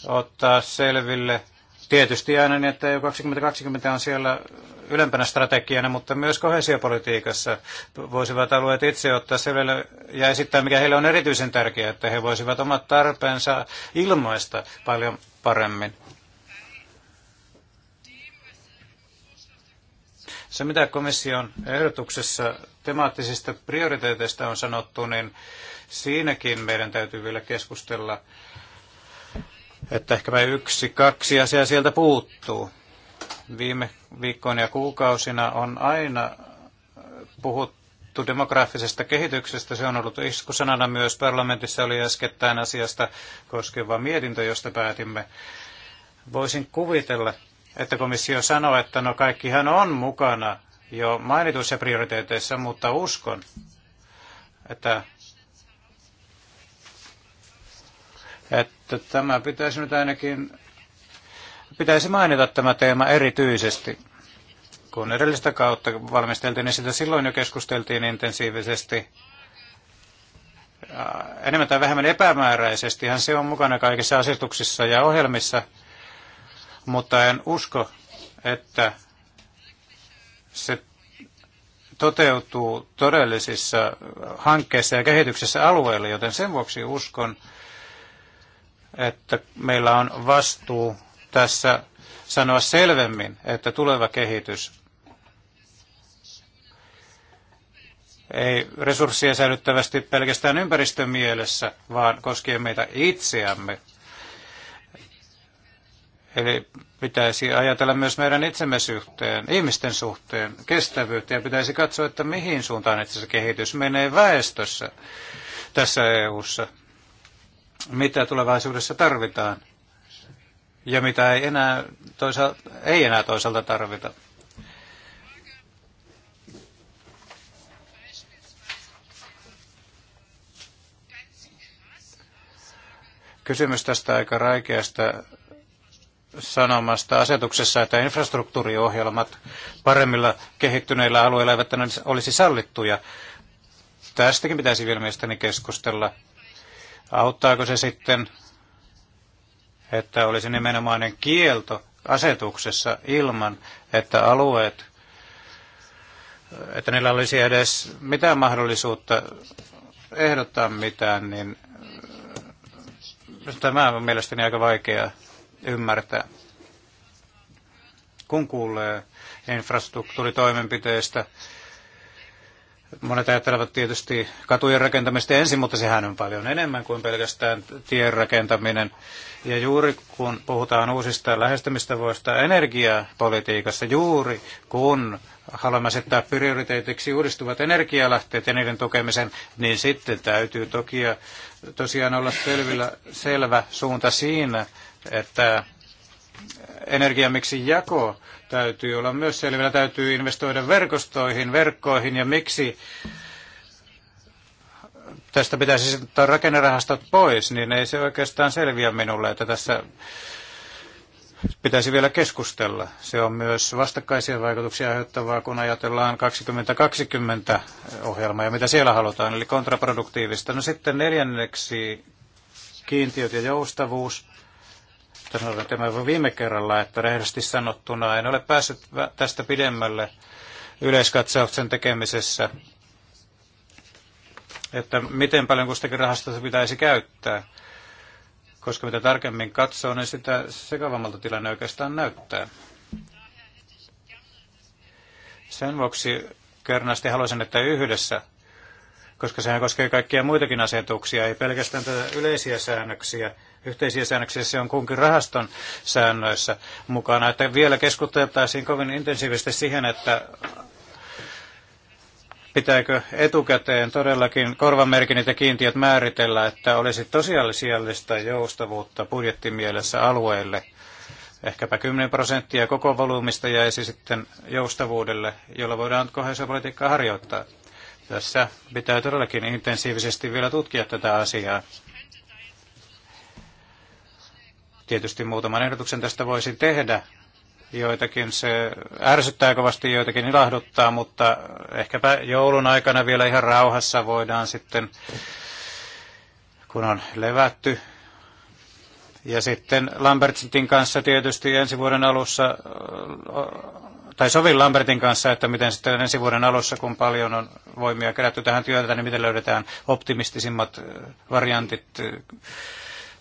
ottaa selville. Tietysti aina niin, että jo 2020 on siellä ylempänä strategiana, mutta myös kohesiopolitiikassa voisivat alueet itse ottaa selville ja esittää, mikä heille on erityisen tärkeää, että he voisivat omat tarpeensa ilmaista paljon paremmin. Se, mitä komission ehdotuksessa temaattisista prioriteeteista on sanottu, niin siinäkin meidän täytyy vielä keskustella, että ehkäpä yksi, kaksi asiaa sieltä puuttuu. Viime viikkoina ja kuukausina on aina puhuttu demografisesta kehityksestä. Se on ollut iskusanana myös parlamentissa oli äskettäin asiasta koskeva mietintö, josta päätimme. Voisin kuvitella, että komissio sanoo, että no kaikkihan on mukana jo mainituissa prioriteeteissa, mutta uskon, että, että tämä pitäisi nyt ainakin pitäisi mainita tämä teema erityisesti. Kun edellistä kautta valmisteltiin, niin sitä silloin jo keskusteltiin intensiivisesti. Enemmän tai vähemmän epämääräisesti hän se on mukana kaikissa asetuksissa ja ohjelmissa, mutta en usko, että se toteutuu todellisissa hankkeissa ja kehityksessä alueella, joten sen vuoksi uskon, että meillä on vastuu tässä sanoa selvemmin, että tuleva kehitys ei resursseja säilyttävästi pelkästään ympäristön mielessä vaan koskien meitä itseämme. Eli pitäisi ajatella myös meidän itsemme suhteen, ihmisten suhteen, kestävyyttä ja pitäisi katsoa, että mihin suuntaan itse se kehitys menee väestössä tässä EU:ssa. Mitä tulevaisuudessa tarvitaan? ja mitä ei enää toisaalta, ei enää toisaalta tarvita. Kysymys tästä aika raikeasta sanomasta asetuksessa, että infrastruktuuriohjelmat paremmilla kehittyneillä alueilla eivät olisi sallittuja. Tästäkin pitäisi vielä mielestäni keskustella. Auttaako se sitten että olisi nimenomainen kielto asetuksessa ilman, että alueet, että niillä olisi edes mitään mahdollisuutta ehdottaa mitään, niin tämä on mielestäni aika vaikea ymmärtää. Kun kuulee infrastruktuuritoimenpiteistä, Monet ajattelevat tietysti katujen rakentamista ensin, mutta sehän on paljon enemmän kuin pelkästään tien rakentaminen. Ja juuri kun puhutaan uusista lähestymistavoista energiapolitiikassa, juuri kun haluamme asettaa prioriteetiksi uudistuvat energialähteet ja niiden tukemisen, niin sitten täytyy toki tosiaan olla selvillä, selvä suunta siinä, että energiamiksi jako täytyy olla myös selvillä. Täytyy investoida verkostoihin, verkkoihin ja miksi tästä pitäisi ottaa rakennerahastot pois, niin ei se oikeastaan selviä minulle, että tässä pitäisi vielä keskustella. Se on myös vastakkaisia vaikutuksia aiheuttavaa, kun ajatellaan 2020 ohjelmaa ja mitä siellä halutaan, eli kontraproduktiivista. No sitten neljänneksi kiintiöt ja joustavuus sanoin tämän viime kerralla, että rehellisesti sanottuna en ole päässyt tästä pidemmälle yleiskatsauksen tekemisessä, että miten paljon kustakin rahastosta pitäisi käyttää. Koska mitä tarkemmin katsoo, niin sitä sekavammalta tilanne oikeastaan näyttää. Sen vuoksi kernaasti haluaisin, että yhdessä, koska sehän koskee kaikkia muitakin asetuksia, ei pelkästään tätä yleisiä säännöksiä, yhteisiä säännöksiä, se on kunkin rahaston säännöissä mukana. Että vielä keskusteltaisiin kovin intensiivisesti siihen, että pitääkö etukäteen todellakin korvamerkinnit ja kiintiöt määritellä, että olisi tosiasiallista joustavuutta budjettimielessä alueille. Ehkäpä 10 prosenttia koko volyymista jäisi sitten joustavuudelle, jolla voidaan kohdallisuuspolitiikkaa harjoittaa. Tässä pitää todellakin intensiivisesti vielä tutkia tätä asiaa Tietysti muutaman ehdotuksen tästä voisin tehdä. Joitakin se ärsyttää kovasti, joitakin ilahduttaa, mutta ehkäpä joulun aikana vielä ihan rauhassa voidaan sitten, kun on levätty, ja sitten Lambertin kanssa tietysti ensi vuoden alussa, tai sovin Lambertin kanssa, että miten sitten ensi vuoden alussa, kun paljon on voimia kerätty tähän työtä, niin miten löydetään optimistisimmat variantit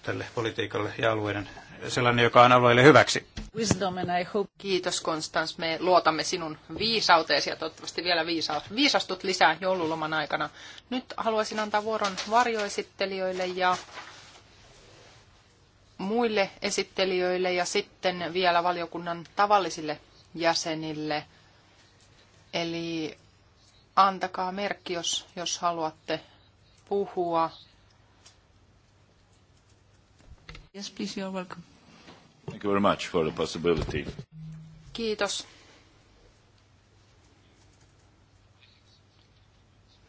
tälle politiikalle ja alueiden sellainen, joka on alueelle hyväksi. Wisdom and I hope. Kiitos Konstans, me luotamme sinun viisauteesi ja toivottavasti vielä viisa- viisastut lisää joululoman aikana. Nyt haluaisin antaa vuoron varjoesittelijöille ja muille esittelijöille ja sitten vielä valiokunnan tavallisille jäsenille. Eli antakaa merkki, jos, jos haluatte puhua. Yes, please, welcome. Thank you very much for the possibility. Kiitos.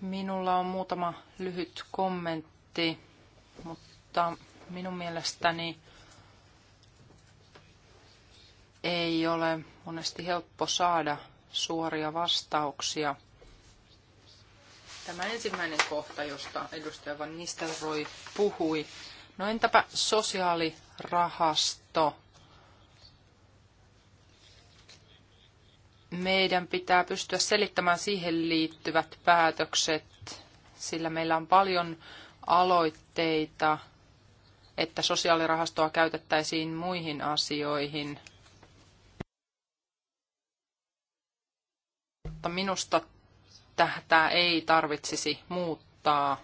Minulla on muutama lyhyt kommentti, mutta minun mielestäni ei ole monesti helppo saada suoria vastauksia. Tämä ensimmäinen kohta, josta edustaja Van Nistelrooy puhui, No entäpä sosiaalirahasto? Meidän pitää pystyä selittämään siihen liittyvät päätökset, sillä meillä on paljon aloitteita, että sosiaalirahastoa käytettäisiin muihin asioihin. Mutta minusta tätä ei tarvitsisi muuttaa.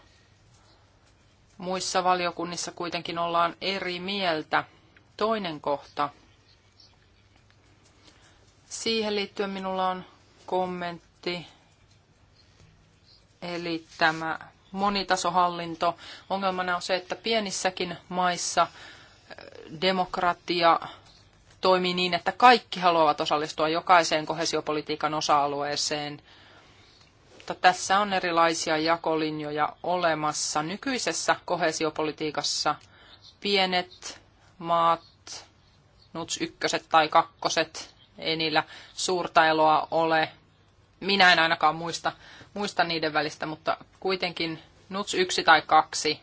Muissa valiokunnissa kuitenkin ollaan eri mieltä. Toinen kohta. Siihen liittyen minulla on kommentti. Eli tämä monitasohallinto. Ongelmana on se, että pienissäkin maissa äh, demokratia toimii niin, että kaikki haluavat osallistua jokaiseen kohesiopolitiikan osa-alueeseen – mutta tässä on erilaisia jakolinjoja olemassa. Nykyisessä kohesiopolitiikassa pienet maat, nuts ykköset tai kakkoset, ei niillä suurta eloa ole. Minä en ainakaan muista, muista niiden välistä, mutta kuitenkin nuts yksi tai kaksi.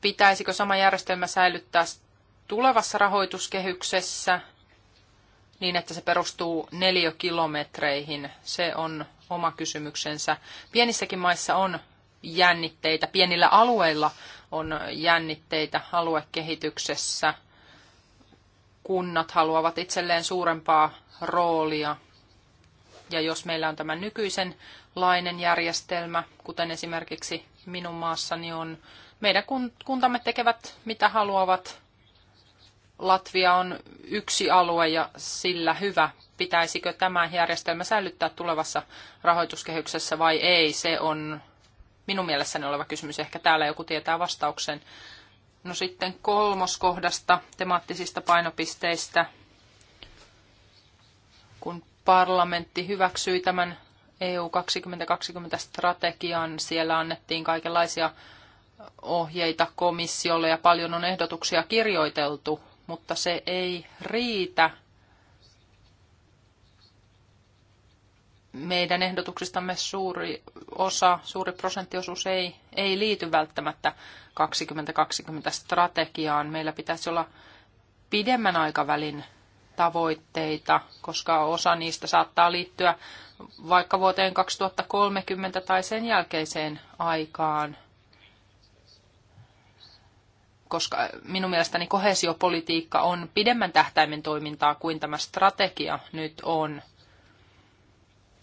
Pitäisikö sama järjestelmä säilyttää tulevassa rahoituskehyksessä – niin, että se perustuu neliökilometreihin. Se on oma kysymyksensä. Pienissäkin maissa on jännitteitä, pienillä alueilla on jännitteitä aluekehityksessä. Kunnat haluavat itselleen suurempaa roolia. Ja jos meillä on tämä lainen järjestelmä, kuten esimerkiksi minun maassani on, meidän kuntamme tekevät mitä haluavat Latvia on yksi alue ja sillä hyvä. Pitäisikö tämä järjestelmä säilyttää tulevassa rahoituskehyksessä vai ei? Se on minun mielessäni oleva kysymys. Ehkä täällä joku tietää vastauksen. No sitten kolmoskohdasta, temaattisista painopisteistä. Kun parlamentti hyväksyi tämän EU 2020-strategian, siellä annettiin kaikenlaisia ohjeita komissiolle ja paljon on ehdotuksia kirjoiteltu mutta se ei riitä. Meidän ehdotuksistamme suuri osa, suuri prosenttiosuus ei, ei liity välttämättä 2020 strategiaan. Meillä pitäisi olla pidemmän aikavälin tavoitteita, koska osa niistä saattaa liittyä vaikka vuoteen 2030 tai sen jälkeiseen aikaan – koska minun mielestäni kohesiopolitiikka on pidemmän tähtäimen toimintaa kuin tämä strategia nyt on.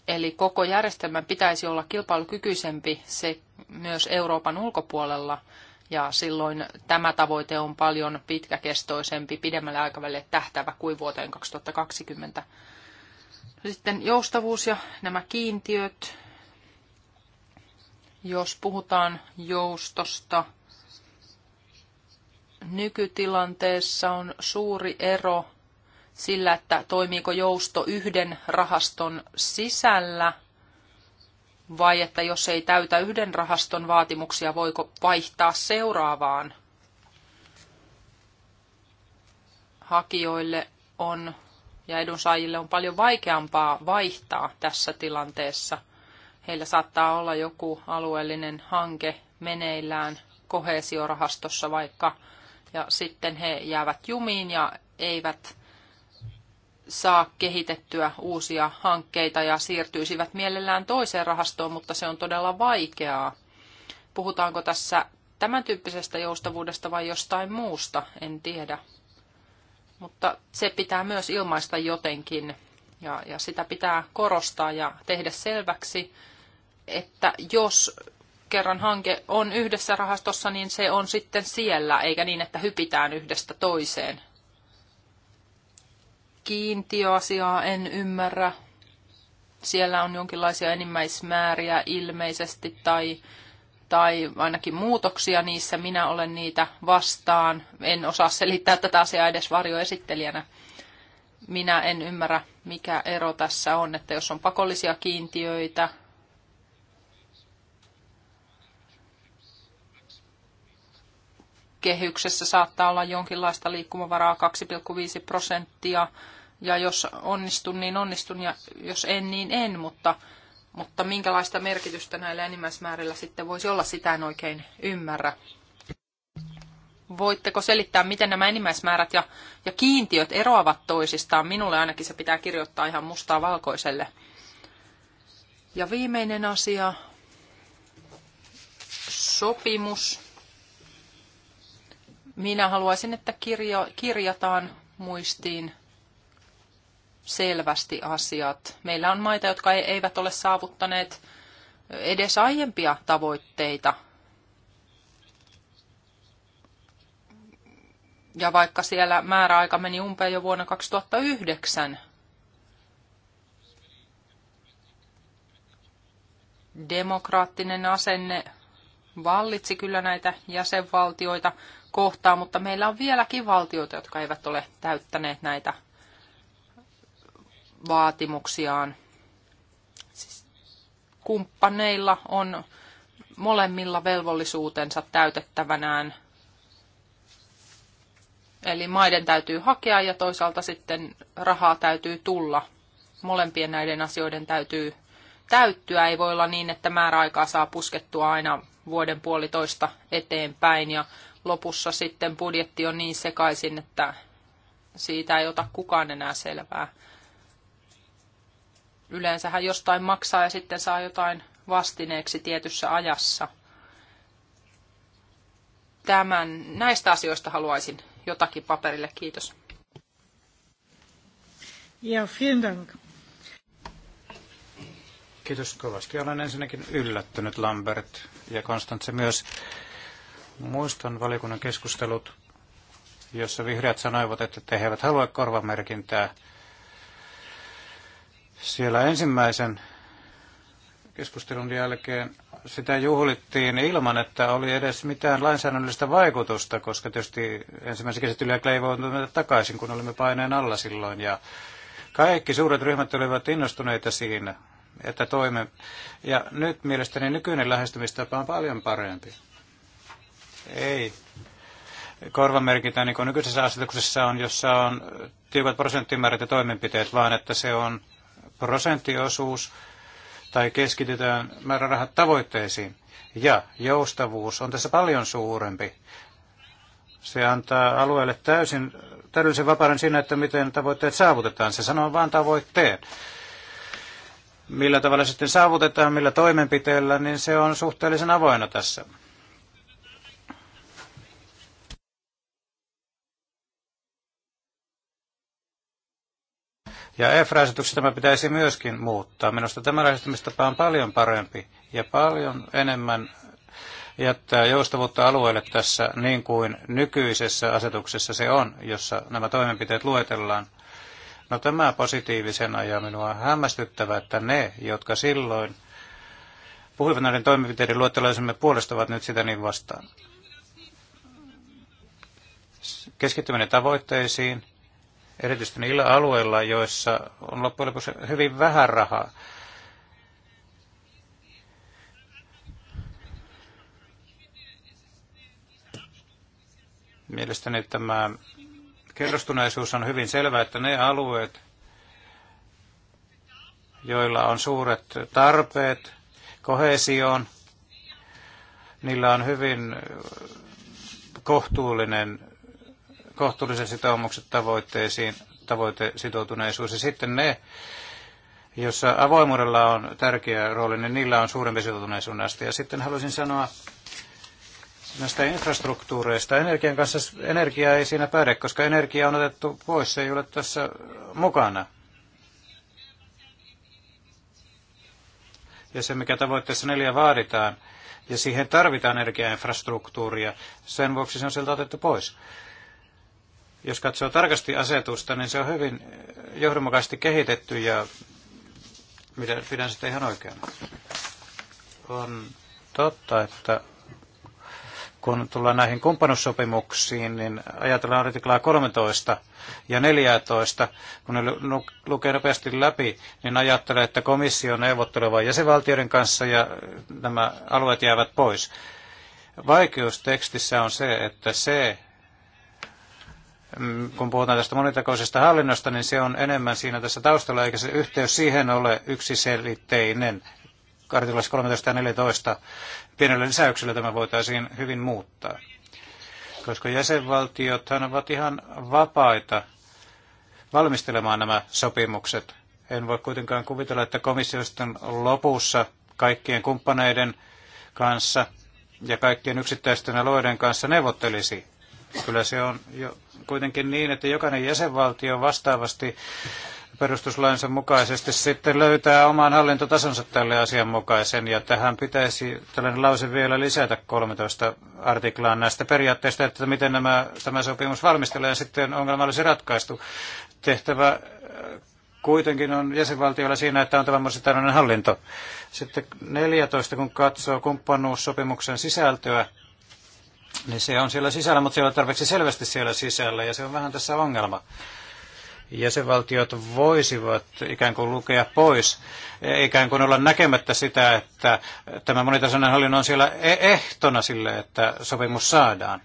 Eli koko järjestelmän pitäisi olla kilpailukykyisempi se myös Euroopan ulkopuolella, ja silloin tämä tavoite on paljon pitkäkestoisempi, pidemmälle aikavälille tähtävä kuin vuoteen 2020. Sitten joustavuus ja nämä kiintiöt. Jos puhutaan joustosta, nykytilanteessa on suuri ero sillä, että toimiiko jousto yhden rahaston sisällä vai että jos ei täytä yhden rahaston vaatimuksia, voiko vaihtaa seuraavaan. Hakijoille on ja edunsaajille on paljon vaikeampaa vaihtaa tässä tilanteessa. Heillä saattaa olla joku alueellinen hanke meneillään kohesiorahastossa, vaikka ja sitten he jäävät jumiin ja eivät saa kehitettyä uusia hankkeita ja siirtyisivät mielellään toiseen rahastoon, mutta se on todella vaikeaa. Puhutaanko tässä tämän tyyppisestä joustavuudesta vai jostain muusta, en tiedä. Mutta se pitää myös ilmaista jotenkin ja, ja sitä pitää korostaa ja tehdä selväksi, että jos kerran hanke on yhdessä rahastossa, niin se on sitten siellä, eikä niin, että hypitään yhdestä toiseen. Kiintiöasiaa en ymmärrä. Siellä on jonkinlaisia enimmäismääriä ilmeisesti tai, tai ainakin muutoksia niissä. Minä olen niitä vastaan. En osaa selittää tätä asiaa edes varjoesittelijänä. Minä en ymmärrä, mikä ero tässä on, että jos on pakollisia kiintiöitä, kehyksessä saattaa olla jonkinlaista liikkumavaraa 2,5 prosenttia. Ja jos onnistun, niin onnistun, ja jos en, niin en. Mutta, mutta minkälaista merkitystä näillä enimmäismäärillä sitten voisi olla, sitä en oikein ymmärrä. Voitteko selittää, miten nämä enimmäismäärät ja, ja kiintiöt eroavat toisistaan? Minulle ainakin se pitää kirjoittaa ihan mustaa valkoiselle. Ja viimeinen asia, sopimus minä haluaisin, että kirjo, kirjataan muistiin selvästi asiat. Meillä on maita, jotka eivät ole saavuttaneet edes aiempia tavoitteita. Ja vaikka siellä määräaika meni umpeen jo vuonna 2009, demokraattinen asenne vallitsi kyllä näitä jäsenvaltioita kohtaan, mutta meillä on vieläkin valtioita, jotka eivät ole täyttäneet näitä vaatimuksiaan. Siis kumppaneilla on molemmilla velvollisuutensa täytettävänään. Eli maiden täytyy hakea ja toisaalta sitten rahaa täytyy tulla. Molempien näiden asioiden täytyy täyttyä. Ei voi olla niin, että määräaikaa saa puskettua aina vuoden puolitoista eteenpäin ja lopussa sitten budjetti on niin sekaisin, että siitä ei ota kukaan enää selvää. Yleensähän jostain maksaa ja sitten saa jotain vastineeksi tietyssä ajassa. Tämän, näistä asioista haluaisin jotakin paperille. Kiitos. Ja, vielen Dank. Kiitos kovasti. Olen ensinnäkin yllättynyt Lambert ja Konstantse myös. Muistan valiokunnan keskustelut, jossa vihreät sanoivat, että te eivät halua korvamerkintää. Siellä ensimmäisen keskustelun jälkeen sitä juhlittiin ilman, että oli edes mitään lainsäädännöllistä vaikutusta, koska tietysti ensimmäisen käsittelyä ei voinut takaisin, kun olimme paineen alla silloin. Ja kaikki suuret ryhmät olivat innostuneita siinä että toimme. Ja nyt mielestäni nykyinen lähestymistapa on paljon parempi. Ei Korvamerkintä, niin kuin nykyisessä asetuksessa on, jossa on tiukat prosenttimäärät ja toimenpiteet, vaan että se on prosenttiosuus tai keskitytään määrärahat tavoitteisiin. Ja joustavuus on tässä paljon suurempi. Se antaa alueelle täysin täydellisen vapauden siinä, että miten tavoitteet saavutetaan. Se sanoo vain tavoitteet. Millä tavalla sitten saavutetaan, millä toimenpiteellä, niin se on suhteellisen avoinna tässä. Ja f rajoitukset tämä pitäisi myöskin muuttaa. Minusta tämä lähestymistapa on paljon parempi ja paljon enemmän jättää joustavuutta alueelle tässä niin kuin nykyisessä asetuksessa se on, jossa nämä toimenpiteet luetellaan. No tämä positiivisena ja minua hämmästyttävä, että ne, jotka silloin puhuivat näiden toimenpiteiden luettelaisemme puolesta, ovat nyt sitä niin vastaan. Keskittyminen tavoitteisiin, erityisesti niillä alueilla, joissa on loppujen lopuksi hyvin vähän rahaa. Mielestäni tämä kirjastuneisuus on hyvin selvä, että ne alueet, joilla on suuret tarpeet kohesioon, niillä on hyvin kohtuullinen, kohtuulliset sitoumukset tavoitteisiin, tavoitesitoutuneisuus. Ja sitten ne, jossa avoimuudella on tärkeä rooli, niin niillä on suurempi sitoutuneisuuden aste. Ja sitten haluaisin sanoa näistä infrastruktuureista. Energian kanssa energia ei siinä päde, koska energia on otettu pois, se ei ole tässä mukana. Ja se, mikä tavoitteessa neljä vaaditaan, ja siihen tarvitaan energiainfrastruktuuria, sen vuoksi se on sieltä otettu pois. Jos katsoo tarkasti asetusta, niin se on hyvin johdonmukaisesti kehitetty ja pidän sitä ihan oikeana. On totta, että kun tullaan näihin kumppanussopimuksiin, niin ajatellaan artiklaa 13 ja 14. Kun ne lukee nopeasti läpi, niin ajattelee, että komissio neuvottelee jäsenvaltioiden kanssa ja nämä alueet jäävät pois. Vaikeus tekstissä on se, että se, mm, kun puhutaan tästä monitakoisesta hallinnosta, niin se on enemmän siinä tässä taustalla, eikä se yhteys siihen ole yksiselitteinen. Kartilas 13 ja 14 pienellä lisäyksellä tämä voitaisiin hyvin muuttaa. Koska jäsenvaltiothan ovat ihan vapaita valmistelemaan nämä sopimukset. En voi kuitenkaan kuvitella, että komissiosten lopussa kaikkien kumppaneiden kanssa ja kaikkien yksittäisten aloiden kanssa neuvottelisi. Kyllä se on jo kuitenkin niin, että jokainen jäsenvaltio vastaavasti perustuslainsa mukaisesti sitten löytää oman hallintotasonsa tälle asianmukaisen, ja tähän pitäisi tällainen lause vielä lisätä 13 artiklaan näistä periaatteista, että miten nämä, tämä sopimus valmistelee, ja sitten ongelma olisi ratkaistu. Tehtävä äh, kuitenkin on jäsenvaltiolla siinä, että on tämä tällainen hallinto. Sitten 14, kun katsoo kumppanuussopimuksen sisältöä, niin se on siellä sisällä, mutta siellä tarpeeksi selvästi siellä sisällä, ja se on vähän tässä ongelma jäsenvaltiot voisivat ikään kuin lukea pois, ikään kuin olla näkemättä sitä, että tämä monitasoinen hallinnon on siellä e- ehtona sille, että sopimus saadaan.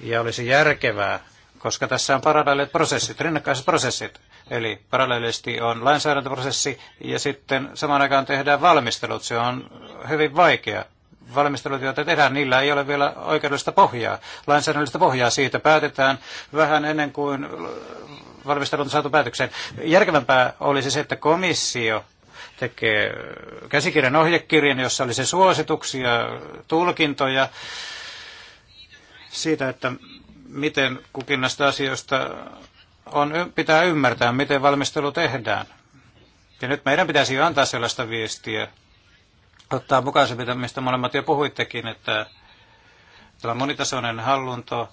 Ja olisi järkevää, koska tässä on paralleelit prosessit, rinnakkaiset prosessit. Eli paralleellisesti on lainsäädäntöprosessi ja sitten samaan aikaan tehdään valmistelut. Se on hyvin vaikea valmistelut, joita tehdään, niillä ei ole vielä oikeudellista pohjaa, lainsäädännöllistä pohjaa. Siitä päätetään vähän ennen kuin valmistelut on saatu päätökseen. Järkevämpää olisi se, että komissio tekee käsikirjan ohjekirjan, jossa olisi suosituksia, tulkintoja siitä, että miten kukin näistä asioista on, pitää ymmärtää, miten valmistelu tehdään. Ja nyt meidän pitäisi jo antaa sellaista viestiä, ottaa mukaan se, mistä molemmat jo puhuittekin, että tämä monitasoinen hallinto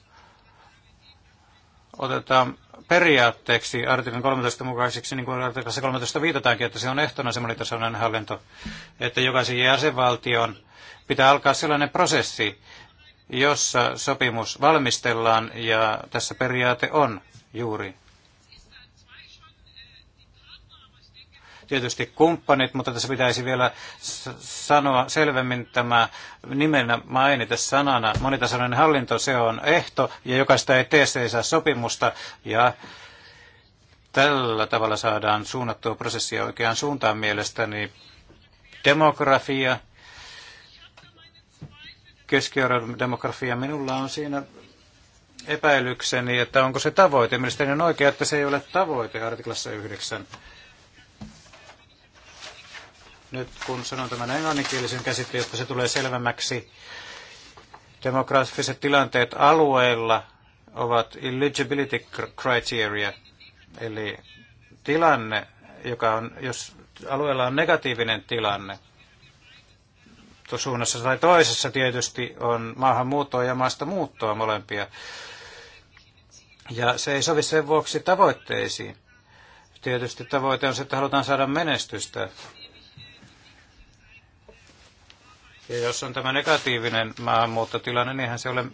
otetaan periaatteeksi artiklan 13 mukaiseksi, niin kuin artiklassa 13 viitataankin, että se on ehtona se monitasoinen hallinto, että jokaisen jäsenvaltion pitää alkaa sellainen prosessi, jossa sopimus valmistellaan ja tässä periaate on juuri tietysti kumppanit, mutta tässä pitäisi vielä sanoa selvemmin tämä nimenä mainita sanana. Monitasoinen hallinto, se on ehto, ja jokaista ei tee, se ei saa sopimusta, ja tällä tavalla saadaan suunnattua prosessia oikeaan suuntaan mielestäni. Demografia, keski demografia, minulla on siinä epäilykseni, että onko se tavoite. Mielestäni on oikea, että se ei ole tavoite artiklassa 9 nyt kun sanon tämän englanninkielisen käsitteen, jotta se tulee selvemmäksi, demografiset tilanteet alueilla ovat eligibility criteria, eli tilanne, joka on, jos alueella on negatiivinen tilanne, suunnassa tai toisessa tietysti on maahanmuuttoa ja maasta muuttoa molempia. Ja se ei sovi sen vuoksi tavoitteisiin. Tietysti tavoite on se, että halutaan saada menestystä Ja jos on tämä negatiivinen maahanmuuttotilanne, niin eihän se ole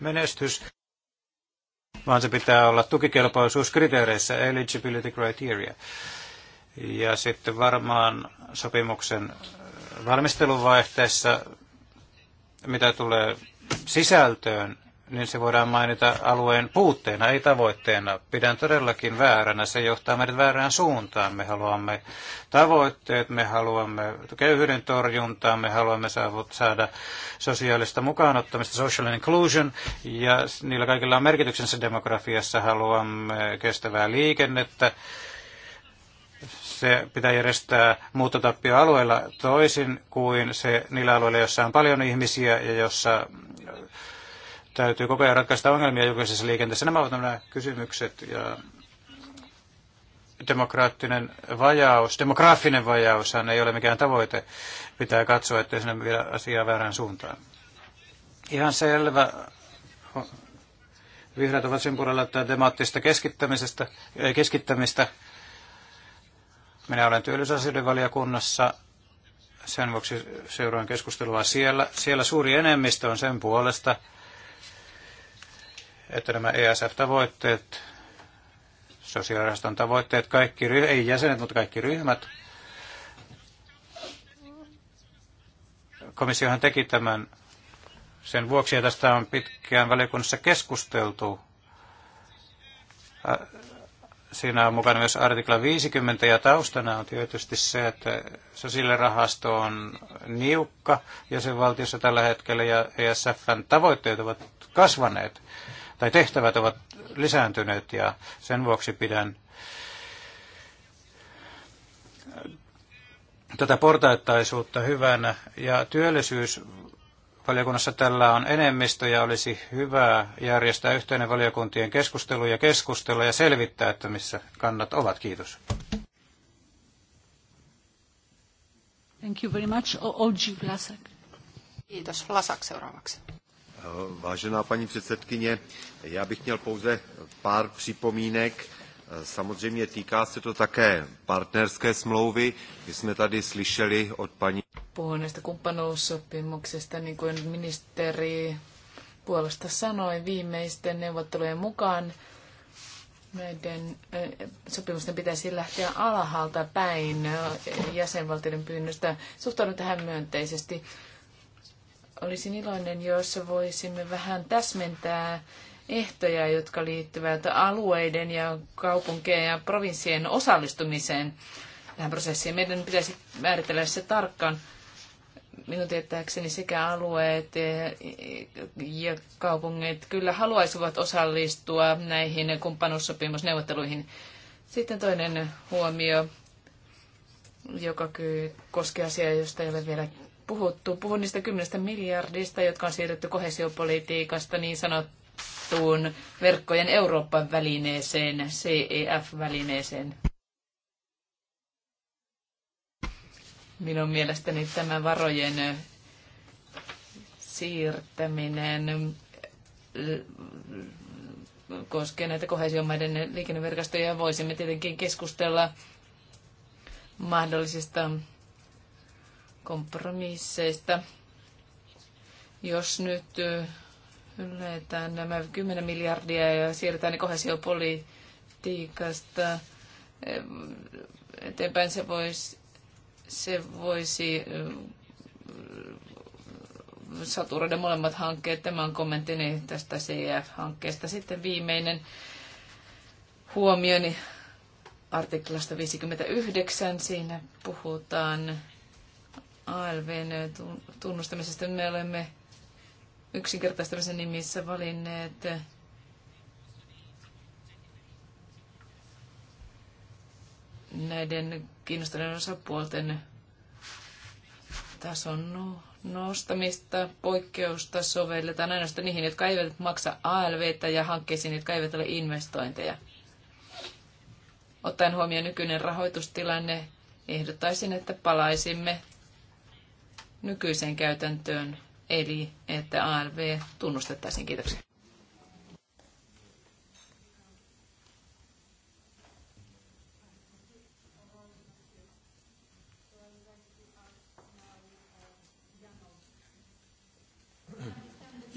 menestys, vaan se pitää olla tukikelpoisuuskriteereissä, eligibility criteria. Ja sitten varmaan sopimuksen valmisteluvaihteessa, mitä tulee sisältöön, niin se voidaan mainita alueen puutteena, ei tavoitteena. Pidän todellakin vääränä, se johtaa meidät väärään suuntaan. Me haluamme tavoitteet, me haluamme köyhyyden torjuntaa, me haluamme saada sosiaalista mukaanottamista, social inclusion, ja niillä kaikilla on merkityksensä demografiassa, haluamme kestävää liikennettä, se pitää järjestää muuttotappioalueilla toisin kuin se niillä alueilla, joissa on paljon ihmisiä ja jossa täytyy koko ajan ratkaista ongelmia julkisessa liikenteessä. Nämä ovat nämä kysymykset ja demokraattinen vajaus, demograafinen vajaushan ei ole mikään tavoite. Pitää katsoa, että sinne vielä asiaa väärään suuntaan. Ihan selvä. Vihreät ovat puolella tätä demaattista keskittämisestä, keskittämistä. Minä olen työllisyysasioiden valiokunnassa. Sen vuoksi seuraan keskustelua siellä. Siellä suuri enemmistö on sen puolesta, että nämä ESF-tavoitteet, sosiaaliraston tavoitteet, kaikki, ei jäsenet, mutta kaikki ryhmät, komissiohan teki tämän sen vuoksi, ja tästä on pitkään valiokunnassa keskusteltu. Siinä on mukana myös artikla 50, ja taustana on tietysti se, että sosiaalirahasto on niukka jäsenvaltiossa tällä hetkellä, ja ESFn tavoitteet ovat kasvaneet tai tehtävät ovat lisääntyneet ja sen vuoksi pidän tätä portaittaisuutta hyvänä ja työllisyys Valiokunnassa tällä on enemmistö ja olisi hyvä järjestää yhteinen valiokuntien keskustelu ja keskustella ja selvittää, että missä kannat ovat. Kiitos. Thank you very much. Olgi Vlasak. Kiitos. Lasak seuraavaksi. Vážená paní předsedkyně, já bych měl pouze pár připomínek. Samozřejmě týká se to také partnerské smlouvy. My jsme tady slyšeli od paní... näistä niin kuin ministeri puolesta sanoi, viimeisten neuvottelujen mukaan eh, sopimusten pitäisi lähteä alhaalta päin eh, jäsenvaltioiden pyynnöstä. Suhtaudun tähän myönteisesti. Olisin iloinen, jos voisimme vähän täsmentää ehtoja, jotka liittyvät alueiden ja kaupunkien ja provinssien osallistumiseen tähän prosessiin. Meidän pitäisi määritellä se tarkkaan. Minun tietääkseni sekä alueet e, ja kaupungit kyllä haluaisivat osallistua näihin kumppanuussopimusneuvotteluihin. Sitten toinen huomio, joka koskee asiaa, josta ei ole vielä puhuttu. Puhun niistä kymmenestä miljardista, jotka on siirretty kohesiopolitiikasta niin sanottuun verkkojen Euroopan välineeseen, CEF-välineeseen. Minun mielestäni tämä varojen siirtäminen äh, koskee näitä kohesiomaiden liikenneverkostoja. Voisimme tietenkin keskustella mahdollisista kompromisseista. Jos nyt yletään nämä 10 miljardia ja siirretään ne kohesiopolitiikasta eteenpäin, se voisi, se voisi saturoida molemmat hankkeet. Tämä on kommenttini tästä CF-hankkeesta. Sitten viimeinen huomioni artiklasta 59. Siinä puhutaan ALVn eh, tunnustamisesta me olemme yksinkertaistamisen nimissä valinneet eh, näiden kiinnostuneiden osapuolten tason nostamista, poikkeusta sovelletaan ainoastaan niihin, jotka eivät maksa ALVtä ja hankkeisiin, jotka eivät ole investointeja. Ottaen huomioon nykyinen rahoitustilanne, ehdottaisin, että palaisimme nykyiseen käytäntöön, eli että ALV tunnustettaisiin. Kiitoksia.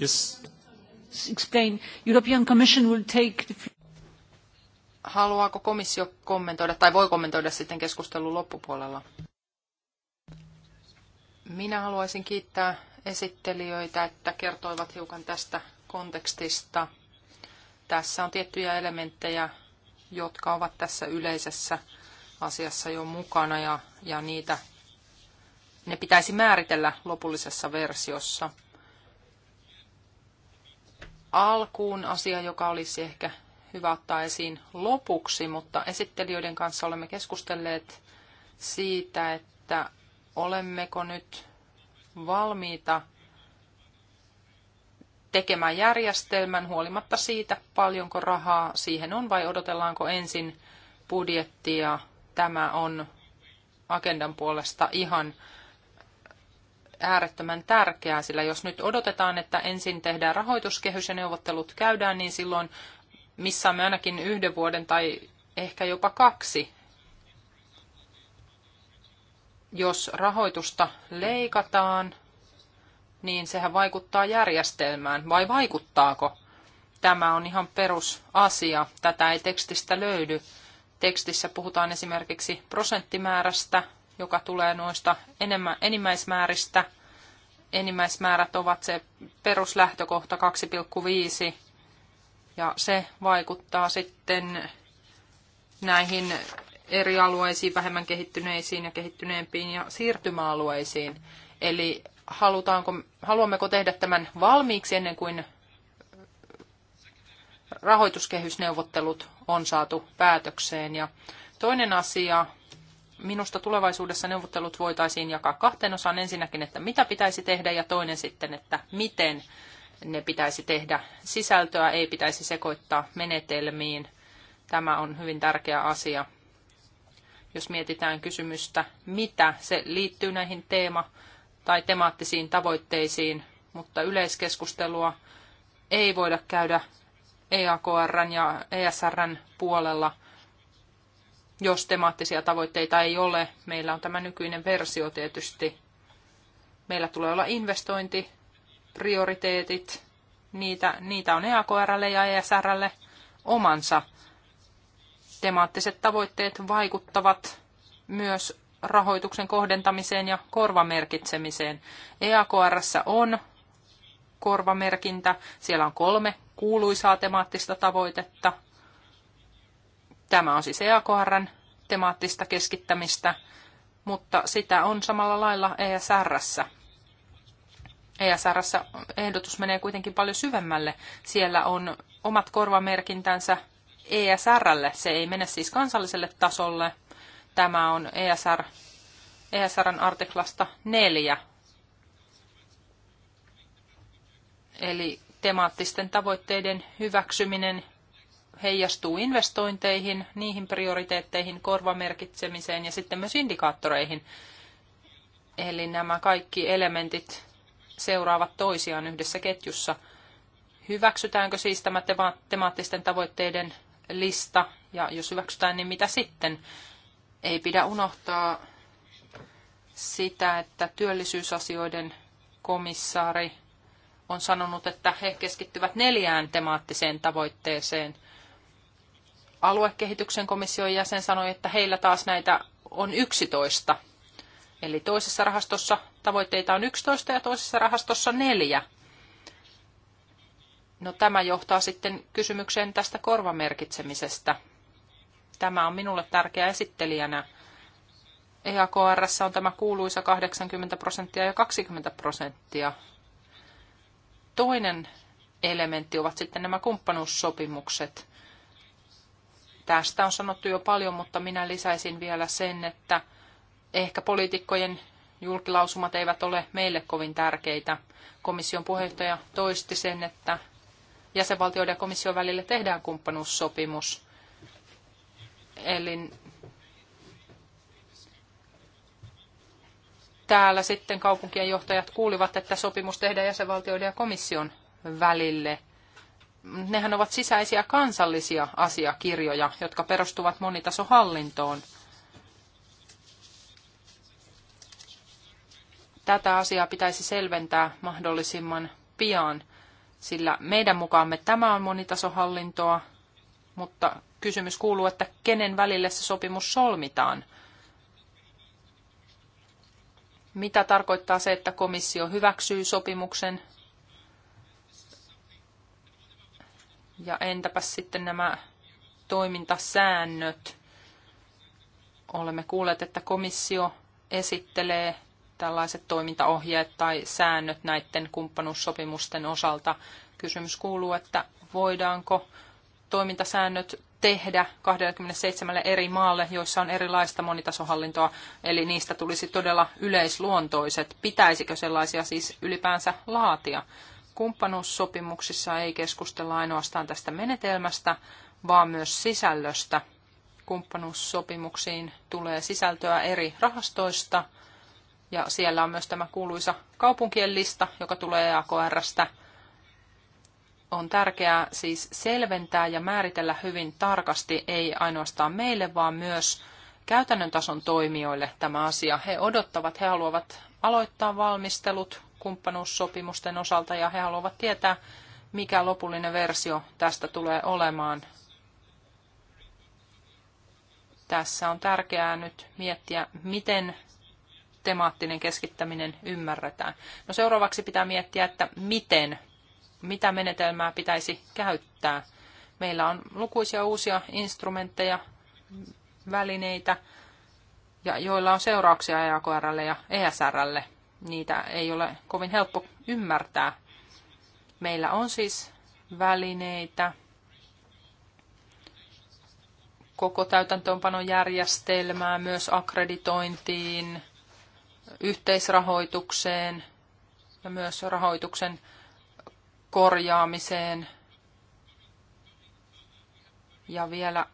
Yes. Explain. European Commission will take the... Haluaako komissio kommentoida tai voi kommentoida sitten keskustelun loppupuolella? Minä haluaisin kiittää esittelijöitä, että kertoivat hiukan tästä kontekstista. Tässä on tiettyjä elementtejä, jotka ovat tässä yleisessä asiassa jo mukana ja, ja niitä ne pitäisi määritellä lopullisessa versiossa. Alkuun asia, joka olisi ehkä hyvä ottaa esiin lopuksi, mutta esittelijöiden kanssa olemme keskustelleet siitä, että olemmeko nyt valmiita tekemään järjestelmän huolimatta siitä, paljonko rahaa siihen on vai odotellaanko ensin budjettia. Tämä on agendan puolesta ihan äärettömän tärkeää, sillä jos nyt odotetaan, että ensin tehdään rahoituskehys ja neuvottelut käydään, niin silloin missä me ainakin yhden vuoden tai ehkä jopa kaksi jos rahoitusta leikataan, niin sehän vaikuttaa järjestelmään, vai vaikuttaako? Tämä on ihan perusasia. Tätä ei tekstistä löydy. Tekstissä puhutaan esimerkiksi prosenttimäärästä, joka tulee noista enemmän, enimmäismääristä. Enimmäismäärät ovat se peruslähtökohta 2,5, ja se vaikuttaa sitten näihin eri alueisiin, vähemmän kehittyneisiin ja kehittyneempiin ja siirtymäalueisiin. Eli halutaanko, haluammeko tehdä tämän valmiiksi ennen kuin rahoituskehysneuvottelut on saatu päätökseen. Ja toinen asia, minusta tulevaisuudessa neuvottelut voitaisiin jakaa kahteen osaan. Ensinnäkin, että mitä pitäisi tehdä ja toinen sitten, että miten ne pitäisi tehdä. Sisältöä ei pitäisi sekoittaa menetelmiin. Tämä on hyvin tärkeä asia jos mietitään kysymystä, mitä se liittyy näihin teema- tai temaattisiin tavoitteisiin, mutta yleiskeskustelua ei voida käydä EAKR ja ESRn puolella, jos temaattisia tavoitteita ei ole. Meillä on tämä nykyinen versio tietysti. Meillä tulee olla investointi, prioriteetit Niitä, niitä on EAKRlle ja ESRlle omansa – temaattiset tavoitteet vaikuttavat myös rahoituksen kohdentamiseen ja korvamerkitsemiseen. EAKRssä on korvamerkintä. Siellä on kolme kuuluisaa temaattista tavoitetta. Tämä on siis EAKRn temaattista keskittämistä, mutta sitä on samalla lailla ESRssä. ESRssä ehdotus menee kuitenkin paljon syvemmälle. Siellä on omat korvamerkintänsä ESRlle. Se ei mene siis kansalliselle tasolle. Tämä on ESR, ESRn artiklasta neljä, Eli temaattisten tavoitteiden hyväksyminen heijastuu investointeihin, niihin prioriteetteihin, korvamerkitsemiseen ja sitten myös indikaattoreihin. Eli nämä kaikki elementit seuraavat toisiaan yhdessä ketjussa. Hyväksytäänkö siis tämä temaattisten tavoitteiden lista, ja jos hyväksytään, niin mitä sitten? Ei pidä unohtaa sitä, että työllisyysasioiden komissaari on sanonut, että he keskittyvät neljään temaattiseen tavoitteeseen. Aluekehityksen komission jäsen sanoi, että heillä taas näitä on 11. Eli toisessa rahastossa tavoitteita on 11 ja toisessa rahastossa neljä. No tämä johtaa sitten kysymykseen tästä korvamerkitsemisestä. Tämä on minulle tärkeä esittelijänä. EAKR on tämä kuuluisa 80 prosenttia ja 20 prosenttia. Toinen elementti ovat sitten nämä kumppanuussopimukset. Tästä on sanottu jo paljon, mutta minä lisäisin vielä sen, että ehkä poliitikkojen julkilausumat eivät ole meille kovin tärkeitä. Komission puheenjohtaja toisti sen, että jäsenvaltioiden ja komission välille tehdään kumppanuussopimus. Eli täällä sitten kaupunkien johtajat kuulivat, että sopimus tehdään jäsenvaltioiden ja komission välille. Nehän ovat sisäisiä kansallisia asiakirjoja, jotka perustuvat monitasohallintoon. Tätä asiaa pitäisi selventää mahdollisimman pian sillä meidän mukaamme tämä on monitasohallintoa, mutta kysymys kuuluu, että kenen välille se sopimus solmitaan. Mitä tarkoittaa se, että komissio hyväksyy sopimuksen? Ja entäpä sitten nämä toimintasäännöt? Olemme kuulleet, että komissio esittelee tällaiset toimintaohjeet tai säännöt näiden kumppanuussopimusten osalta. Kysymys kuuluu, että voidaanko toimintasäännöt tehdä 27 eri maalle, joissa on erilaista monitasohallintoa, eli niistä tulisi todella yleisluontoiset. Pitäisikö sellaisia siis ylipäänsä laatia? Kumppanuussopimuksissa ei keskustella ainoastaan tästä menetelmästä, vaan myös sisällöstä. Kumppanuussopimuksiin tulee sisältöä eri rahastoista – ja siellä on myös tämä kuuluisa kaupunkien lista, joka tulee AKRstä. On tärkeää siis selventää ja määritellä hyvin tarkasti, ei ainoastaan meille, vaan myös käytännön tason toimijoille tämä asia. He odottavat, he haluavat aloittaa valmistelut kumppanuussopimusten osalta ja he haluavat tietää, mikä lopullinen versio tästä tulee olemaan. Tässä on tärkeää nyt miettiä, miten temaattinen keskittäminen ymmärretään. No seuraavaksi pitää miettiä, että miten, mitä menetelmää pitäisi käyttää. Meillä on lukuisia uusia instrumentteja, välineitä, ja joilla on seurauksia EAKRlle ja ESRlle. Niitä ei ole kovin helppo ymmärtää. Meillä on siis välineitä, koko täytäntöönpanojärjestelmää, myös akkreditointiin, yhteisrahoitukseen ja myös rahoituksen korjaamiseen. Ja vielä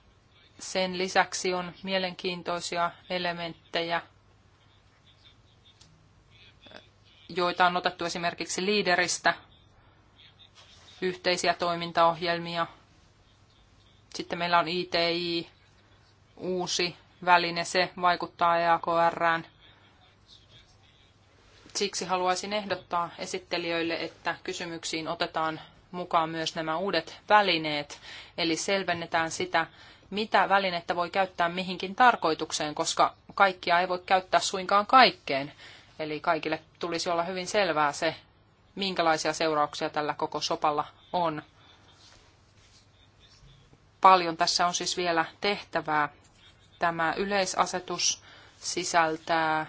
sen lisäksi on mielenkiintoisia elementtejä, joita on otettu esimerkiksi liideristä, yhteisiä toimintaohjelmia. Sitten meillä on ITI, uusi väline, se vaikuttaa EAKRään Siksi haluaisin ehdottaa esittelijöille, että kysymyksiin otetaan mukaan myös nämä uudet välineet, eli selvennetään sitä, mitä välinettä voi käyttää mihinkin tarkoitukseen, koska kaikkia ei voi käyttää suinkaan kaikkeen. Eli kaikille tulisi olla hyvin selvää se, minkälaisia seurauksia tällä koko sopalla on. Paljon tässä on siis vielä tehtävää. Tämä yleisasetus sisältää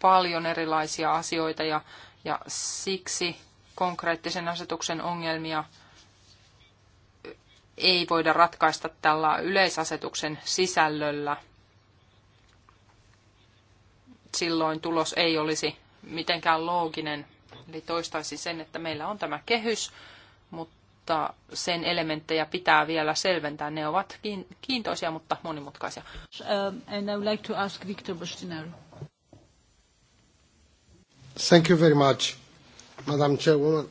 paljon erilaisia asioita ja, ja siksi konkreettisen asetuksen ongelmia ei voida ratkaista tällä yleisasetuksen sisällöllä. Silloin tulos ei olisi mitenkään looginen. Eli toistaisi sen, että meillä on tämä kehys, mutta sen elementtejä pitää vielä selventää. Ne ovat kiintoisia, mutta monimutkaisia. Um, and I would like to ask Victor Bostinaru. Thank you very much, Madam Chairwoman.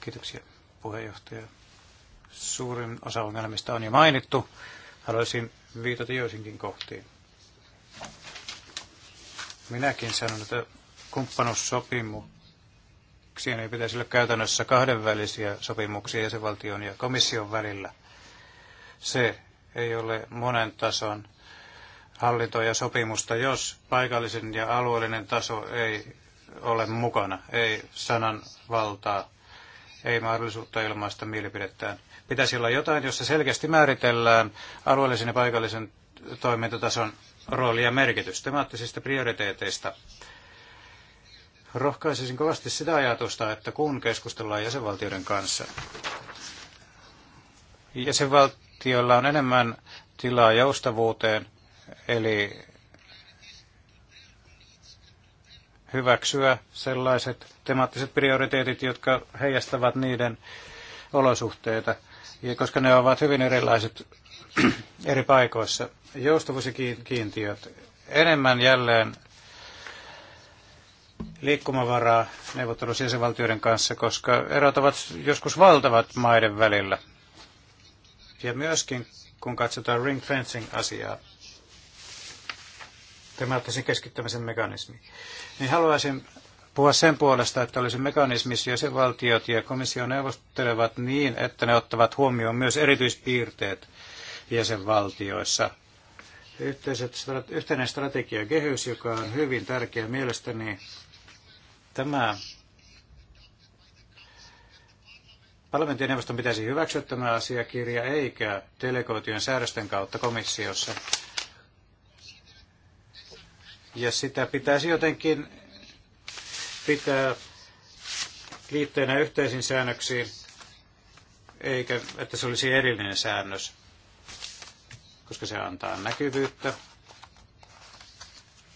Kiitoksia, puheenjohtaja. Suurin osa ongelmista on jo mainittu. Haluaisin viitata joihinkin kohtiin. Minäkin sanon, että kumppanuussopimuksien ei pitäisi olla käytännössä kahdenvälisiä sopimuksia jäsenvaltion ja komission välillä. Se ei ole monen tason hallintoa ja sopimusta, jos paikallisen ja alueellinen taso ei ole mukana, ei sanan valtaa, ei mahdollisuutta ilmaista mielipidettään. Pitäisi olla jotain, jossa selkeästi määritellään alueellisen ja paikallisen toimintatason rooli ja merkitys temaattisista prioriteeteista. Rohkaisisin kovasti sitä ajatusta, että kun keskustellaan jäsenvaltioiden kanssa, jäsenvaltioilla on enemmän tilaa joustavuuteen – Eli hyväksyä sellaiset temaattiset prioriteetit, jotka heijastavat niiden olosuhteita, ja koska ne ovat hyvin erilaiset eri paikoissa. Joustavuus ja kiintiöt. Enemmän jälleen liikkumavaraa neuvottelussa jäsenvaltioiden kanssa, koska erot ovat joskus valtavat maiden välillä. Ja myöskin kun katsotaan ring fencing asiaa, temaattisen keskittämisen mekanismi. Niin haluaisin puhua sen puolesta, että olisi mekanismissa jäsenvaltiot ja komissio neuvottelevat niin, että ne ottavat huomioon myös erityispiirteet jäsenvaltioissa. Yhteiset, yhteinen strategia, kehys, joka on hyvin tärkeä mielestäni, tämä parlamentin neuvoston pitäisi hyväksyä tämä asiakirja eikä delegoitujen säädösten kautta komissiossa ja sitä pitäisi jotenkin pitää liitteenä yhteisiin säännöksiin, eikä että se olisi erillinen säännös, koska se antaa näkyvyyttä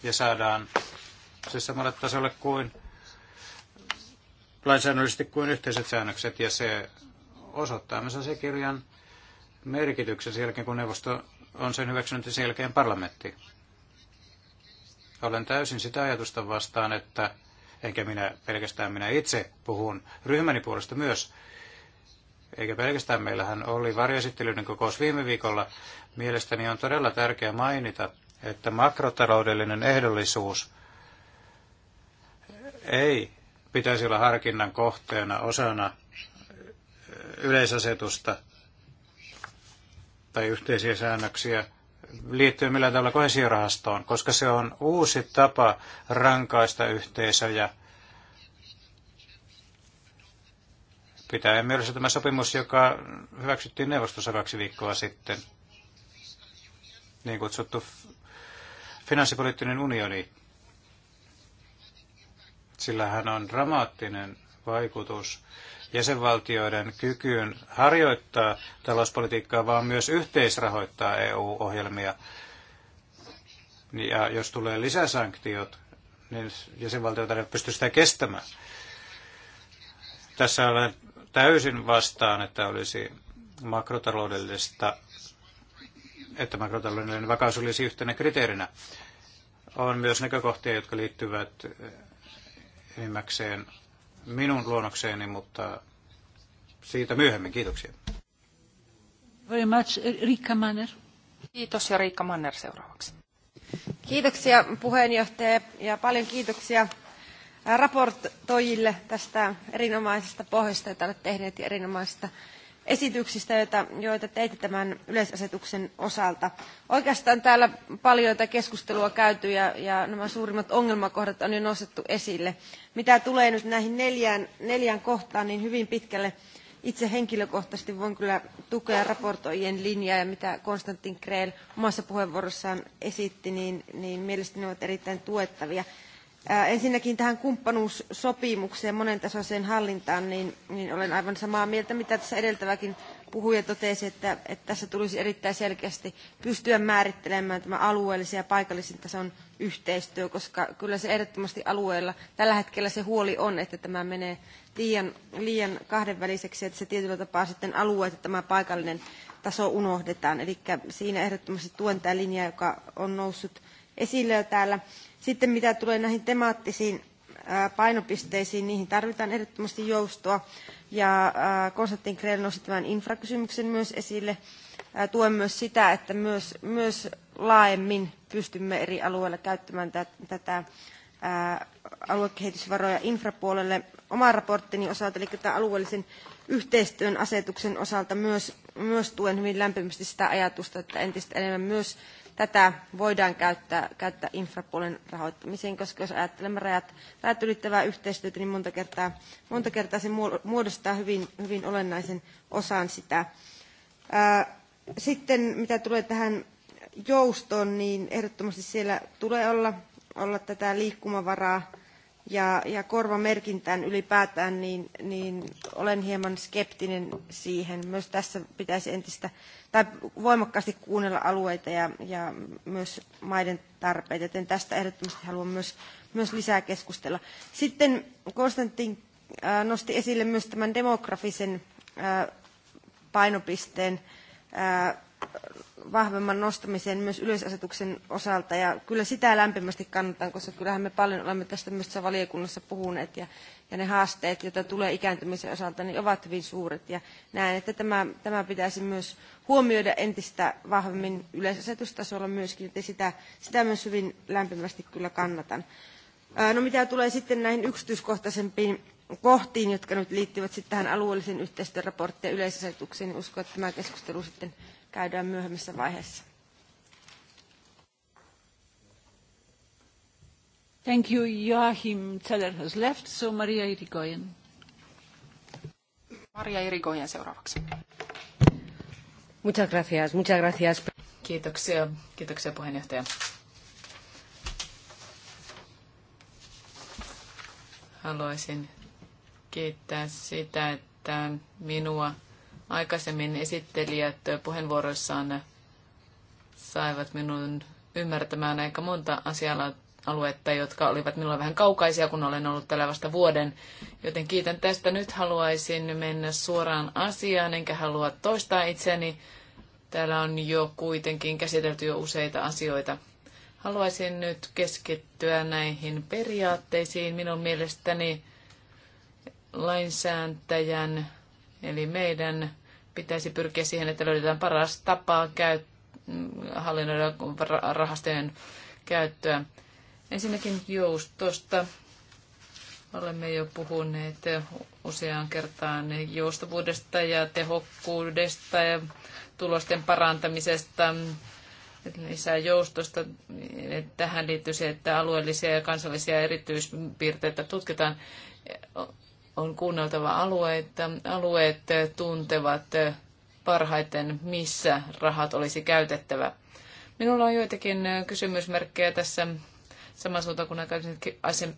ja saadaan se samalle tasolle kuin lainsäädännöllisesti kuin yhteiset säännökset, ja se osoittaa myös se kirjan merkityksen sen jälkeen, kun neuvosto on sen hyväksynyt ja sen jälkeen parlamentti. Olen täysin sitä ajatusta vastaan, että enkä minä pelkästään minä itse puhun ryhmäni puolesta myös, eikä pelkästään meillähän oli varjoesittelyiden kokous viime viikolla. Mielestäni on todella tärkeää mainita, että makrotaloudellinen ehdollisuus ei pitäisi olla harkinnan kohteena osana yleisasetusta tai yhteisiä säännöksiä – liittyy millään tavalla koesiorahastoon, koska se on uusi tapa rankaista yhteisöjä. Pitää mielessä tämä sopimus, joka hyväksyttiin neuvostossa kaksi viikkoa sitten, niin kutsuttu finanssipoliittinen unioni. Sillähän on dramaattinen vaikutus jäsenvaltioiden kykyyn harjoittaa talouspolitiikkaa, vaan myös yhteisrahoittaa EU-ohjelmia. Ja jos tulee lisäsanktiot, niin jäsenvaltiot eivät pysty sitä kestämään. Tässä olen täysin vastaan, että olisi makrotaloudellista, että makrotaloudellinen vakaus olisi yhtenä kriteerinä. On myös näkökohtia, jotka liittyvät enimmäkseen minun luonnokseeni, mutta siitä myöhemmin. Kiitoksia. Very much. Riikka Manner. Kiitos ja Riikka Manner seuraavaksi. Kiitoksia puheenjohtaja ja paljon kiitoksia raportoijille tästä erinomaisesta pohjasta, jota olette tehneet ja erinomaisesta esityksistä, joita, joita teitte tämän yleisasetuksen osalta. Oikeastaan täällä paljon tätä keskustelua käyty ja, ja nämä suurimmat ongelmakohdat on jo nostettu esille. Mitä tulee nyt näihin neljään, neljään kohtaan, niin hyvin pitkälle itse henkilökohtaisesti voin kyllä tukea raportoijien linjaa ja mitä Konstantin Kreel omassa puheenvuorossaan esitti, niin, niin mielestäni ne ovat erittäin tuettavia. Ensinnäkin tähän kumppanuussopimukseen, monentasoiseen hallintaan, niin, niin olen aivan samaa mieltä, mitä tässä edeltäväkin puhuja totesi, että, että tässä tulisi erittäin selkeästi pystyä määrittelemään tämä alueellisen ja paikallisen tason yhteistyö, koska kyllä se ehdottomasti alueella tällä hetkellä se huoli on, että tämä menee liian, liian kahdenväliseksi, että se tietyllä tapaa sitten alueet ja tämä paikallinen taso unohdetaan. Eli siinä ehdottomasti tuen tämä linja, joka on noussut esille jo täällä. Sitten mitä tulee näihin temaattisiin painopisteisiin, niihin tarvitaan ehdottomasti joustoa. Ja Konstantin Krell nosti tämän infrakysymyksen myös esille. Tuen myös sitä, että myös, myös laajemmin pystymme eri alueilla käyttämään tätä aluekehitysvaroja infrapuolelle oman raporttini osalta, eli tämän alueellisen yhteistyön asetuksen osalta myös, myös tuen hyvin lämpimästi sitä ajatusta, että entistä enemmän myös tätä voidaan käyttää, käyttää infrapuolen rahoittamiseen, koska jos ajattelemme rajat, rajat ylittävää yhteistyötä, niin monta kertaa, monta kertaa se muodostaa hyvin, hyvin olennaisen osan sitä. Sitten mitä tulee tähän joustoon, niin ehdottomasti siellä tulee olla, olla tätä liikkumavaraa ja, ja korvamerkintään ylipäätään, niin, niin olen hieman skeptinen siihen. Myös tässä pitäisi entistä tai voimakkaasti kuunnella alueita ja, ja myös maiden tarpeita, joten tästä ehdottomasti haluan myös, myös lisää keskustella. Sitten Konstantin äh, nosti esille myös tämän demografisen äh, painopisteen äh, vahvemman nostamisen myös yleisasetuksen osalta. Ja kyllä sitä lämpimästi kannatan, koska kyllähän me paljon olemme tästä myös valiokunnassa puhuneet. Ja ja ne haasteet, joita tulee ikääntymisen osalta, niin ovat hyvin suuret. Ja näen, että tämä, tämä pitäisi myös huomioida entistä vahvemmin yleisasetustasolla myöskin, että sitä, sitä myös hyvin lämpimästi kyllä kannatan. No mitä tulee sitten näihin yksityiskohtaisempiin kohtiin, jotka nyt liittyvät sitten tähän alueellisen yhteistyöraporttiin ja yleisasetukseen, niin uskon, että tämä keskustelu sitten käydään myöhemmissä vaiheissa. Thank you. Joachim Zeller has left, so Maria Irigoyen. Maria Irigoyen seuraavaksi. Muchas gracias, muchas gracias. Kiitoksia, kiitoksia puheenjohtaja. Haluaisin kiittää sitä, että minua aikaisemmin esittelijät puheenvuoroissaan saivat minun ymmärtämään aika monta asiaa aluetta, jotka olivat minulle vähän kaukaisia, kun olen ollut täällä vasta vuoden. Joten kiitän tästä. Nyt haluaisin mennä suoraan asiaan, enkä halua toistaa itseni. Täällä on jo kuitenkin käsitelty jo useita asioita. Haluaisin nyt keskittyä näihin periaatteisiin. Minun mielestäni lainsääntäjän, eli meidän, pitäisi pyrkiä siihen, että löydetään paras tapa käy, hallinnoida rahastojen käyttöä. Ensinnäkin joustosta. Olemme jo puhuneet useaan kertaan joustavuudesta ja tehokkuudesta ja tulosten parantamisesta. Lisää joustosta. Tähän liittyy se, että alueellisia ja kansallisia erityispiirteitä tutkitaan. On kuunneltava alueita. Alueet tuntevat parhaiten, missä rahat olisi käytettävä. Minulla on joitakin kysymysmerkkejä tässä saman suuntaan kuin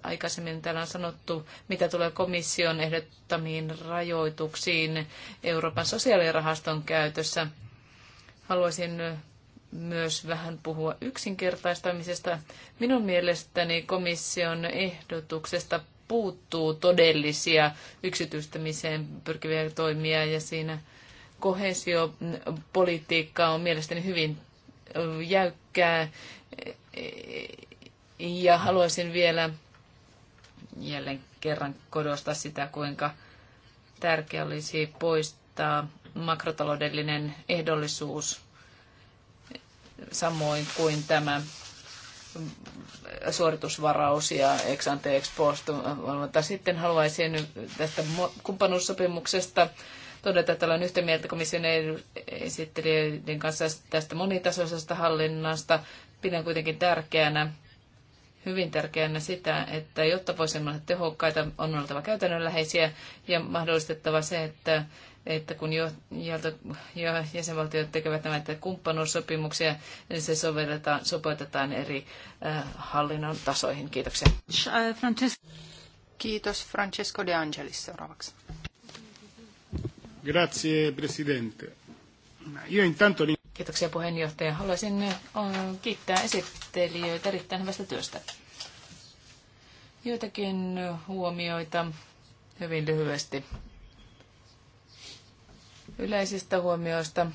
aikaisemmin täällä on sanottu, mitä tulee komission ehdottamiin rajoituksiin Euroopan sosiaalirahaston käytössä. Haluaisin myös vähän puhua yksinkertaistamisesta. Minun mielestäni komission ehdotuksesta puuttuu todellisia yksityistämiseen pyrkiviä toimia ja siinä kohesiopolitiikka on mielestäni hyvin jäykkää ja haluaisin vielä jälleen kerran korostaa sitä, kuinka tärkeä olisi poistaa makrotaloudellinen ehdollisuus samoin kuin tämä suoritusvaraus ja ex ante ex post Mutta Sitten haluaisin tästä kumppanuussopimuksesta todeta, että olen yhtä mieltä komission esittelijöiden kanssa tästä monitasoisesta hallinnasta. Pidän kuitenkin tärkeänä hyvin tärkeänä sitä, että jotta voisimme olla tehokkaita, on oltava käytännönläheisiä ja mahdollistettava se, että, että kun jo, jo jäsenvaltiot tekevät näitä kumppanuussopimuksia, niin se sovelletaan, sopeutetaan eri äh, hallinnon tasoihin. Kiitoksia. Kiitos. Francesco De Angelis seuraavaksi. Grazie, Presidente. Io intanto... Kiitoksia puheenjohtaja. Haluaisin kiittää esittelijöitä erittäin hyvästä työstä. Joitakin huomioita hyvin lyhyesti. Yleisistä huomioista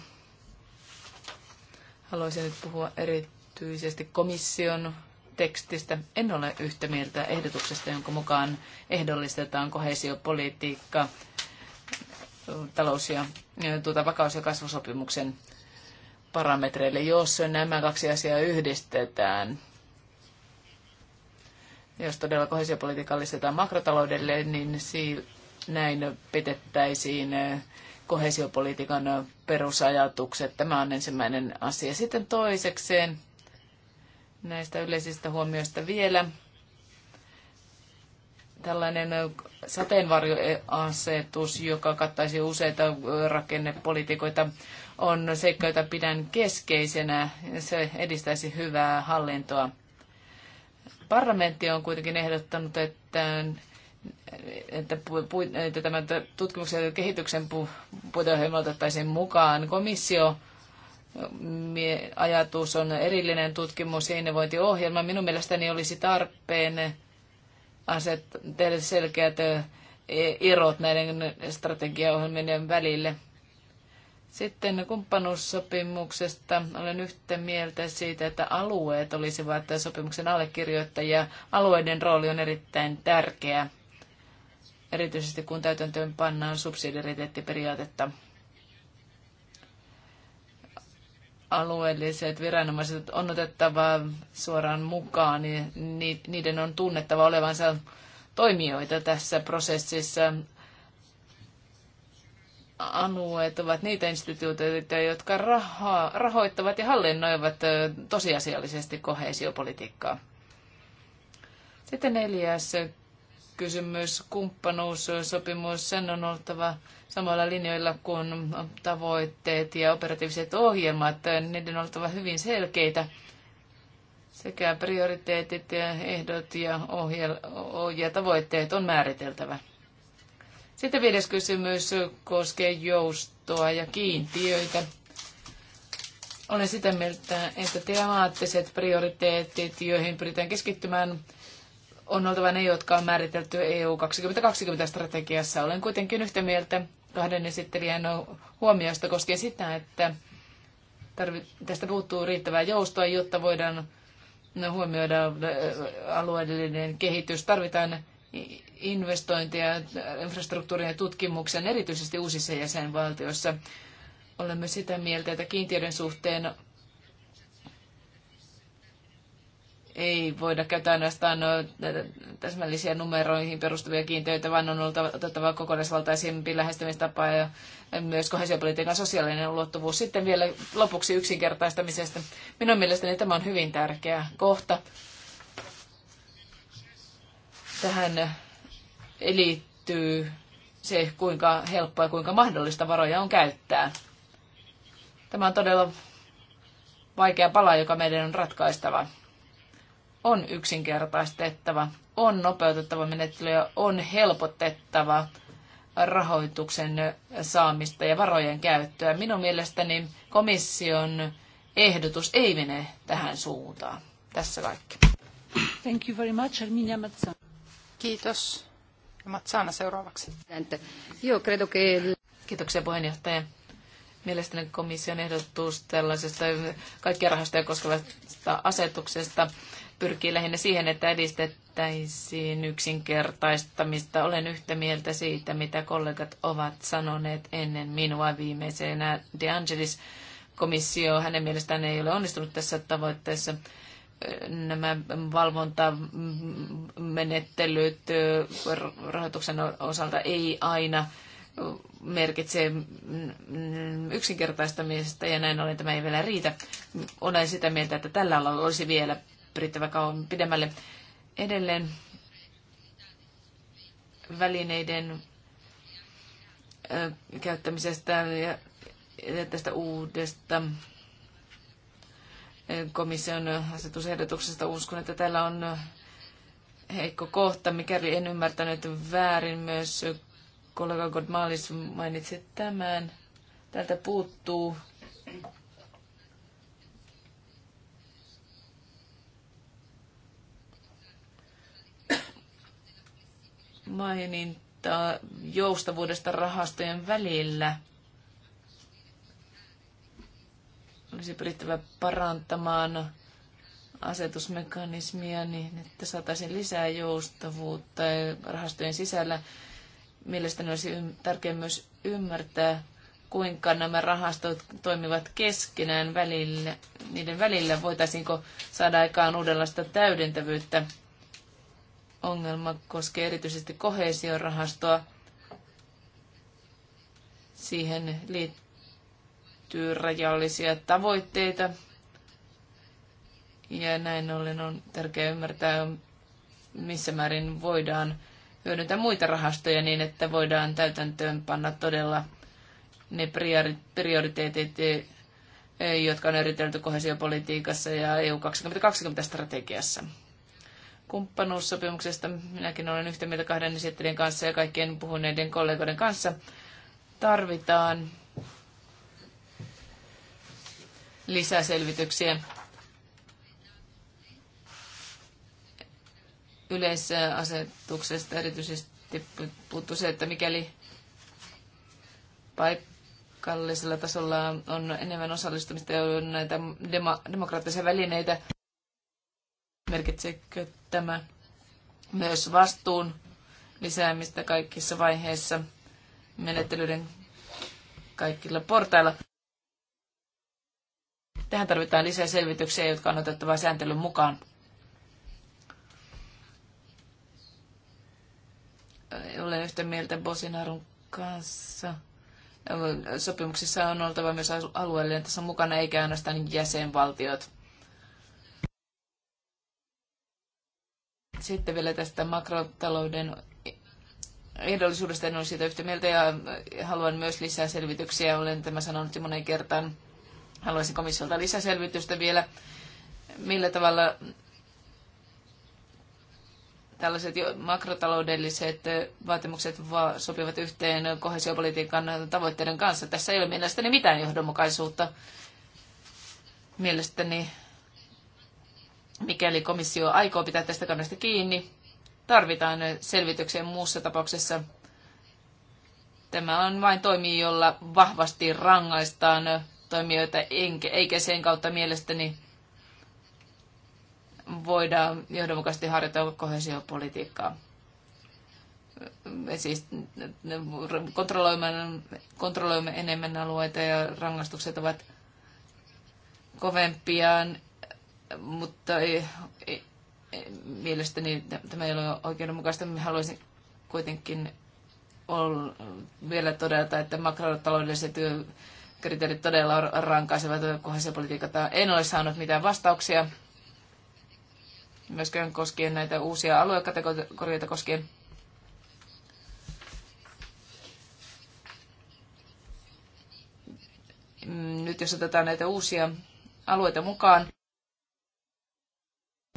haluaisin nyt puhua erityisesti komission tekstistä. En ole yhtä mieltä ehdotuksesta, jonka mukaan ehdollistetaan kohesiopolitiikka talous- ja tuota, vakaus- ja kasvusopimuksen parametreille, jos nämä kaksi asiaa yhdistetään. Jos todella kohesiopolitiikkaa lisätään makrotaloudelle, niin si- näin pitettäisiin kohesiopolitiikan perusajatukset. Tämä on ensimmäinen asia. Sitten toisekseen näistä yleisistä huomioista vielä tällainen sateenvarjoasetus, joka kattaisi useita rakennepolitiikoita, on seikka, jota pidän keskeisenä. Se edistäisi hyvää hallintoa. Parlamentti on kuitenkin ehdottanut, että että, pu, että tämän tutkimuksen ja kehityksen pu, puiteohjelma otettaisiin mukaan. Komissio ajatus on erillinen tutkimus- ja innovointiohjelma. Minun mielestäni olisi tarpeen aset, tehdä selkeät erot näiden strategiaohjelmien välille. Sitten kumppanuussopimuksesta olen yhtä mieltä siitä, että alueet olisivat sopimuksen allekirjoittajia. Alueiden rooli on erittäin tärkeä, erityisesti kun täytäntöön pannaan subsidiariteettiperiaatetta. alueelliset viranomaiset on otettava suoraan mukaan, niin niiden on tunnettava olevansa toimijoita tässä prosessissa. Alueet ovat niitä instituutioita, jotka raho- rahoittavat ja hallinnoivat tosiasiallisesti kohesiopolitiikkaa. Sitten neljäs kysymys, sopimus sen on oltava samoilla linjoilla kuin tavoitteet ja operatiiviset ohjelmat. Niiden on oltava hyvin selkeitä sekä prioriteetit ja ehdot ja, ohjel- ja tavoitteet on määriteltävä. Sitten viides kysymys koskee joustoa ja kiintiöitä. Olen sitä mieltä, että temaattiset prioriteetit, joihin pyritään keskittymään, on oltava ne, jotka on määritelty EU 2020-strategiassa. Olen kuitenkin yhtä mieltä kahden esittelijän huomioista koskien sitä, että tästä puuttuu riittävää joustoa, jotta voidaan huomioida äh, alueellinen kehitys. Tarvitaan investointeja infrastruktuurin ja tutkimuksen, erityisesti uusissa jäsenvaltioissa. Olemme sitä mieltä, että kiintiöiden suhteen ei voida käyttää ainoastaan täsmällisiä numeroihin perustuvia kiintiöitä, vaan on otettava kokonaisvaltaisempi lähestymistapa ja myös kohesiopolitiikan sosiaalinen ulottuvuus. Sitten vielä lopuksi yksinkertaistamisesta. Minun mielestäni tämä on hyvin tärkeä kohta. Tähän liittyy se, kuinka helppoa ja kuinka mahdollista varoja on käyttää. Tämä on todella vaikea pala, joka meidän on ratkaistava on yksinkertaistettava, on nopeutettava menettelyä, on helpotettava rahoituksen saamista ja varojen käyttöä. Minun mielestäni komission ehdotus ei mene tähän suuntaan. Tässä kaikki. Thank you very much, Arminia Mazzana. Kiitos. Mazzana seuraavaksi. Kiitoksia puheenjohtaja. Mielestäni komission ehdotus tällaisesta kaikkia rahastoja koskevasta asetuksesta pyrkii lähinnä siihen, että edistettäisiin yksinkertaistamista. Olen yhtä mieltä siitä, mitä kollegat ovat sanoneet ennen minua viimeisenä. De Angelis komissio hänen mielestään ei ole onnistunut tässä tavoitteessa. Nämä valvontamenettelyt rahoituksen osalta ei aina merkitsee yksinkertaistamista ja näin ollen tämä ei vielä riitä. Olen sitä mieltä, että tällä alalla olisi vielä pyrittävä kauan pidemmälle. Edelleen välineiden käyttämisestä ja tästä uudesta komission asetusehdotuksesta uskon, että täällä on heikko kohta, mikäli en ymmärtänyt väärin. Myös kollega Godmalis mainitsi tämän. Täältä puuttuu maininta joustavuudesta rahastojen välillä. Olisi pyrittävä parantamaan asetusmekanismia niin, että saataisiin lisää joustavuutta rahastojen sisällä. Mielestäni olisi tärkeää myös ymmärtää, kuinka nämä rahastot toimivat keskenään välillä, niiden välillä. Voitaisiinko saada aikaan uudenlaista täydentävyyttä ongelma koskee erityisesti kohesiorahastoa. Siihen liittyy rajallisia tavoitteita. Ja näin ollen on tärkeää ymmärtää, missä määrin voidaan hyödyntää muita rahastoja niin, että voidaan täytäntöön panna todella ne prioriteetit, jotka on eritelty kohesiopolitiikassa ja EU 2020-strategiassa. 2020 strategiassa kumppanuussopimuksesta. Minäkin olen yhtä mieltä kahden esittelijän kanssa ja kaikkien puhuneiden kollegoiden kanssa. Tarvitaan lisäselvityksiä. Yleisasetuksesta erityisesti puuttuu se, että mikäli paikallisella tasolla on enemmän osallistumista ja on näitä demo- demokraattisia välineitä, merkitsekö tämä myös vastuun lisäämistä kaikissa vaiheissa menettelyiden kaikilla portailla? Tähän tarvitaan lisää selvityksiä, jotka on otettava sääntelyn mukaan. Olen yhtä mieltä Bosinarun kanssa. Sopimuksissa on oltava myös alueellinen tässä mukana, eikä ainoastaan jäsenvaltiot. Sitten vielä tästä makrotalouden ehdollisuudesta en ole siitä yhtä mieltä ja haluan myös lisää selvityksiä. Olen tämä sanonut jo monen kertaan. Haluaisin komissiolta lisäselvitystä vielä, millä tavalla tällaiset makrotaloudelliset vaatimukset va- sopivat yhteen kohesiopolitiikan tavoitteiden kanssa. Tässä ei ole mielestäni mitään johdonmukaisuutta. Mielestäni Mikäli komissio aikoo pitää tästä kannasta kiinni, tarvitaan selvitykseen muussa tapauksessa. Tämä on vain toimi, jolla vahvasti rangaistaan toimijoita, eikä sen kautta mielestäni voidaan johdonmukaisesti harjoittaa kohesiopolitiikkaa. Siis kontrolloimme, kontrolloimme enemmän alueita ja rangaistukset ovat kovempia mutta ei, ei, mielestäni tämä ei ole oikeudenmukaista. Minä haluaisin kuitenkin olla, vielä todeta, että makrotaloudelliset kriteerit todella rankaisevat politiikkaa. En ole saanut mitään vastauksia myöskään koskien näitä uusia aluekategorioita koskien. Nyt jos otetaan näitä uusia alueita mukaan,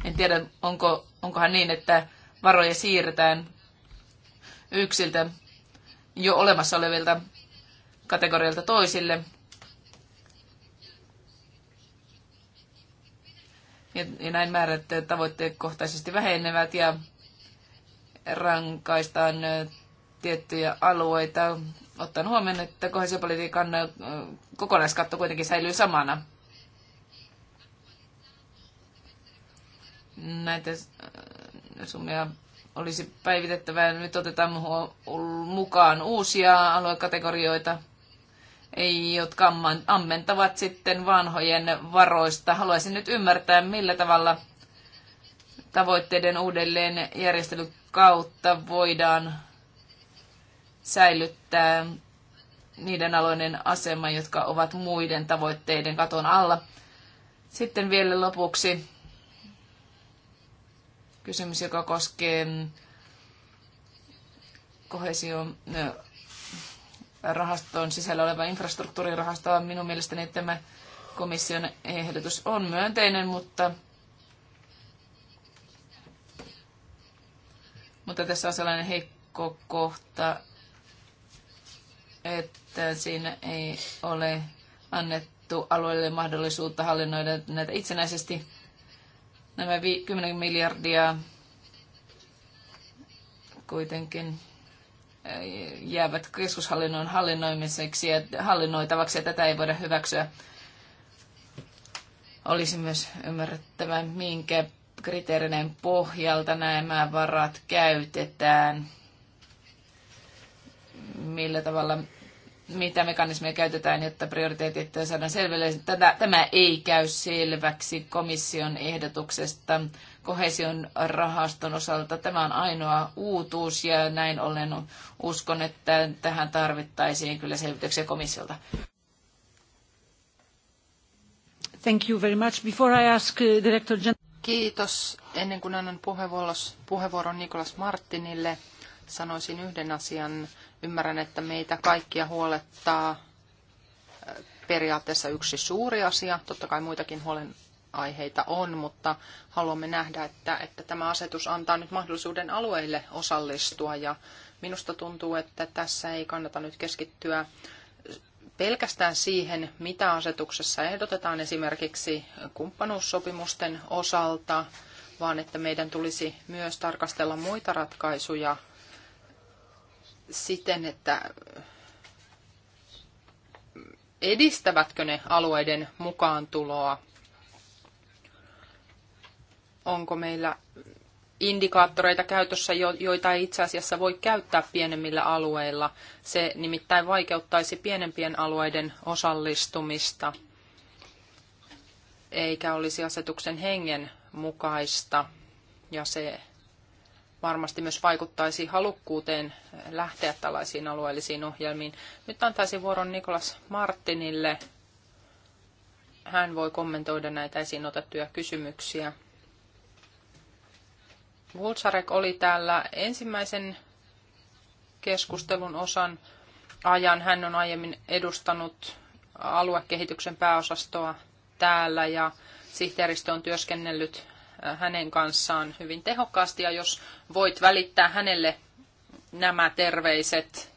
en tiedä, onko, onkohan niin, että varoja siirretään yksiltä jo olemassa olevilta kategorioilta toisille. Ja, ja näin määrät tavoitteet kohtaisesti vähenevät ja rankaistaan tiettyjä alueita, ottaen huomioon, että kohesiopolitiikan kokonaiskatto kuitenkin säilyy samana. näitä äh, summia olisi päivitettävä. Nyt otetaan mukaan uusia aluekategorioita, jotka ammentavat sitten vanhojen varoista. Haluaisin nyt ymmärtää, millä tavalla tavoitteiden uudelleen järjestelyn kautta voidaan säilyttää niiden aloinen asema, jotka ovat muiden tavoitteiden katon alla. Sitten vielä lopuksi kysymys, joka koskee kohesion rahaston sisällä oleva infrastruktuurirahastoa. Minun mielestäni tämä komission ehdotus on myönteinen, mutta, mutta tässä on sellainen heikko kohta, että siinä ei ole annettu alueelle mahdollisuutta hallinnoida näitä itsenäisesti Nämä 10 miljardia kuitenkin äh, jäävät keskushallinnon hallinnoimiseksi ja hallinnoitavaksi, ja tätä ei voida hyväksyä. Olisi myös ymmärrettävä, minkä kriteerinen pohjalta nämä varat käytetään, millä tavalla mitä mekanismeja käytetään, jotta prioriteetit saadaan selville. Tätä, tämä ei käy selväksi komission ehdotuksesta kohesion rahaston osalta. Tämä on ainoa uutuus ja näin ollen uskon, että tähän tarvittaisiin kyllä selvityksiä komissiolta. Thank you very much. Before I ask uh, Director Kiitos. Ennen kuin annan puheenvuoron Nikolas Martinille, sanoisin yhden asian Ymmärrän, että meitä kaikkia huolettaa periaatteessa yksi suuri asia. Totta kai muitakin huolenaiheita on, mutta haluamme nähdä, että, että tämä asetus antaa nyt mahdollisuuden alueille osallistua. Ja minusta tuntuu, että tässä ei kannata nyt keskittyä pelkästään siihen, mitä asetuksessa ehdotetaan esimerkiksi kumppanuussopimusten osalta, vaan että meidän tulisi myös tarkastella muita ratkaisuja siten, että edistävätkö ne alueiden mukaantuloa? Onko meillä indikaattoreita käytössä, joita ei itse asiassa voi käyttää pienemmillä alueilla? Se nimittäin vaikeuttaisi pienempien alueiden osallistumista, eikä olisi asetuksen hengen mukaista, ja se varmasti myös vaikuttaisi halukkuuteen lähteä tällaisiin alueellisiin ohjelmiin. Nyt antaisin vuoron Nikolas Martinille. Hän voi kommentoida näitä esiin otettuja kysymyksiä. Vulsarek oli täällä ensimmäisen keskustelun osan ajan. Hän on aiemmin edustanut aluekehityksen pääosastoa täällä ja sihteeristö on työskennellyt hänen kanssaan hyvin tehokkaasti ja jos voit välittää hänelle nämä terveiset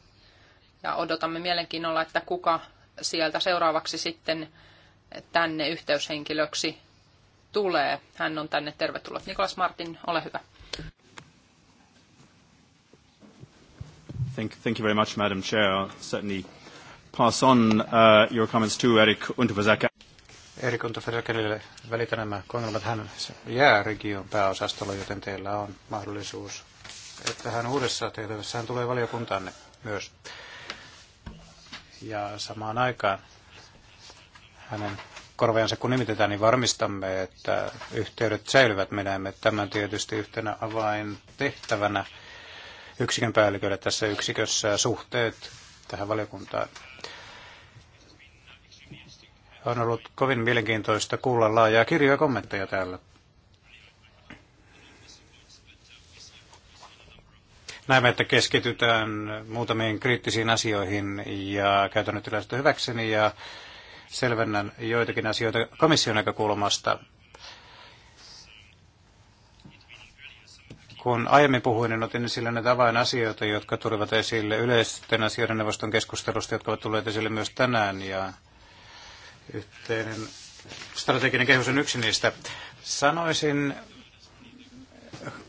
ja odotamme mielenkiinnolla, että kuka sieltä seuraavaksi sitten tänne yhteyshenkilöksi tulee. Hän on tänne tervetullut. Nikolas Martin, ole hyvä. Thank, thank you very much, Madam Chair. I'll certainly pass on uh, your comments to Eric Untervazaka. Erikunta Ferkelille välitä nämä kongelmat. Hän jää region pääosastolla, joten teillä on mahdollisuus, että hän uudessa tehtävässä hän tulee valiokuntaanne myös. Ja samaan aikaan hänen korveansa kun nimitetään, niin varmistamme, että yhteydet säilyvät. Me näemme tämän tietysti yhtenä avaintehtävänä yksikön päällikölle tässä yksikössä suhteet tähän valiokuntaan. On ollut kovin mielenkiintoista kuulla laajaa kirjoja kommentteja täällä. Näemme, että keskitytään muutamiin kriittisiin asioihin ja käytän nyt yleistä hyväkseni ja selvennän joitakin asioita komission näkökulmasta. Kun aiemmin puhuin, niin otin esille näitä avainasioita, jotka tulivat esille yleisten asioiden neuvoston keskustelusta, jotka ovat tulleet esille myös tänään. Ja Yhteinen strateginen kehys on yksi niistä. Sanoisin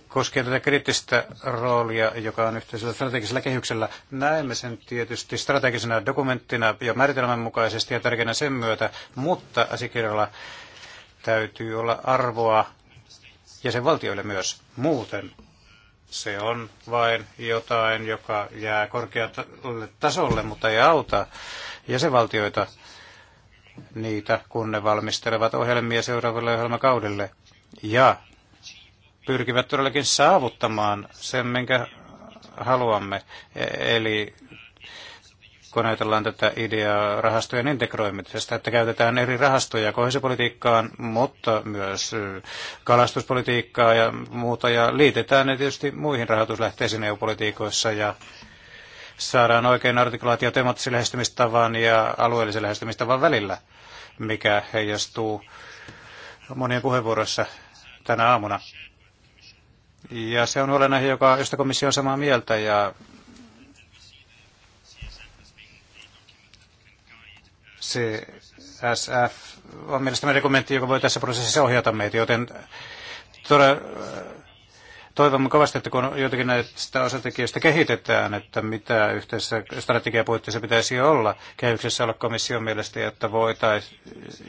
koskien tätä kriittistä roolia, joka on yhteisellä strategisella kehyksellä. Näemme sen tietysti strategisena dokumenttina jo määritelmän mukaisesti ja tärkeänä sen myötä, mutta asiakirjalla täytyy olla arvoa jäsenvaltioille myös. Muuten se on vain jotain, joka jää korkealle tasolle, mutta ei auta jäsenvaltioita niitä, kun ne valmistelevat ohjelmia seuraavalle ohjelmakaudelle ja pyrkivät todellakin saavuttamaan sen, minkä haluamme. Eli kun ajatellaan tätä ideaa rahastojen integroimisesta, että käytetään eri rahastoja kohesipolitiikkaan, mutta myös kalastuspolitiikkaa ja muuta, ja liitetään ne tietysti muihin rahoituslähteisiin EU-politiikoissa, ja saadaan oikein artikulaatio temaattisen lähestymistavan ja alueellisen lähestymistavan välillä, mikä heijastuu monien puheenvuoroissa tänä aamuna. Ja se on huolenaihe, joka, josta komissio on samaa mieltä ja SF on mielestäni dokumentti, joka voi tässä prosessissa ohjata meitä, joten todella Toivomme kovasti, että kun jotakin näistä osatekijöistä kehitetään, että mitä yhteisessä strategiapuitteessa pitäisi olla kehyksessä olla komission mielestä, jotta, voitaisi,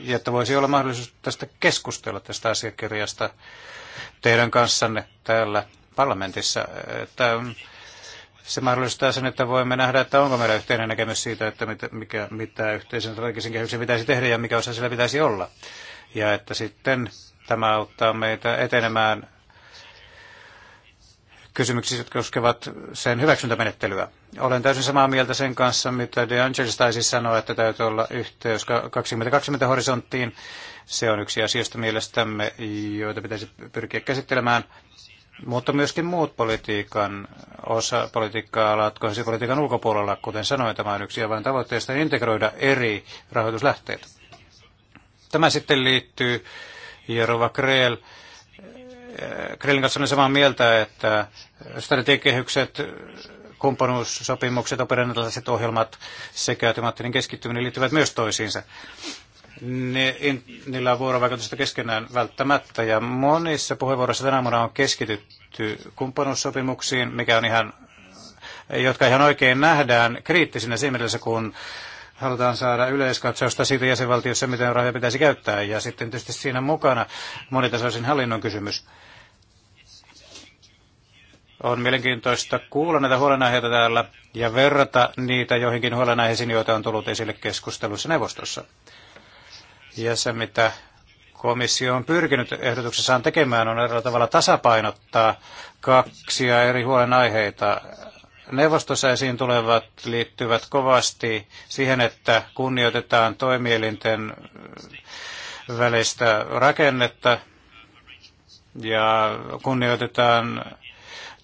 jotta voisi olla mahdollisuus tästä keskustella tästä asiakirjasta teidän kanssanne täällä parlamentissa. Että mm, se mahdollistaa sen, että voimme nähdä, että onko meillä yhteinen näkemys siitä, että mitä, mikä, mitä yhteisen strategisen kehyksen pitäisi tehdä ja mikä osa sillä pitäisi olla. Ja että sitten tämä auttaa meitä etenemään kysymyksissä, jotka koskevat sen hyväksyntämenettelyä. Olen täysin samaa mieltä sen kanssa, mitä De Angelis taisi sanoa, että täytyy olla yhteys 2020 horisonttiin. Se on yksi asioista mielestämme, joita pitäisi pyrkiä käsittelemään. Mutta myöskin muut politiikan osa, politiikka-alat, politiikan ulkopuolella, kuten sanoin, tämä on yksi avain tavoitteista niin integroida eri rahoituslähteet. Tämä sitten liittyy Jerova Kreel Krillin kanssa olen samaa mieltä, että strategiakehykset, kumppanuussopimukset, operationaaliset ohjelmat sekä automaattinen keskittyminen liittyvät myös toisiinsa. Ne, in, niillä on vuorovaikutusta keskenään välttämättä ja monissa puheenvuoroissa tänä vuonna on keskitytty kumppanuussopimuksiin, mikä on ihan, jotka ihan oikein nähdään kriittisinä siinä mielessä, kun halutaan saada yleiskatsausta siitä jäsenvaltiossa, miten rahoja pitäisi käyttää. Ja sitten tietysti siinä mukana monitasoisin hallinnon kysymys. On mielenkiintoista kuulla näitä huolenaiheita täällä ja verrata niitä joihinkin huolenaiheisiin, joita on tullut esille keskustelussa neuvostossa. Ja se, mitä komissio on pyrkinyt ehdotuksessaan tekemään, on eräällä tavalla tasapainottaa kaksia eri huolenaiheita. Neuvostossa esiin tulevat liittyvät kovasti siihen, että kunnioitetaan toimielinten välistä rakennetta ja kunnioitetaan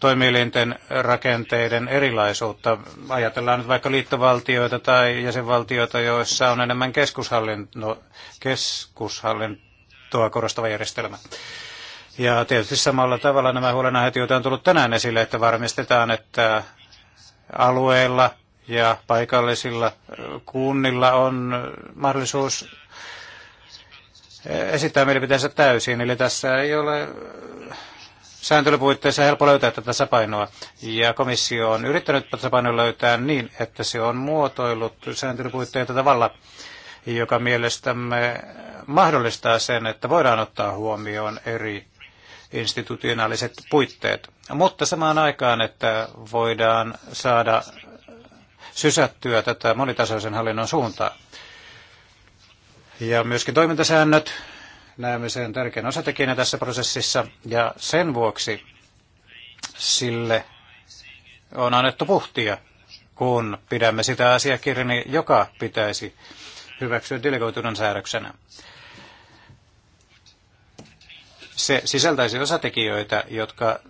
toimielinten rakenteiden erilaisuutta. Ajatellaan nyt vaikka liittovaltioita tai jäsenvaltioita, joissa on enemmän keskushallinto, keskushallintoa korostava järjestelmä. Ja tietysti samalla tavalla nämä huolenaiheet, joita on tullut tänään esille, että varmistetaan, että alueilla ja paikallisilla kunnilla on mahdollisuus esittää mielipiteensä täysin. Eli tässä ei ole sääntelypuitteissa helppo löytää tätä tasapainoa. Ja komissio on yrittänyt tasapainoa löytää niin, että se on muotoillut sääntelypuitteita tavalla, joka mielestämme mahdollistaa sen, että voidaan ottaa huomioon eri institutionaaliset puitteet. Mutta samaan aikaan, että voidaan saada sysättyä tätä monitasoisen hallinnon suuntaa. Ja myöskin toimintasäännöt Näemme sen tärkeän osatekijänä tässä prosessissa ja sen vuoksi sille on annettu puhtia, kun pidämme sitä asiakirjani, joka pitäisi hyväksyä delegoitunan säädöksenä. Se sisältäisi osatekijöitä, jotka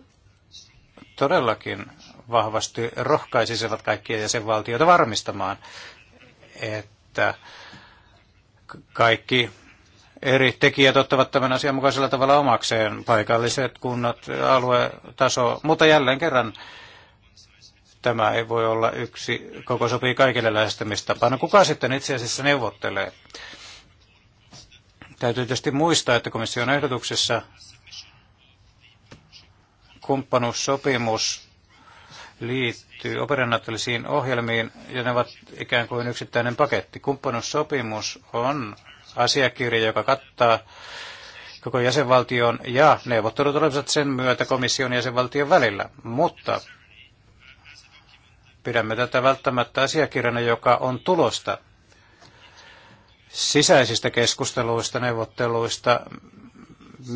todellakin vahvasti rohkaisisivat kaikkia jäsenvaltioita varmistamaan, että kaikki eri tekijät ottavat tämän asianmukaisella tavalla omakseen, paikalliset kunnat, aluetaso, mutta jälleen kerran tämä ei voi olla yksi koko sopii kaikille lähestymistapana. No, kuka sitten itse asiassa neuvottelee? Täytyy tietysti muistaa, että komission ehdotuksessa kumppanuussopimus liittyy operanaattelisiin ohjelmiin, ja ne ovat ikään kuin yksittäinen paketti. Kumppanuussopimus on asiakirja, joka kattaa koko jäsenvaltion ja neuvottelut olisivat sen myötä komission ja jäsenvaltion välillä. Mutta pidämme tätä välttämättä asiakirjana, joka on tulosta sisäisistä keskusteluista, neuvotteluista,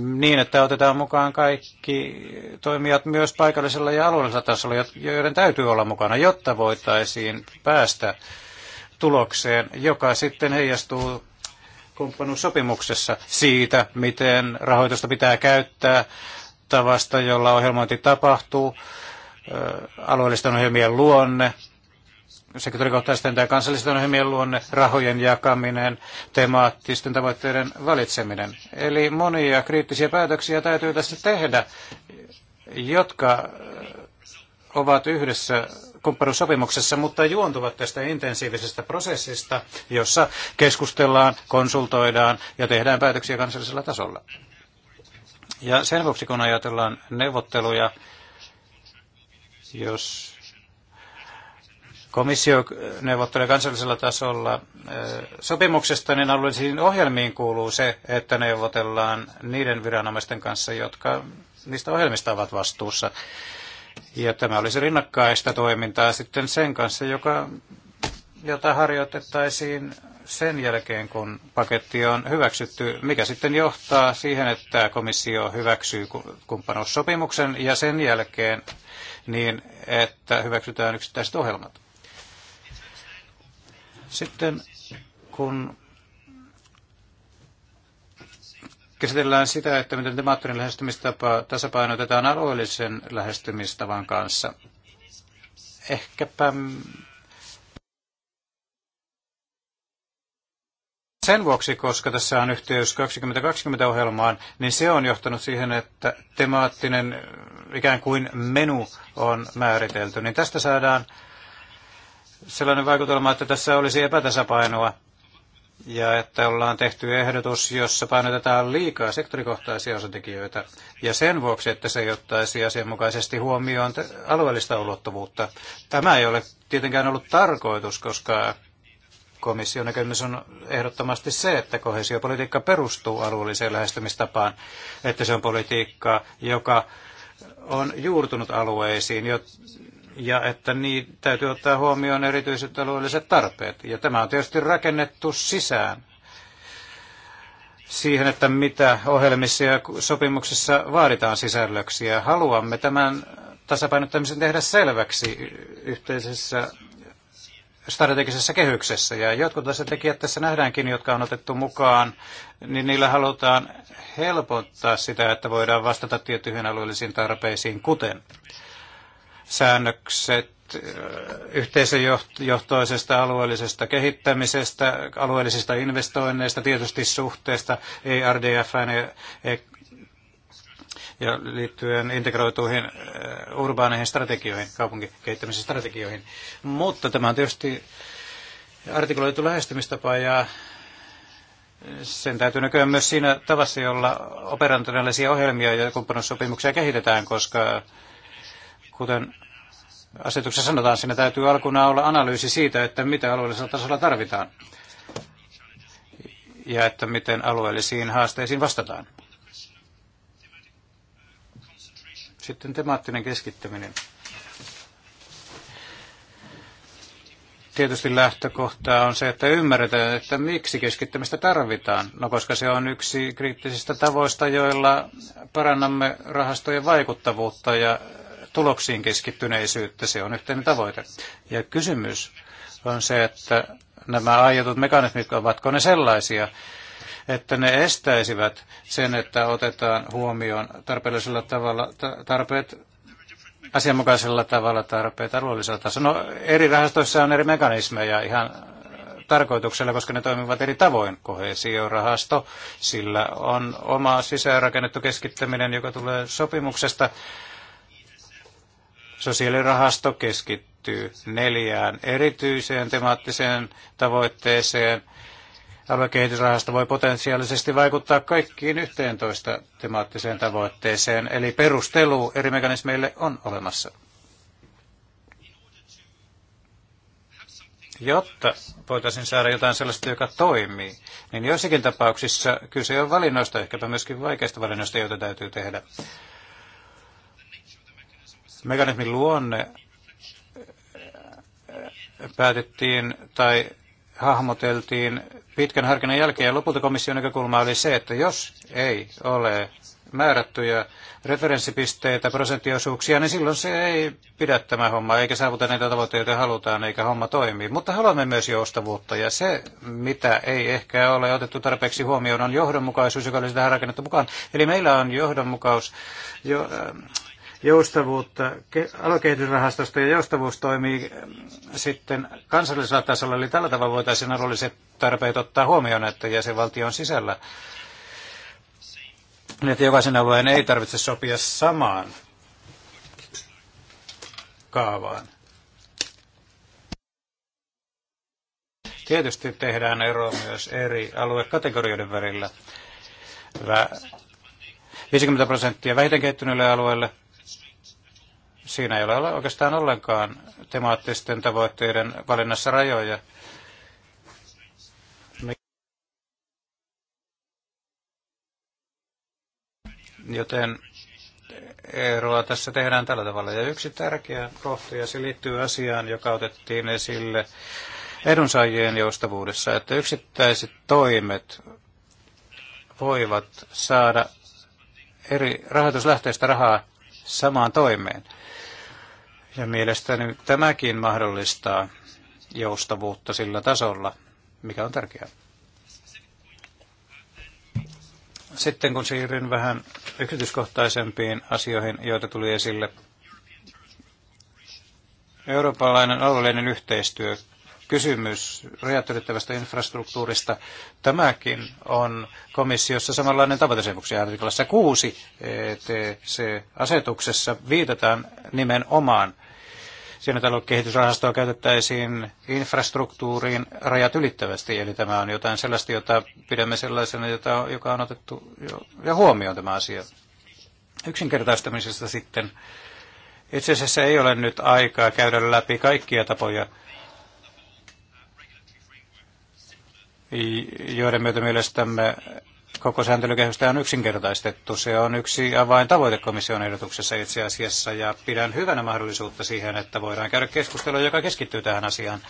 niin, että otetaan mukaan kaikki toimijat myös paikallisella ja alueellisella tasolla, joiden täytyy olla mukana, jotta voitaisiin päästä tulokseen, joka sitten heijastuu kumppanuussopimuksessa siitä, miten rahoitusta pitää käyttää, tavasta, jolla ohjelmointi tapahtuu, äh, alueellisten ohjelmien luonne, sektorikohtaisten tai kansallisten ohjelmien luonne, rahojen jakaminen, temaattisten tavoitteiden valitseminen. Eli monia kriittisiä päätöksiä täytyy tässä tehdä, jotka äh, ovat yhdessä kumppanuussopimuksessa, mutta juontuvat tästä intensiivisestä prosessista, jossa keskustellaan, konsultoidaan ja tehdään päätöksiä kansallisella tasolla. Ja sen vuoksi, kun ajatellaan neuvotteluja, jos komissio neuvottelee kansallisella tasolla eh, sopimuksesta, niin alueellisiin ohjelmiin kuuluu se, että neuvotellaan niiden viranomaisten kanssa, jotka niistä ohjelmista ovat vastuussa. Ja tämä olisi rinnakkaista toimintaa sitten sen kanssa, joka, jota harjoitettaisiin sen jälkeen, kun paketti on hyväksytty, mikä sitten johtaa siihen, että komissio hyväksyy kumppanuussopimuksen ja sen jälkeen niin, että hyväksytään yksittäiset ohjelmat. Sitten kun käsitellään sitä, että miten temaattinen lähestymistapa tasapainotetaan alueellisen lähestymistavan kanssa. Ehkäpä sen vuoksi, koska tässä on yhteys 2020-ohjelmaan, niin se on johtanut siihen, että temaattinen ikään kuin menu on määritelty. Niin tästä saadaan sellainen vaikutelma, että tässä olisi epätasapainoa ja että ollaan tehty ehdotus, jossa painotetaan liikaa sektorikohtaisia osatekijöitä, ja sen vuoksi, että se ei ottaisi asianmukaisesti huomioon alueellista ulottuvuutta. Tämä ei ole tietenkään ollut tarkoitus, koska komission näkemys on ehdottomasti se, että kohesiopolitiikka perustuu alueelliseen lähestymistapaan, että se on politiikkaa, joka on juurtunut alueisiin, ja että niin täytyy ottaa huomioon erityiset alueelliset tarpeet. Ja tämä on tietysti rakennettu sisään siihen, että mitä ohjelmissa ja sopimuksissa vaaditaan sisällöksi. Ja haluamme tämän tasapainottamisen tehdä selväksi yhteisessä strategisessa kehyksessä. Ja jotkut tässä tekijät tässä nähdäänkin, jotka on otettu mukaan, niin niillä halutaan helpottaa sitä, että voidaan vastata tiettyihin alueellisiin tarpeisiin, kuten säännökset yhteisöjohtoisesta alueellisesta kehittämisestä, alueellisista investoinneista, tietysti suhteesta ERDF ja, e ja liittyen integroituihin urbaaneihin strategioihin, kaupunkikehittämisen strategioihin. Mutta tämä on tietysti artikuloitu lähestymistapa ja sen täytyy näkyä myös siinä tavassa, jolla operationaalisia ohjelmia ja kumppanuussopimuksia kehitetään, koska Kuten asetuksessa sanotaan, siinä täytyy alkuna olla analyysi siitä, että mitä alueellisella tasolla tarvitaan ja että miten alueellisiin haasteisiin vastataan. Sitten temaattinen keskittäminen. Tietysti lähtökohta on se, että ymmärretään, että miksi keskittämistä tarvitaan. No koska se on yksi kriittisistä tavoista, joilla parannamme rahastojen vaikuttavuutta ja tuloksiin keskittyneisyyttä, se on yhteinen tavoite. Ja kysymys on se, että nämä aiotut mekanismit, ovatko ne sellaisia, että ne estäisivät sen, että otetaan huomioon tarpeellisella tavalla tarpeet asianmukaisella tavalla tarpeet alueellisella tasolla. No, eri rahastoissa on eri mekanismeja ihan tarkoituksella, koska ne toimivat eri tavoin. Kohesiorahasto, sillä on oma sisäänrakennettu keskittäminen, joka tulee sopimuksesta Sosiaalirahasto keskittyy neljään erityiseen temaattiseen tavoitteeseen. Aluekehitysrahasto voi potentiaalisesti vaikuttaa kaikkiin 11 temaattiseen tavoitteeseen, eli perustelu eri mekanismeille on olemassa. Jotta voitaisiin saada jotain sellaista, joka toimii, niin joissakin tapauksissa kyse on valinnoista, ehkäpä myöskin vaikeista valinnoista, joita täytyy tehdä mekanismin luonne äh, päätettiin tai hahmoteltiin pitkän harkinnan jälkeen. Ja lopulta komission näkökulma oli se, että jos ei ole määrättyjä referenssipisteitä, prosenttiosuuksia, niin silloin se ei pidä tämä homma, eikä saavuta niitä tavoitteita, joita halutaan, eikä homma toimi. Mutta haluamme myös joustavuutta, ja se, mitä ei ehkä ole otettu tarpeeksi huomioon, on johdonmukaisuus, joka oli sitä rakennettu mukaan. Eli meillä on johdonmukaus, jo, ähm, joustavuutta alokehitysrahastosta ja joustavuus toimii mm, sitten kansallisella tasolla, eli tällä tavalla voitaisiin arvolliset tarpeet ottaa huomioon, että jäsenvaltion sisällä, niin että jokaisen alueen ei tarvitse sopia samaan kaavaan. Tietysti tehdään ero myös eri aluekategorioiden välillä. 50 prosenttia vähiten kehittyneille alueille Siinä ei ole oikeastaan ollenkaan temaattisten tavoitteiden valinnassa rajoja. Joten eroa tässä tehdään tällä tavalla. Ja yksi tärkeä kohta, ja se liittyy asiaan, joka otettiin esille edunsaajien joustavuudessa, että yksittäiset toimet voivat saada eri rahoituslähteistä rahaa samaan toimeen. Ja mielestäni tämäkin mahdollistaa joustavuutta sillä tasolla, mikä on tärkeää. Sitten kun siirryn vähän yksityiskohtaisempiin asioihin, joita tuli esille, eurooppalainen alueellinen yhteistyö, kysymys rajat ylittävästä infrastruktuurista, tämäkin on komissiossa samanlainen tavoite artiklassa 6 ETC-asetuksessa viitataan nimenomaan Siinä kehitysrahastoa käytettäisiin infrastruktuuriin rajat ylittävästi, eli tämä on jotain sellaista, jota pidämme sellaisena, jota, joka on otettu jo, jo huomioon tämä asia. Yksinkertaistamisesta sitten. Itse asiassa ei ole nyt aikaa käydä läpi kaikkia tapoja, joiden myötä mielestämme koko sääntelykehystä on yksinkertaistettu. Se on yksi avain tavoite komission ehdotuksessa itse asiassa ja pidän hyvänä mahdollisuutta siihen, että voidaan käydä keskustelua, joka keskittyy tähän asiaan.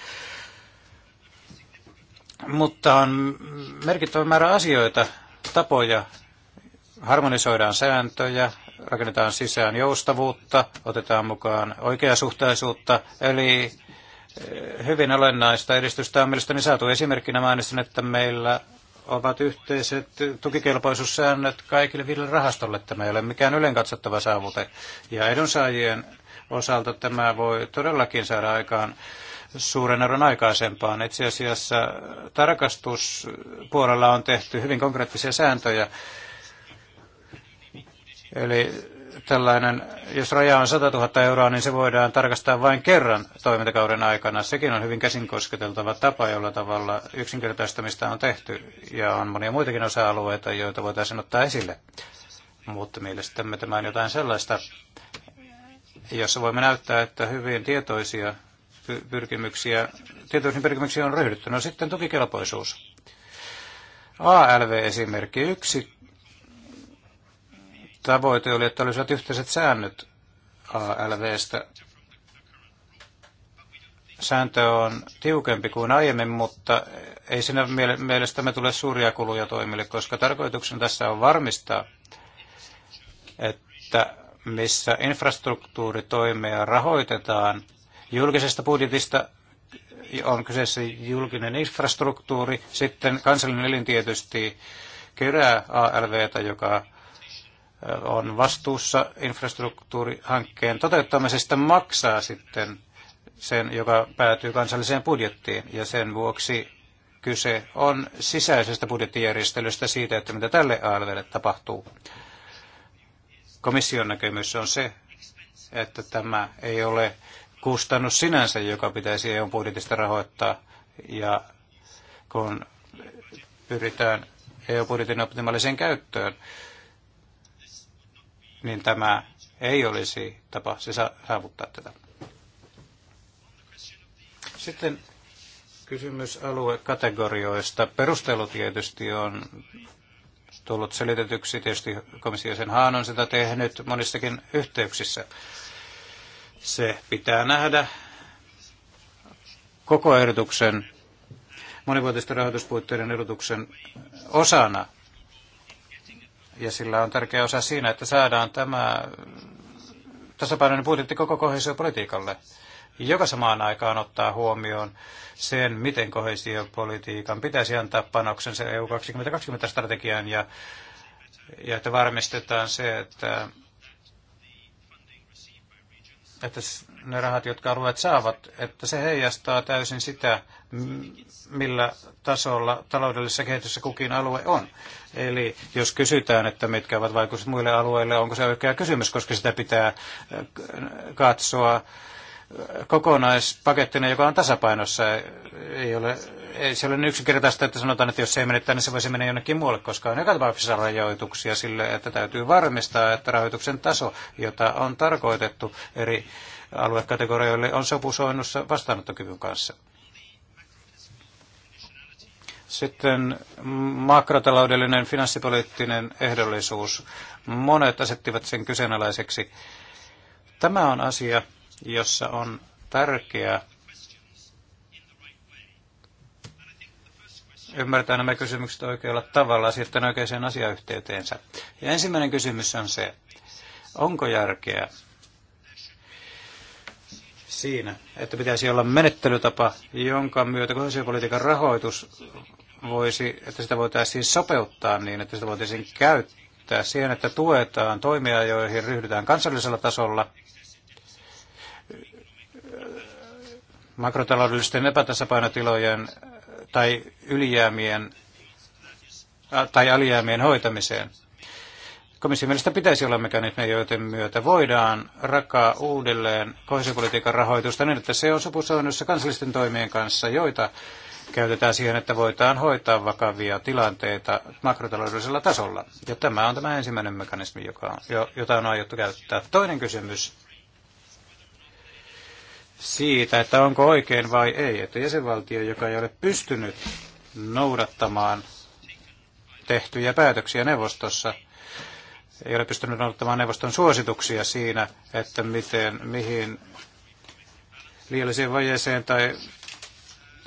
Mutta on merkittävä määrä asioita, tapoja, harmonisoidaan sääntöjä, rakennetaan sisään joustavuutta, otetaan mukaan oikeasuhtaisuutta, eli eh, hyvin olennaista edistystä on mielestäni saatu esimerkkinä mainitsin, että meillä ovat yhteiset tukikelpoisuussäännöt kaikille viidelle rahastolle. Tämä ei ole mikään ylen katsottava saavute. Ja edunsaajien osalta tämä voi todellakin saada aikaan suuren eron aikaisempaan. Itse asiassa tarkastuspuolella on tehty hyvin konkreettisia sääntöjä. Eli tällainen, jos raja on 100 000 euroa, niin se voidaan tarkastaa vain kerran toimintakauden aikana. Sekin on hyvin käsinkosketeltava tapa, jolla tavalla yksinkertaistamista on tehty. Ja on monia muitakin osa-alueita, joita voitaisiin ottaa esille. Mutta mielestämme tämä on jotain sellaista, jossa voimme näyttää, että hyvin tietoisia pyrkimyksiä, tietoisiin pyrkimyksiä on ryhdytty. No sitten tukikelpoisuus. ALV-esimerkki. Yksi tavoite oli, että olisivat yhteiset säännöt ALVstä. Sääntö on tiukempi kuin aiemmin, mutta ei siinä mielestämme tule suuria kuluja toimille, koska tarkoituksena tässä on varmistaa, että missä infrastruktuuritoimia rahoitetaan julkisesta budjetista, on kyseessä julkinen infrastruktuuri, sitten kansallinen elin tietysti kerää ALVtä, joka on vastuussa infrastruktuurihankkeen toteuttamisesta, maksaa sitten sen, joka päätyy kansalliseen budjettiin. Ja sen vuoksi kyse on sisäisestä budjettijärjestelystä siitä, että mitä tälle alueelle tapahtuu. Komission näkemys on se, että tämä ei ole kustannus sinänsä, joka pitäisi EU budjetista rahoittaa. Ja kun pyritään EU-budjetin optimaaliseen käyttöön, niin tämä ei olisi tapa saavuttaa tätä. Sitten kysymys aluekategorioista. Perustelu tietysti on tullut selitetyksi. Tietysti komissio sen Haan on sitä tehnyt monissakin yhteyksissä. Se pitää nähdä koko ehdotuksen monivuotisten rahoituspuitteiden ehdotuksen osana ja sillä on tärkeä osa siinä, että saadaan tämä tasapainoinen budjetti koko kohesiopolitiikalle, joka samaan aikaan ottaa huomioon sen, miten kohesiopolitiikan pitäisi antaa se EU 2020-strategiaan ja, ja että varmistetaan se, että, että ne rahat, jotka alueet saavat, että se heijastaa täysin sitä, millä tasolla taloudellisessa kehityksessä kukin alue on. Eli jos kysytään, että mitkä ovat vaikutukset muille alueille, onko se oikea kysymys, koska sitä pitää äh, katsoa kokonaispakettina, joka on tasapainossa. Ei ole, ei se ole niin yksinkertaista, että sanotaan, että jos se ei mene tänne, niin se voisi mennä jonnekin muualle, koska on joka tapauksessa rajoituksia sille, että täytyy varmistaa, että rahoituksen taso, jota on tarkoitettu eri aluekategorioille, on sopusoinnussa vastaanottokyvyn kanssa. Sitten makrotaloudellinen finanssipoliittinen ehdollisuus. Monet asettivat sen kyseenalaiseksi. Tämä on asia, jossa on tärkeää ymmärtää nämä kysymykset oikealla tavalla sitten oikeaan asiayhteyteensä. Ja ensimmäinen kysymys on se, onko järkeä siinä, että pitäisi olla menettelytapa, jonka myötä kohesiopolitiikan rahoitus voisi, että sitä voitaisiin sopeuttaa niin, että sitä voitaisiin käyttää siihen, että tuetaan toimia, joihin ryhdytään kansallisella tasolla makrotaloudellisten epätasapainotilojen tai ylijäämien tai alijäämien hoitamiseen. Komission mielestä pitäisi olla mekanismi, joiden myötä voidaan rakaa uudelleen kohesiopolitiikan rahoitusta niin, että se on sopusoinnussa kansallisten toimien kanssa, joita käytetään siihen, että voitaan hoitaa vakavia tilanteita makrotaloudellisella tasolla. Ja tämä on tämä ensimmäinen mekanismi, joka on, jota on aiottu käyttää. Toinen kysymys siitä, että onko oikein vai ei, että jäsenvaltio, joka ei ole pystynyt noudattamaan tehtyjä päätöksiä neuvostossa, ei ole pystynyt noudattamaan neuvoston suosituksia siinä, että miten, mihin liialliseen vajeeseen tai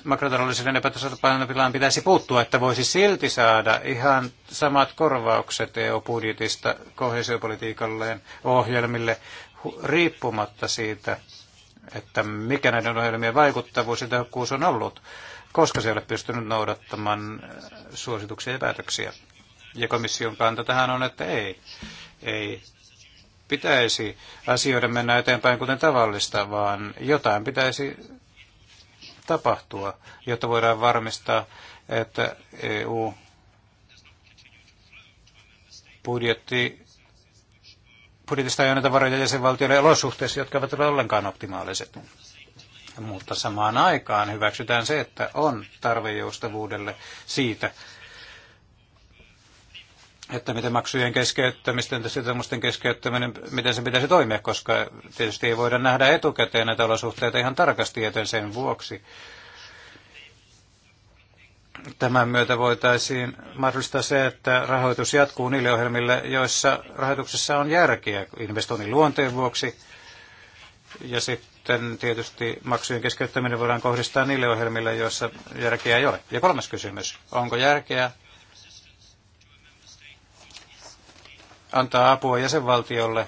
makrotaloudellisen epätasapainotilaan pitäisi puuttua, että voisi silti saada ihan samat korvaukset EU-budjetista kohesiopolitiikalleen ohjelmille riippumatta siitä, että mikä näiden ohjelmien vaikuttavuus ja tehokkuus on ollut, koska se ei ole pystynyt noudattamaan äh, suosituksia ja päätöksiä. Ja komission kanta tähän on, että ei, ei pitäisi asioiden mennä eteenpäin kuten tavallista, vaan jotain pitäisi tapahtua, jotta voidaan varmistaa, että EU budjetti, budjetista ei anneta varoja jäsenvaltioille olosuhteissa, jotka eivät ole ollenkaan optimaaliset. Mutta samaan aikaan hyväksytään se, että on tarve joustavuudelle siitä, että miten maksujen keskeyttämisten tai sitoumusten keskeyttäminen, miten se pitäisi toimia, koska tietysti ei voida nähdä etukäteen näitä olosuhteita ihan tarkasti, joten sen vuoksi tämän myötä voitaisiin mahdollistaa se, että rahoitus jatkuu niille ohjelmille, joissa rahoituksessa on järkeä investoinnin luonteen vuoksi. Ja sitten tietysti maksujen keskeyttäminen voidaan kohdistaa niille ohjelmille, joissa järkeä ei ole. Ja kolmas kysymys, onko järkeä antaa apua jäsenvaltiolle,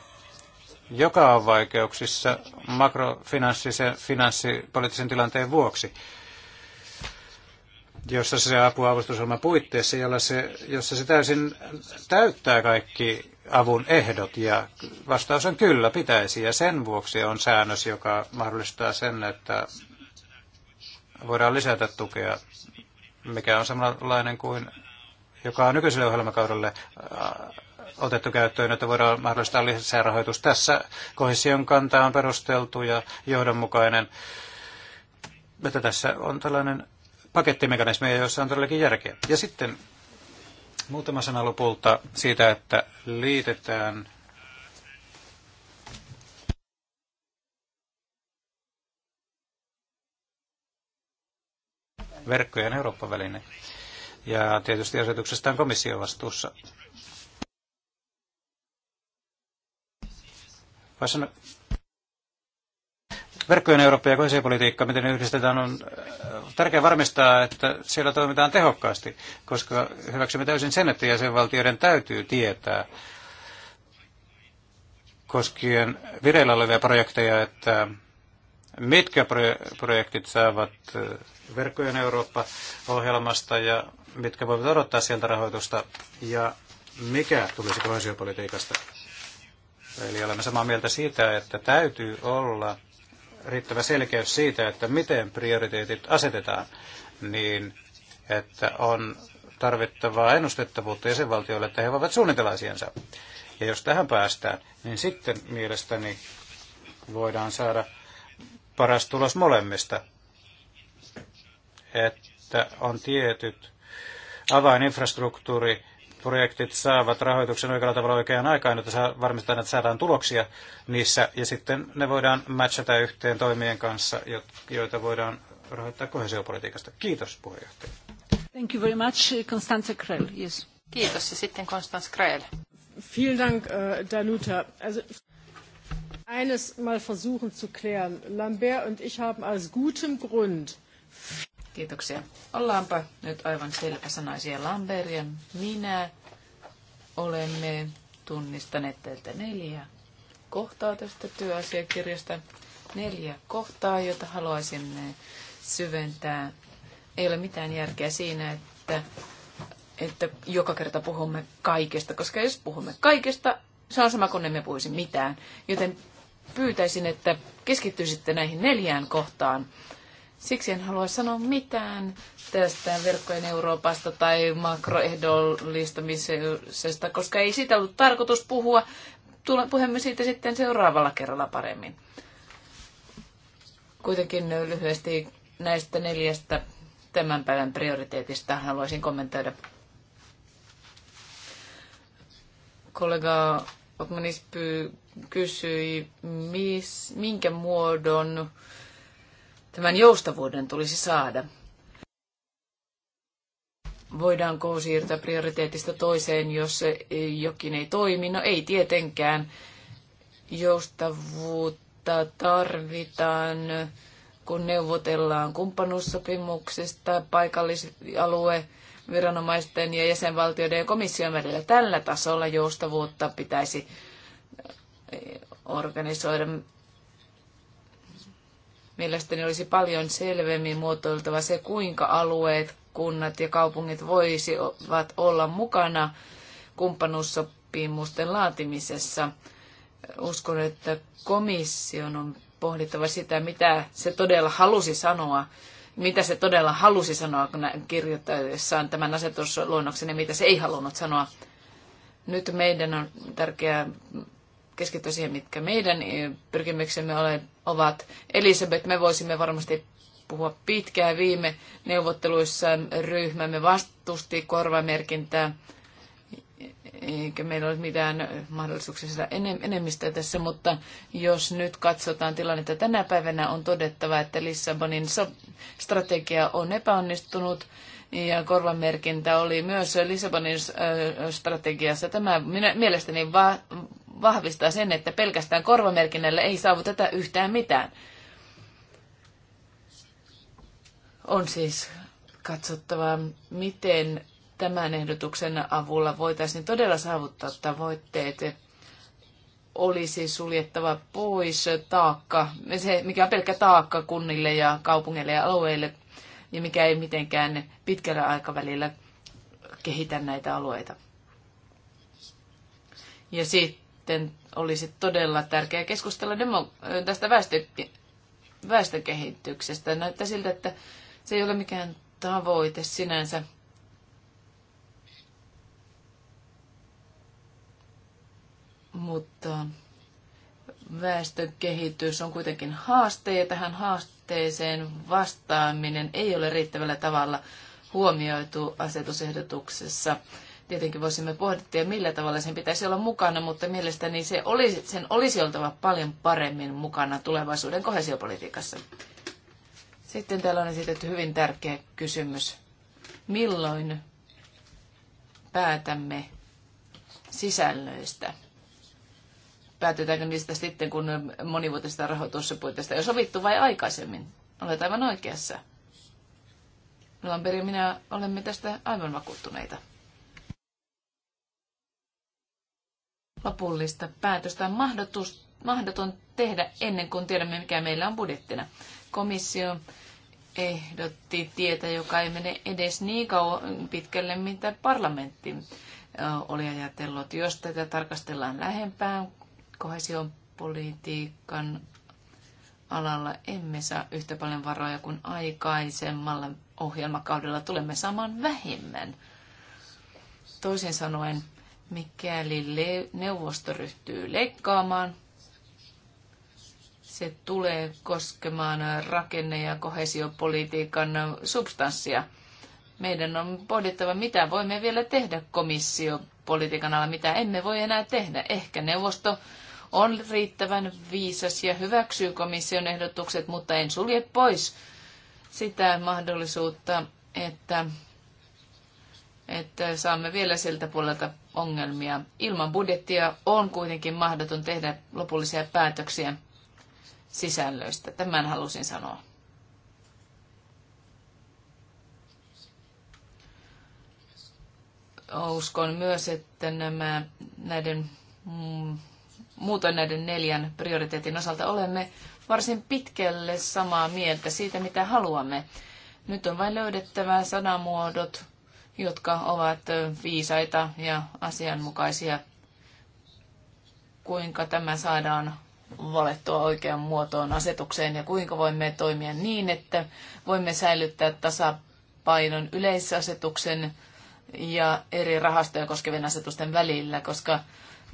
joka on vaikeuksissa makrofinanssisen finanssipoliittisen tilanteen vuoksi, jossa se apua avustusohjelman puitteissa, jolla se, jossa se täysin täyttää kaikki avun ehdot. Ja vastaus on kyllä, pitäisi. Ja sen vuoksi on säännös, joka mahdollistaa sen, että voidaan lisätä tukea, mikä on samanlainen kuin joka on nykyiselle ohjelmakaudelle otettu käyttöön, että voidaan mahdollistaa rahoitus. Tässä kohesion kanta on perusteltu ja johdonmukainen. Että tässä on tällainen pakettimekanismi, jossa on todellakin järkeä. Ja sitten muutama sana lopulta siitä, että liitetään verkkojen Euroopan väline Ja tietysti asetuksesta on komissio vastuussa. Vassan... Verkkojen Eurooppa ja kohesiopolitiikka, miten ne yhdistetään, on äh, tärkeää varmistaa, että siellä toimitaan tehokkaasti, koska hyväksymme täysin sen, että jäsenvaltioiden täytyy tietää koskien vireillä olevia projekteja, että mitkä projektit saavat äh, verkkojen Eurooppa-ohjelmasta ja mitkä voivat odottaa sieltä rahoitusta ja mikä tulisi kohesiopolitiikasta. Eli olemme samaa mieltä siitä, että täytyy olla riittävä selkeys siitä, että miten prioriteetit asetetaan, niin että on tarvittavaa ennustettavuutta jäsenvaltioille, että he voivat suunnitella asiansa. Ja jos tähän päästään, niin sitten mielestäni voidaan saada paras tulos molemmista, että on tietyt avaininfrastruktuuri projektit saavat rahoituksen oikealla tavalla oikeaan aikaan, jotta varmistetaan, että saadaan tuloksia niissä, ja sitten ne voidaan matchata yhteen toimien kanssa, joita voidaan rahoittaa kohesiopolitiikasta. Kiitos puheenjohtaja. Thank you very much, Constanze Krell. Yes. Kiitos, ja sitten Constanze Krell. Vielen Dank, äh, Danuta. Also, eines mal versuchen zu klären. Lambert und ich haben aus gutem Grund Kiitoksia. Ollaanpa nyt aivan selväsanaisia. Lambert minä olemme tunnistaneet teiltä neljä kohtaa tästä työasiakirjasta. Neljä kohtaa, joita haluaisimme syventää. Ei ole mitään järkeä siinä, että, että joka kerta puhumme kaikesta, koska jos puhumme kaikesta, se on sama kuin emme puhuisi mitään. Joten pyytäisin, että keskittyisitte näihin neljään kohtaan Siksi en halua sanoa mitään tästä verkkojen Euroopasta tai makroehdollistamisesta, koska ei siitä ollut tarkoitus puhua. Tule, puhemme siitä sitten seuraavalla kerralla paremmin. Kuitenkin lyhyesti näistä neljästä tämän päivän prioriteetista haluaisin kommentoida. Kollega Okmanis kysyi, mis, minkä muodon tämän joustavuuden tulisi saada. Voidaanko siirtää prioriteetista toiseen, jos jokin ei toimi? No ei tietenkään. Joustavuutta tarvitaan, kun neuvotellaan kumppanuussopimuksesta paikallisalue viranomaisten ja jäsenvaltioiden ja komission välillä. Tällä tasolla joustavuutta pitäisi organisoida Mielestäni olisi paljon selvemmin muotoiltava se, kuinka alueet, kunnat ja kaupungit voisivat olla mukana kumppanuussopimusten laatimisessa. Uskon, että komission on pohdittava sitä, mitä se todella halusi sanoa, mitä se todella halusi sanoa kirjoittaessaan tämän asetusluonnoksen ja mitä se ei halunnut sanoa. Nyt meidän on tärkeää keskittyä siihen, mitkä meidän e, pyrkimyksemme ole, ovat. Elisabeth, me voisimme varmasti puhua pitkään viime neuvotteluissa. Ryhmämme vastusti korvamerkintää, eikä meillä ole mitään mahdollisuuksia sitä enemmistöä tässä, mutta jos nyt katsotaan tilannetta tänä päivänä, on todettava, että Lissabonin strategia on epäonnistunut ja korvamerkintä oli myös Lissabonin äh, strategiassa. Tämä minä, mielestäni va- vahvistaa sen, että pelkästään korvamerkinnällä ei saavuteta yhtään mitään. On siis katsottava, miten tämän ehdotuksen avulla voitaisiin todella saavuttaa tavoitteet. Olisi suljettava pois taakka, se mikä on pelkkä taakka kunnille ja kaupungeille ja alueille, ja mikä ei mitenkään pitkällä aikavälillä kehitä näitä alueita. Ja sitten olisi todella tärkeää keskustella demo, tästä väestö, väestökehityksestä. Näyttää siltä, että se ei ole mikään tavoite sinänsä. Mutta väestökehitys on kuitenkin haaste ja tähän haaste haasteeseen vastaaminen ei ole riittävällä tavalla huomioitu asetusehdotuksessa. Tietenkin voisimme pohtia, millä tavalla sen pitäisi olla mukana, mutta mielestäni se olisi, sen olisi oltava paljon paremmin mukana tulevaisuuden kohesiopolitiikassa. Sitten täällä on esitetty hyvin tärkeä kysymys. Milloin päätämme sisällöistä? päätetäänkö niistä sitten, kun monivuotisesta puitteista on sovittu vai aikaisemmin? Olet aivan oikeassa. Lamperi, minä olemme tästä aivan vakuuttuneita. Lopullista päätöstä on mahdoton tehdä ennen kuin tiedämme, mikä meillä on budjettina. Komissio ehdotti tietä, joka ei mene edes niin kauan pitkälle, mitä parlamentti oli ajatellut. Jos tätä tarkastellaan lähempään, kohesion politiikan alalla emme saa yhtä paljon varoja kuin aikaisemmalla ohjelmakaudella. Tulemme saamaan vähemmän. Toisin sanoen, mikäli neuvosto ryhtyy leikkaamaan, se tulee koskemaan rakenne- ja kohesiopolitiikan substanssia. Meidän on pohdittava, mitä voimme vielä tehdä komissiopolitiikan alla, mitä emme voi enää tehdä. Ehkä neuvosto on riittävän viisas ja hyväksyy komission ehdotukset, mutta en sulje pois sitä mahdollisuutta, että, että saamme vielä siltä puolelta ongelmia. Ilman budjettia on kuitenkin mahdoton tehdä lopullisia päätöksiä sisällöistä. Tämän halusin sanoa. uskon myös, että nämä näiden mm, Muutoin näiden neljän prioriteetin osalta olemme varsin pitkälle samaa mieltä siitä, mitä haluamme. Nyt on vain löydettävä sanamuodot, jotka ovat viisaita ja asianmukaisia. Kuinka tämä saadaan valettua oikean muotoon asetukseen ja kuinka voimme toimia niin, että voimme säilyttää tasapainon yleisasetuksen ja eri rahastoja koskevien asetusten välillä, koska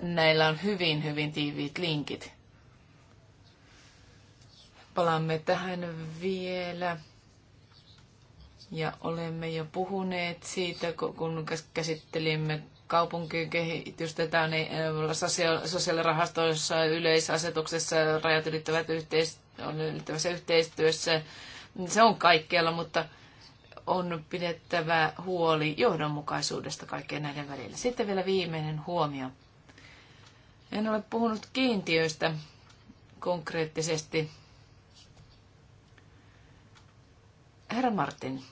näillä on hyvin, hyvin tiiviit linkit. Palaamme tähän vielä. Ja olemme jo puhuneet siitä, kun käsittelimme kaupunkikehitystä, tämä eh, on sosiaalirahastoissa, yleisasetuksessa, rajat ylittävät yhteistyössä, yhteistyössä. Se on kaikkialla, mutta on pidettävä huoli johdonmukaisuudesta kaikkien näiden välillä. Sitten vielä viimeinen huomio. En ole puhunut kiintiöistä konkreettisesti. Herra Martin,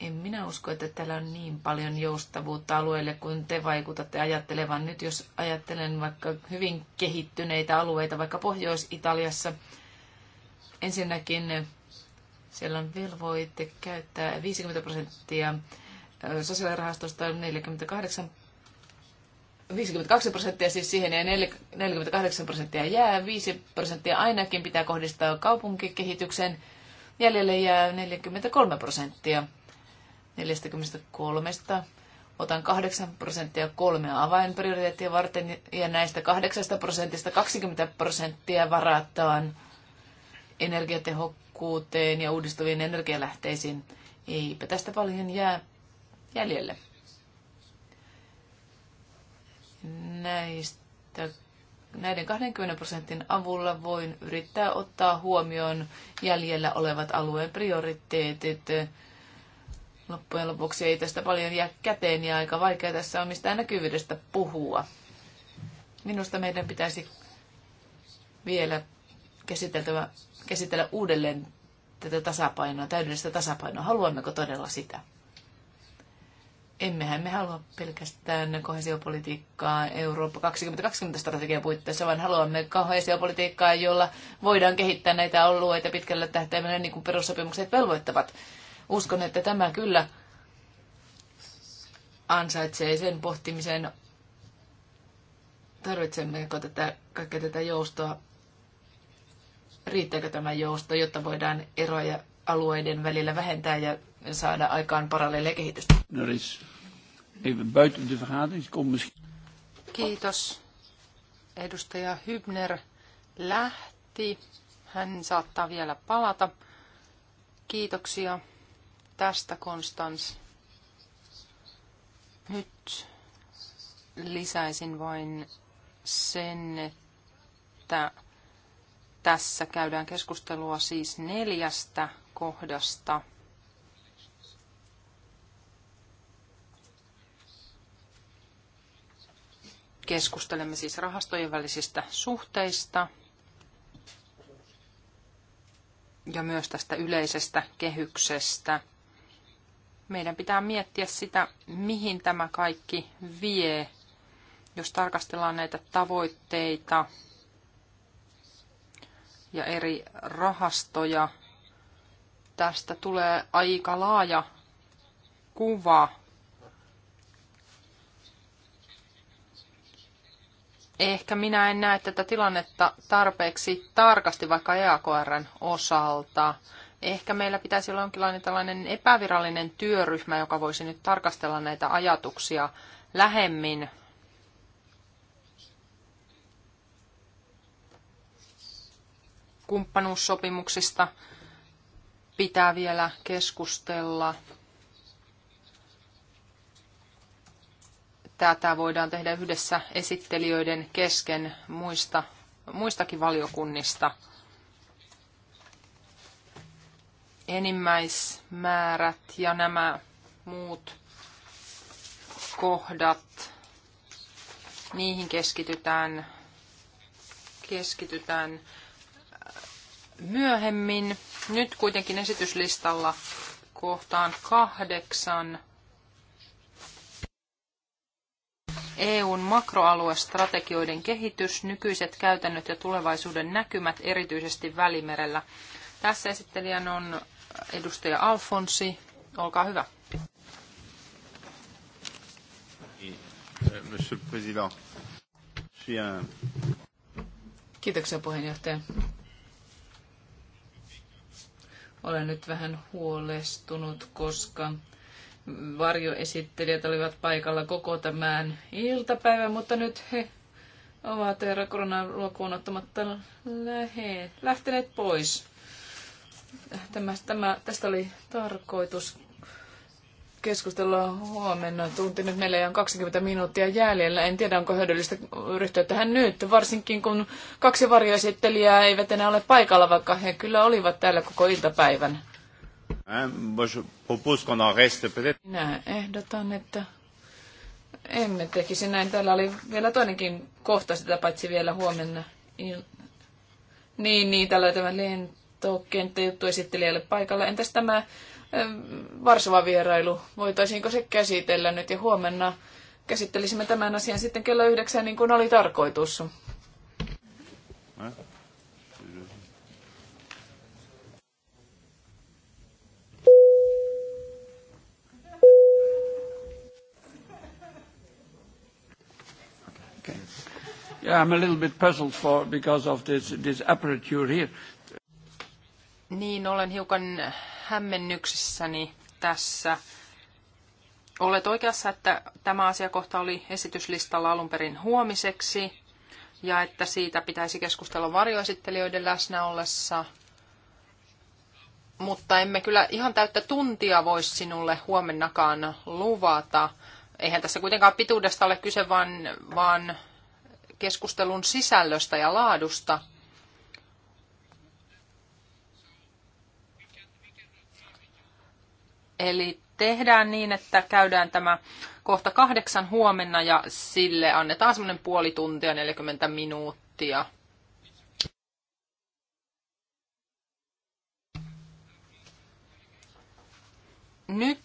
en minä usko, että täällä on niin paljon joustavuutta alueelle kuin te vaikutatte ajattelevan. Nyt jos ajattelen vaikka hyvin kehittyneitä alueita, vaikka Pohjois-Italiassa, ensinnäkin siellä on velvoite käyttää 50 prosenttia sosiaalirahastosta 48 52 prosenttia siis siihen ja 48 prosenttia jää. 5 prosenttia ainakin pitää kohdistaa kaupunkikehityksen. Jäljelle jää 43 prosenttia. 43 otan 8 prosenttia kolmea avainprioriteettia varten ja näistä 8 prosentista 20 prosenttia varataan energiatehokkuuteen ja uudistuviin energialähteisiin. Eipä tästä paljon jää jäljelle näistä, näiden 20 prosentin avulla voin yrittää ottaa huomioon jäljellä olevat alueen prioriteetit. Loppujen lopuksi ei tästä paljon jää käteen ja aika vaikea tässä on mistään näkyvyydestä puhua. Minusta meidän pitäisi vielä käsiteltävä, käsitellä uudelleen tätä tasapainoa, täydellistä tasapainoa. Haluammeko todella sitä? Emmehän me halua pelkästään kohesiopolitiikkaa Eurooppa 2020 strategian puitteissa, vaan haluamme kohesiopolitiikkaa, jolla voidaan kehittää näitä alueita pitkällä tähtäimellä niin kuin perussopimukset velvoittavat. Uskon, että tämä kyllä ansaitsee sen pohtimisen, tarvitsemmeko tätä, kaikkea tätä joustoa, riittääkö tämä jousto, jotta voidaan eroja alueiden välillä vähentää ja saada aikaan paralleelia kehitystä. Er Kiitos. Edustaja Hybner lähti. Hän saattaa vielä palata. Kiitoksia tästä, Konstans. Nyt lisäisin vain sen, että tässä käydään keskustelua siis neljästä kohdasta – Keskustelemme siis rahastojen välisistä suhteista ja myös tästä yleisestä kehyksestä. Meidän pitää miettiä sitä, mihin tämä kaikki vie, jos tarkastellaan näitä tavoitteita ja eri rahastoja. Tästä tulee aika laaja kuva Ehkä minä en näe tätä tilannetta tarpeeksi tarkasti vaikka EAKRn osalta. Ehkä meillä pitäisi olla jonkinlainen tällainen epävirallinen työryhmä, joka voisi nyt tarkastella näitä ajatuksia lähemmin. Kumppanuussopimuksista pitää vielä keskustella. tätä voidaan tehdä yhdessä esittelijöiden kesken muista, muistakin valiokunnista. Enimmäismäärät ja nämä muut kohdat, niihin keskitytään, keskitytään äh, myöhemmin. Nyt kuitenkin esityslistalla kohtaan kahdeksan EUn makroaluestrategioiden kehitys, nykyiset käytännöt ja tulevaisuuden näkymät erityisesti Välimerellä. Tässä esittelijän on edustaja Alfonsi. Olkaa hyvä. Monsieur le Président, Kiitoksia puheenjohtaja. Olen nyt vähän huolestunut, koska varjoesittelijät olivat paikalla koko tämän iltapäivän, mutta nyt he ovat koronan lukuun ottamatta lähteneet pois. Tämä, tämä, tästä oli tarkoitus keskustella huomenna. Tunti nyt meillä on 20 minuuttia jäljellä. En tiedä, onko hyödyllistä ryhtyä tähän nyt, varsinkin kun kaksi varjoesittelijää eivät enää ole paikalla, vaikka he kyllä olivat täällä koko iltapäivän. Minä ehdotan, että emme tekisi näin. Täällä oli vielä toinenkin kohta sitä paitsi vielä huomenna. Niin, Niin, täällä oli tämä lentokenttäjuttu esittelijälle paikalla. Entäs tämä ähm, Varsova-vierailu? Voitaisiinko se käsitellä nyt ja huomenna käsittelisimme tämän asian sitten kello yhdeksän niin kuin oli tarkoitus? Yeah, I'm a little bit puzzled for because of this, this aperture here. Niin, olen hiukan hämmennyksissäni tässä. Olet oikeassa, että tämä asiakohta oli esityslistalla alun perin huomiseksi ja että siitä pitäisi keskustella varjoesittelijöiden läsnä ollessa. Mutta emme kyllä ihan täyttä tuntia voisi sinulle huomennakaan luvata. Eihän tässä kuitenkaan pituudesta ole kyse, vaan, vaan keskustelun sisällöstä ja laadusta. Eli tehdään niin, että käydään tämä kohta kahdeksan huomenna ja sille annetaan semmoinen puoli tuntia, 40 minuuttia. Nyt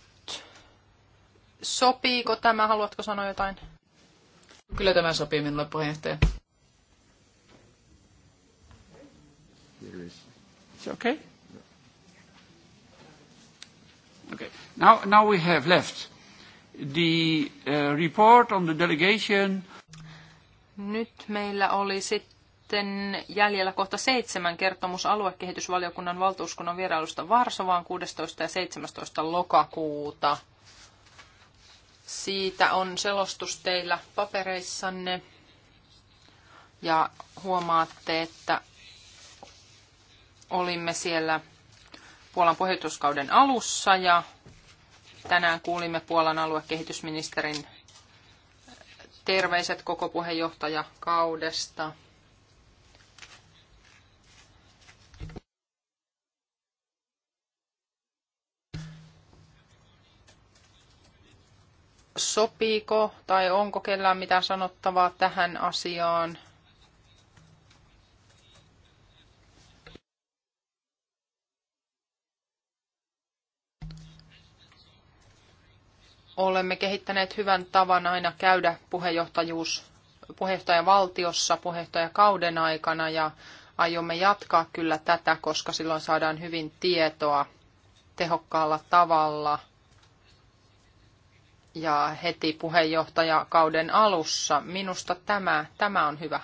sopiiko tämä? Haluatko sanoa jotain? Kyllä tämä sopii minulle puheenjohtaja. It's okay. Okay. Now, now we have left the uh, report on the delegation. Nyt meillä oli sitten jäljellä kohta seitsemän kertomus aluekehitysvaliokunnan valtuuskunnan vierailusta Varsovaan 16. ja 17. lokakuuta. Siitä on selostus teillä papereissanne ja huomaatte, että olimme siellä Puolan pohjoituskauden alussa ja tänään kuulimme Puolan aluekehitysministerin terveiset koko puheenjohtajakaudesta. kaudesta. sopiiko tai onko kellään mitään sanottavaa tähän asiaan? Olemme kehittäneet hyvän tavan aina käydä puheenjohtajuus puheenjohtajavaltiossa puheenjohtajakauden aikana ja aiomme jatkaa kyllä tätä, koska silloin saadaan hyvin tietoa tehokkaalla tavalla – ja heti puheenjohtajakauden alussa. Minusta tämä, tämä on hyvä.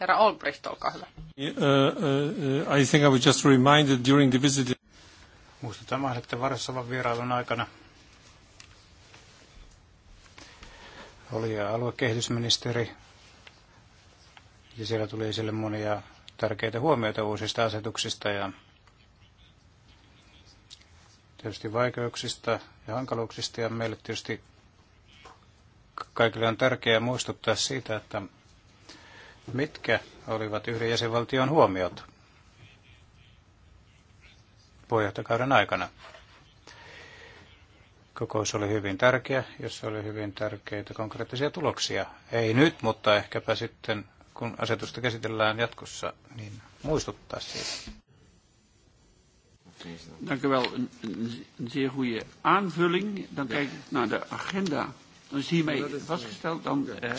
Herra Olbricht, olkaa hyvä. Uh, uh, uh I think I was just reminded during the visit. että Varsovan vierailun aikana oli aluekehitysministeri ja siellä tuli esille monia tärkeitä huomioita uusista asetuksista ja tietysti vaikeuksista ja hankaluuksista ja meille tietysti kaikille on tärkeää muistuttaa siitä, että mitkä olivat yhden jäsenvaltion huomiot puheenjohtajakauden aikana. Kokous oli hyvin tärkeä, jossa oli hyvin tärkeitä konkreettisia tuloksia. Ei nyt, mutta ehkäpä sitten, kun asetusta käsitellään jatkossa, niin muistuttaa siitä. Dank u wel. Een, zeer goede aanvulling. Dan kijk ik naar de agenda. Dus hiermee vastgesteld, dan uh,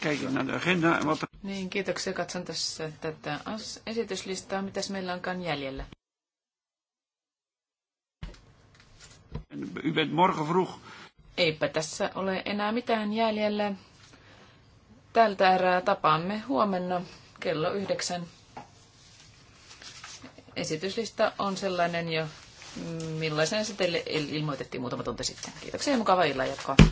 kijk ik naar de agenda en wat er... Niin, kiitoksia. Katson tässä tätä esityslistaa, mitäs meillä onkaan jäljellä. U bent morgen vroeg. Eipä tässä ole enää mitään jäljellä. Tältä erää tapaamme huomenna kello yhdeksän. Esityslista on sellainen jo, millaisen se teille ilmoitettiin muutama tunti sitten. Kiitoksia ja mukavaa illan jatkoa.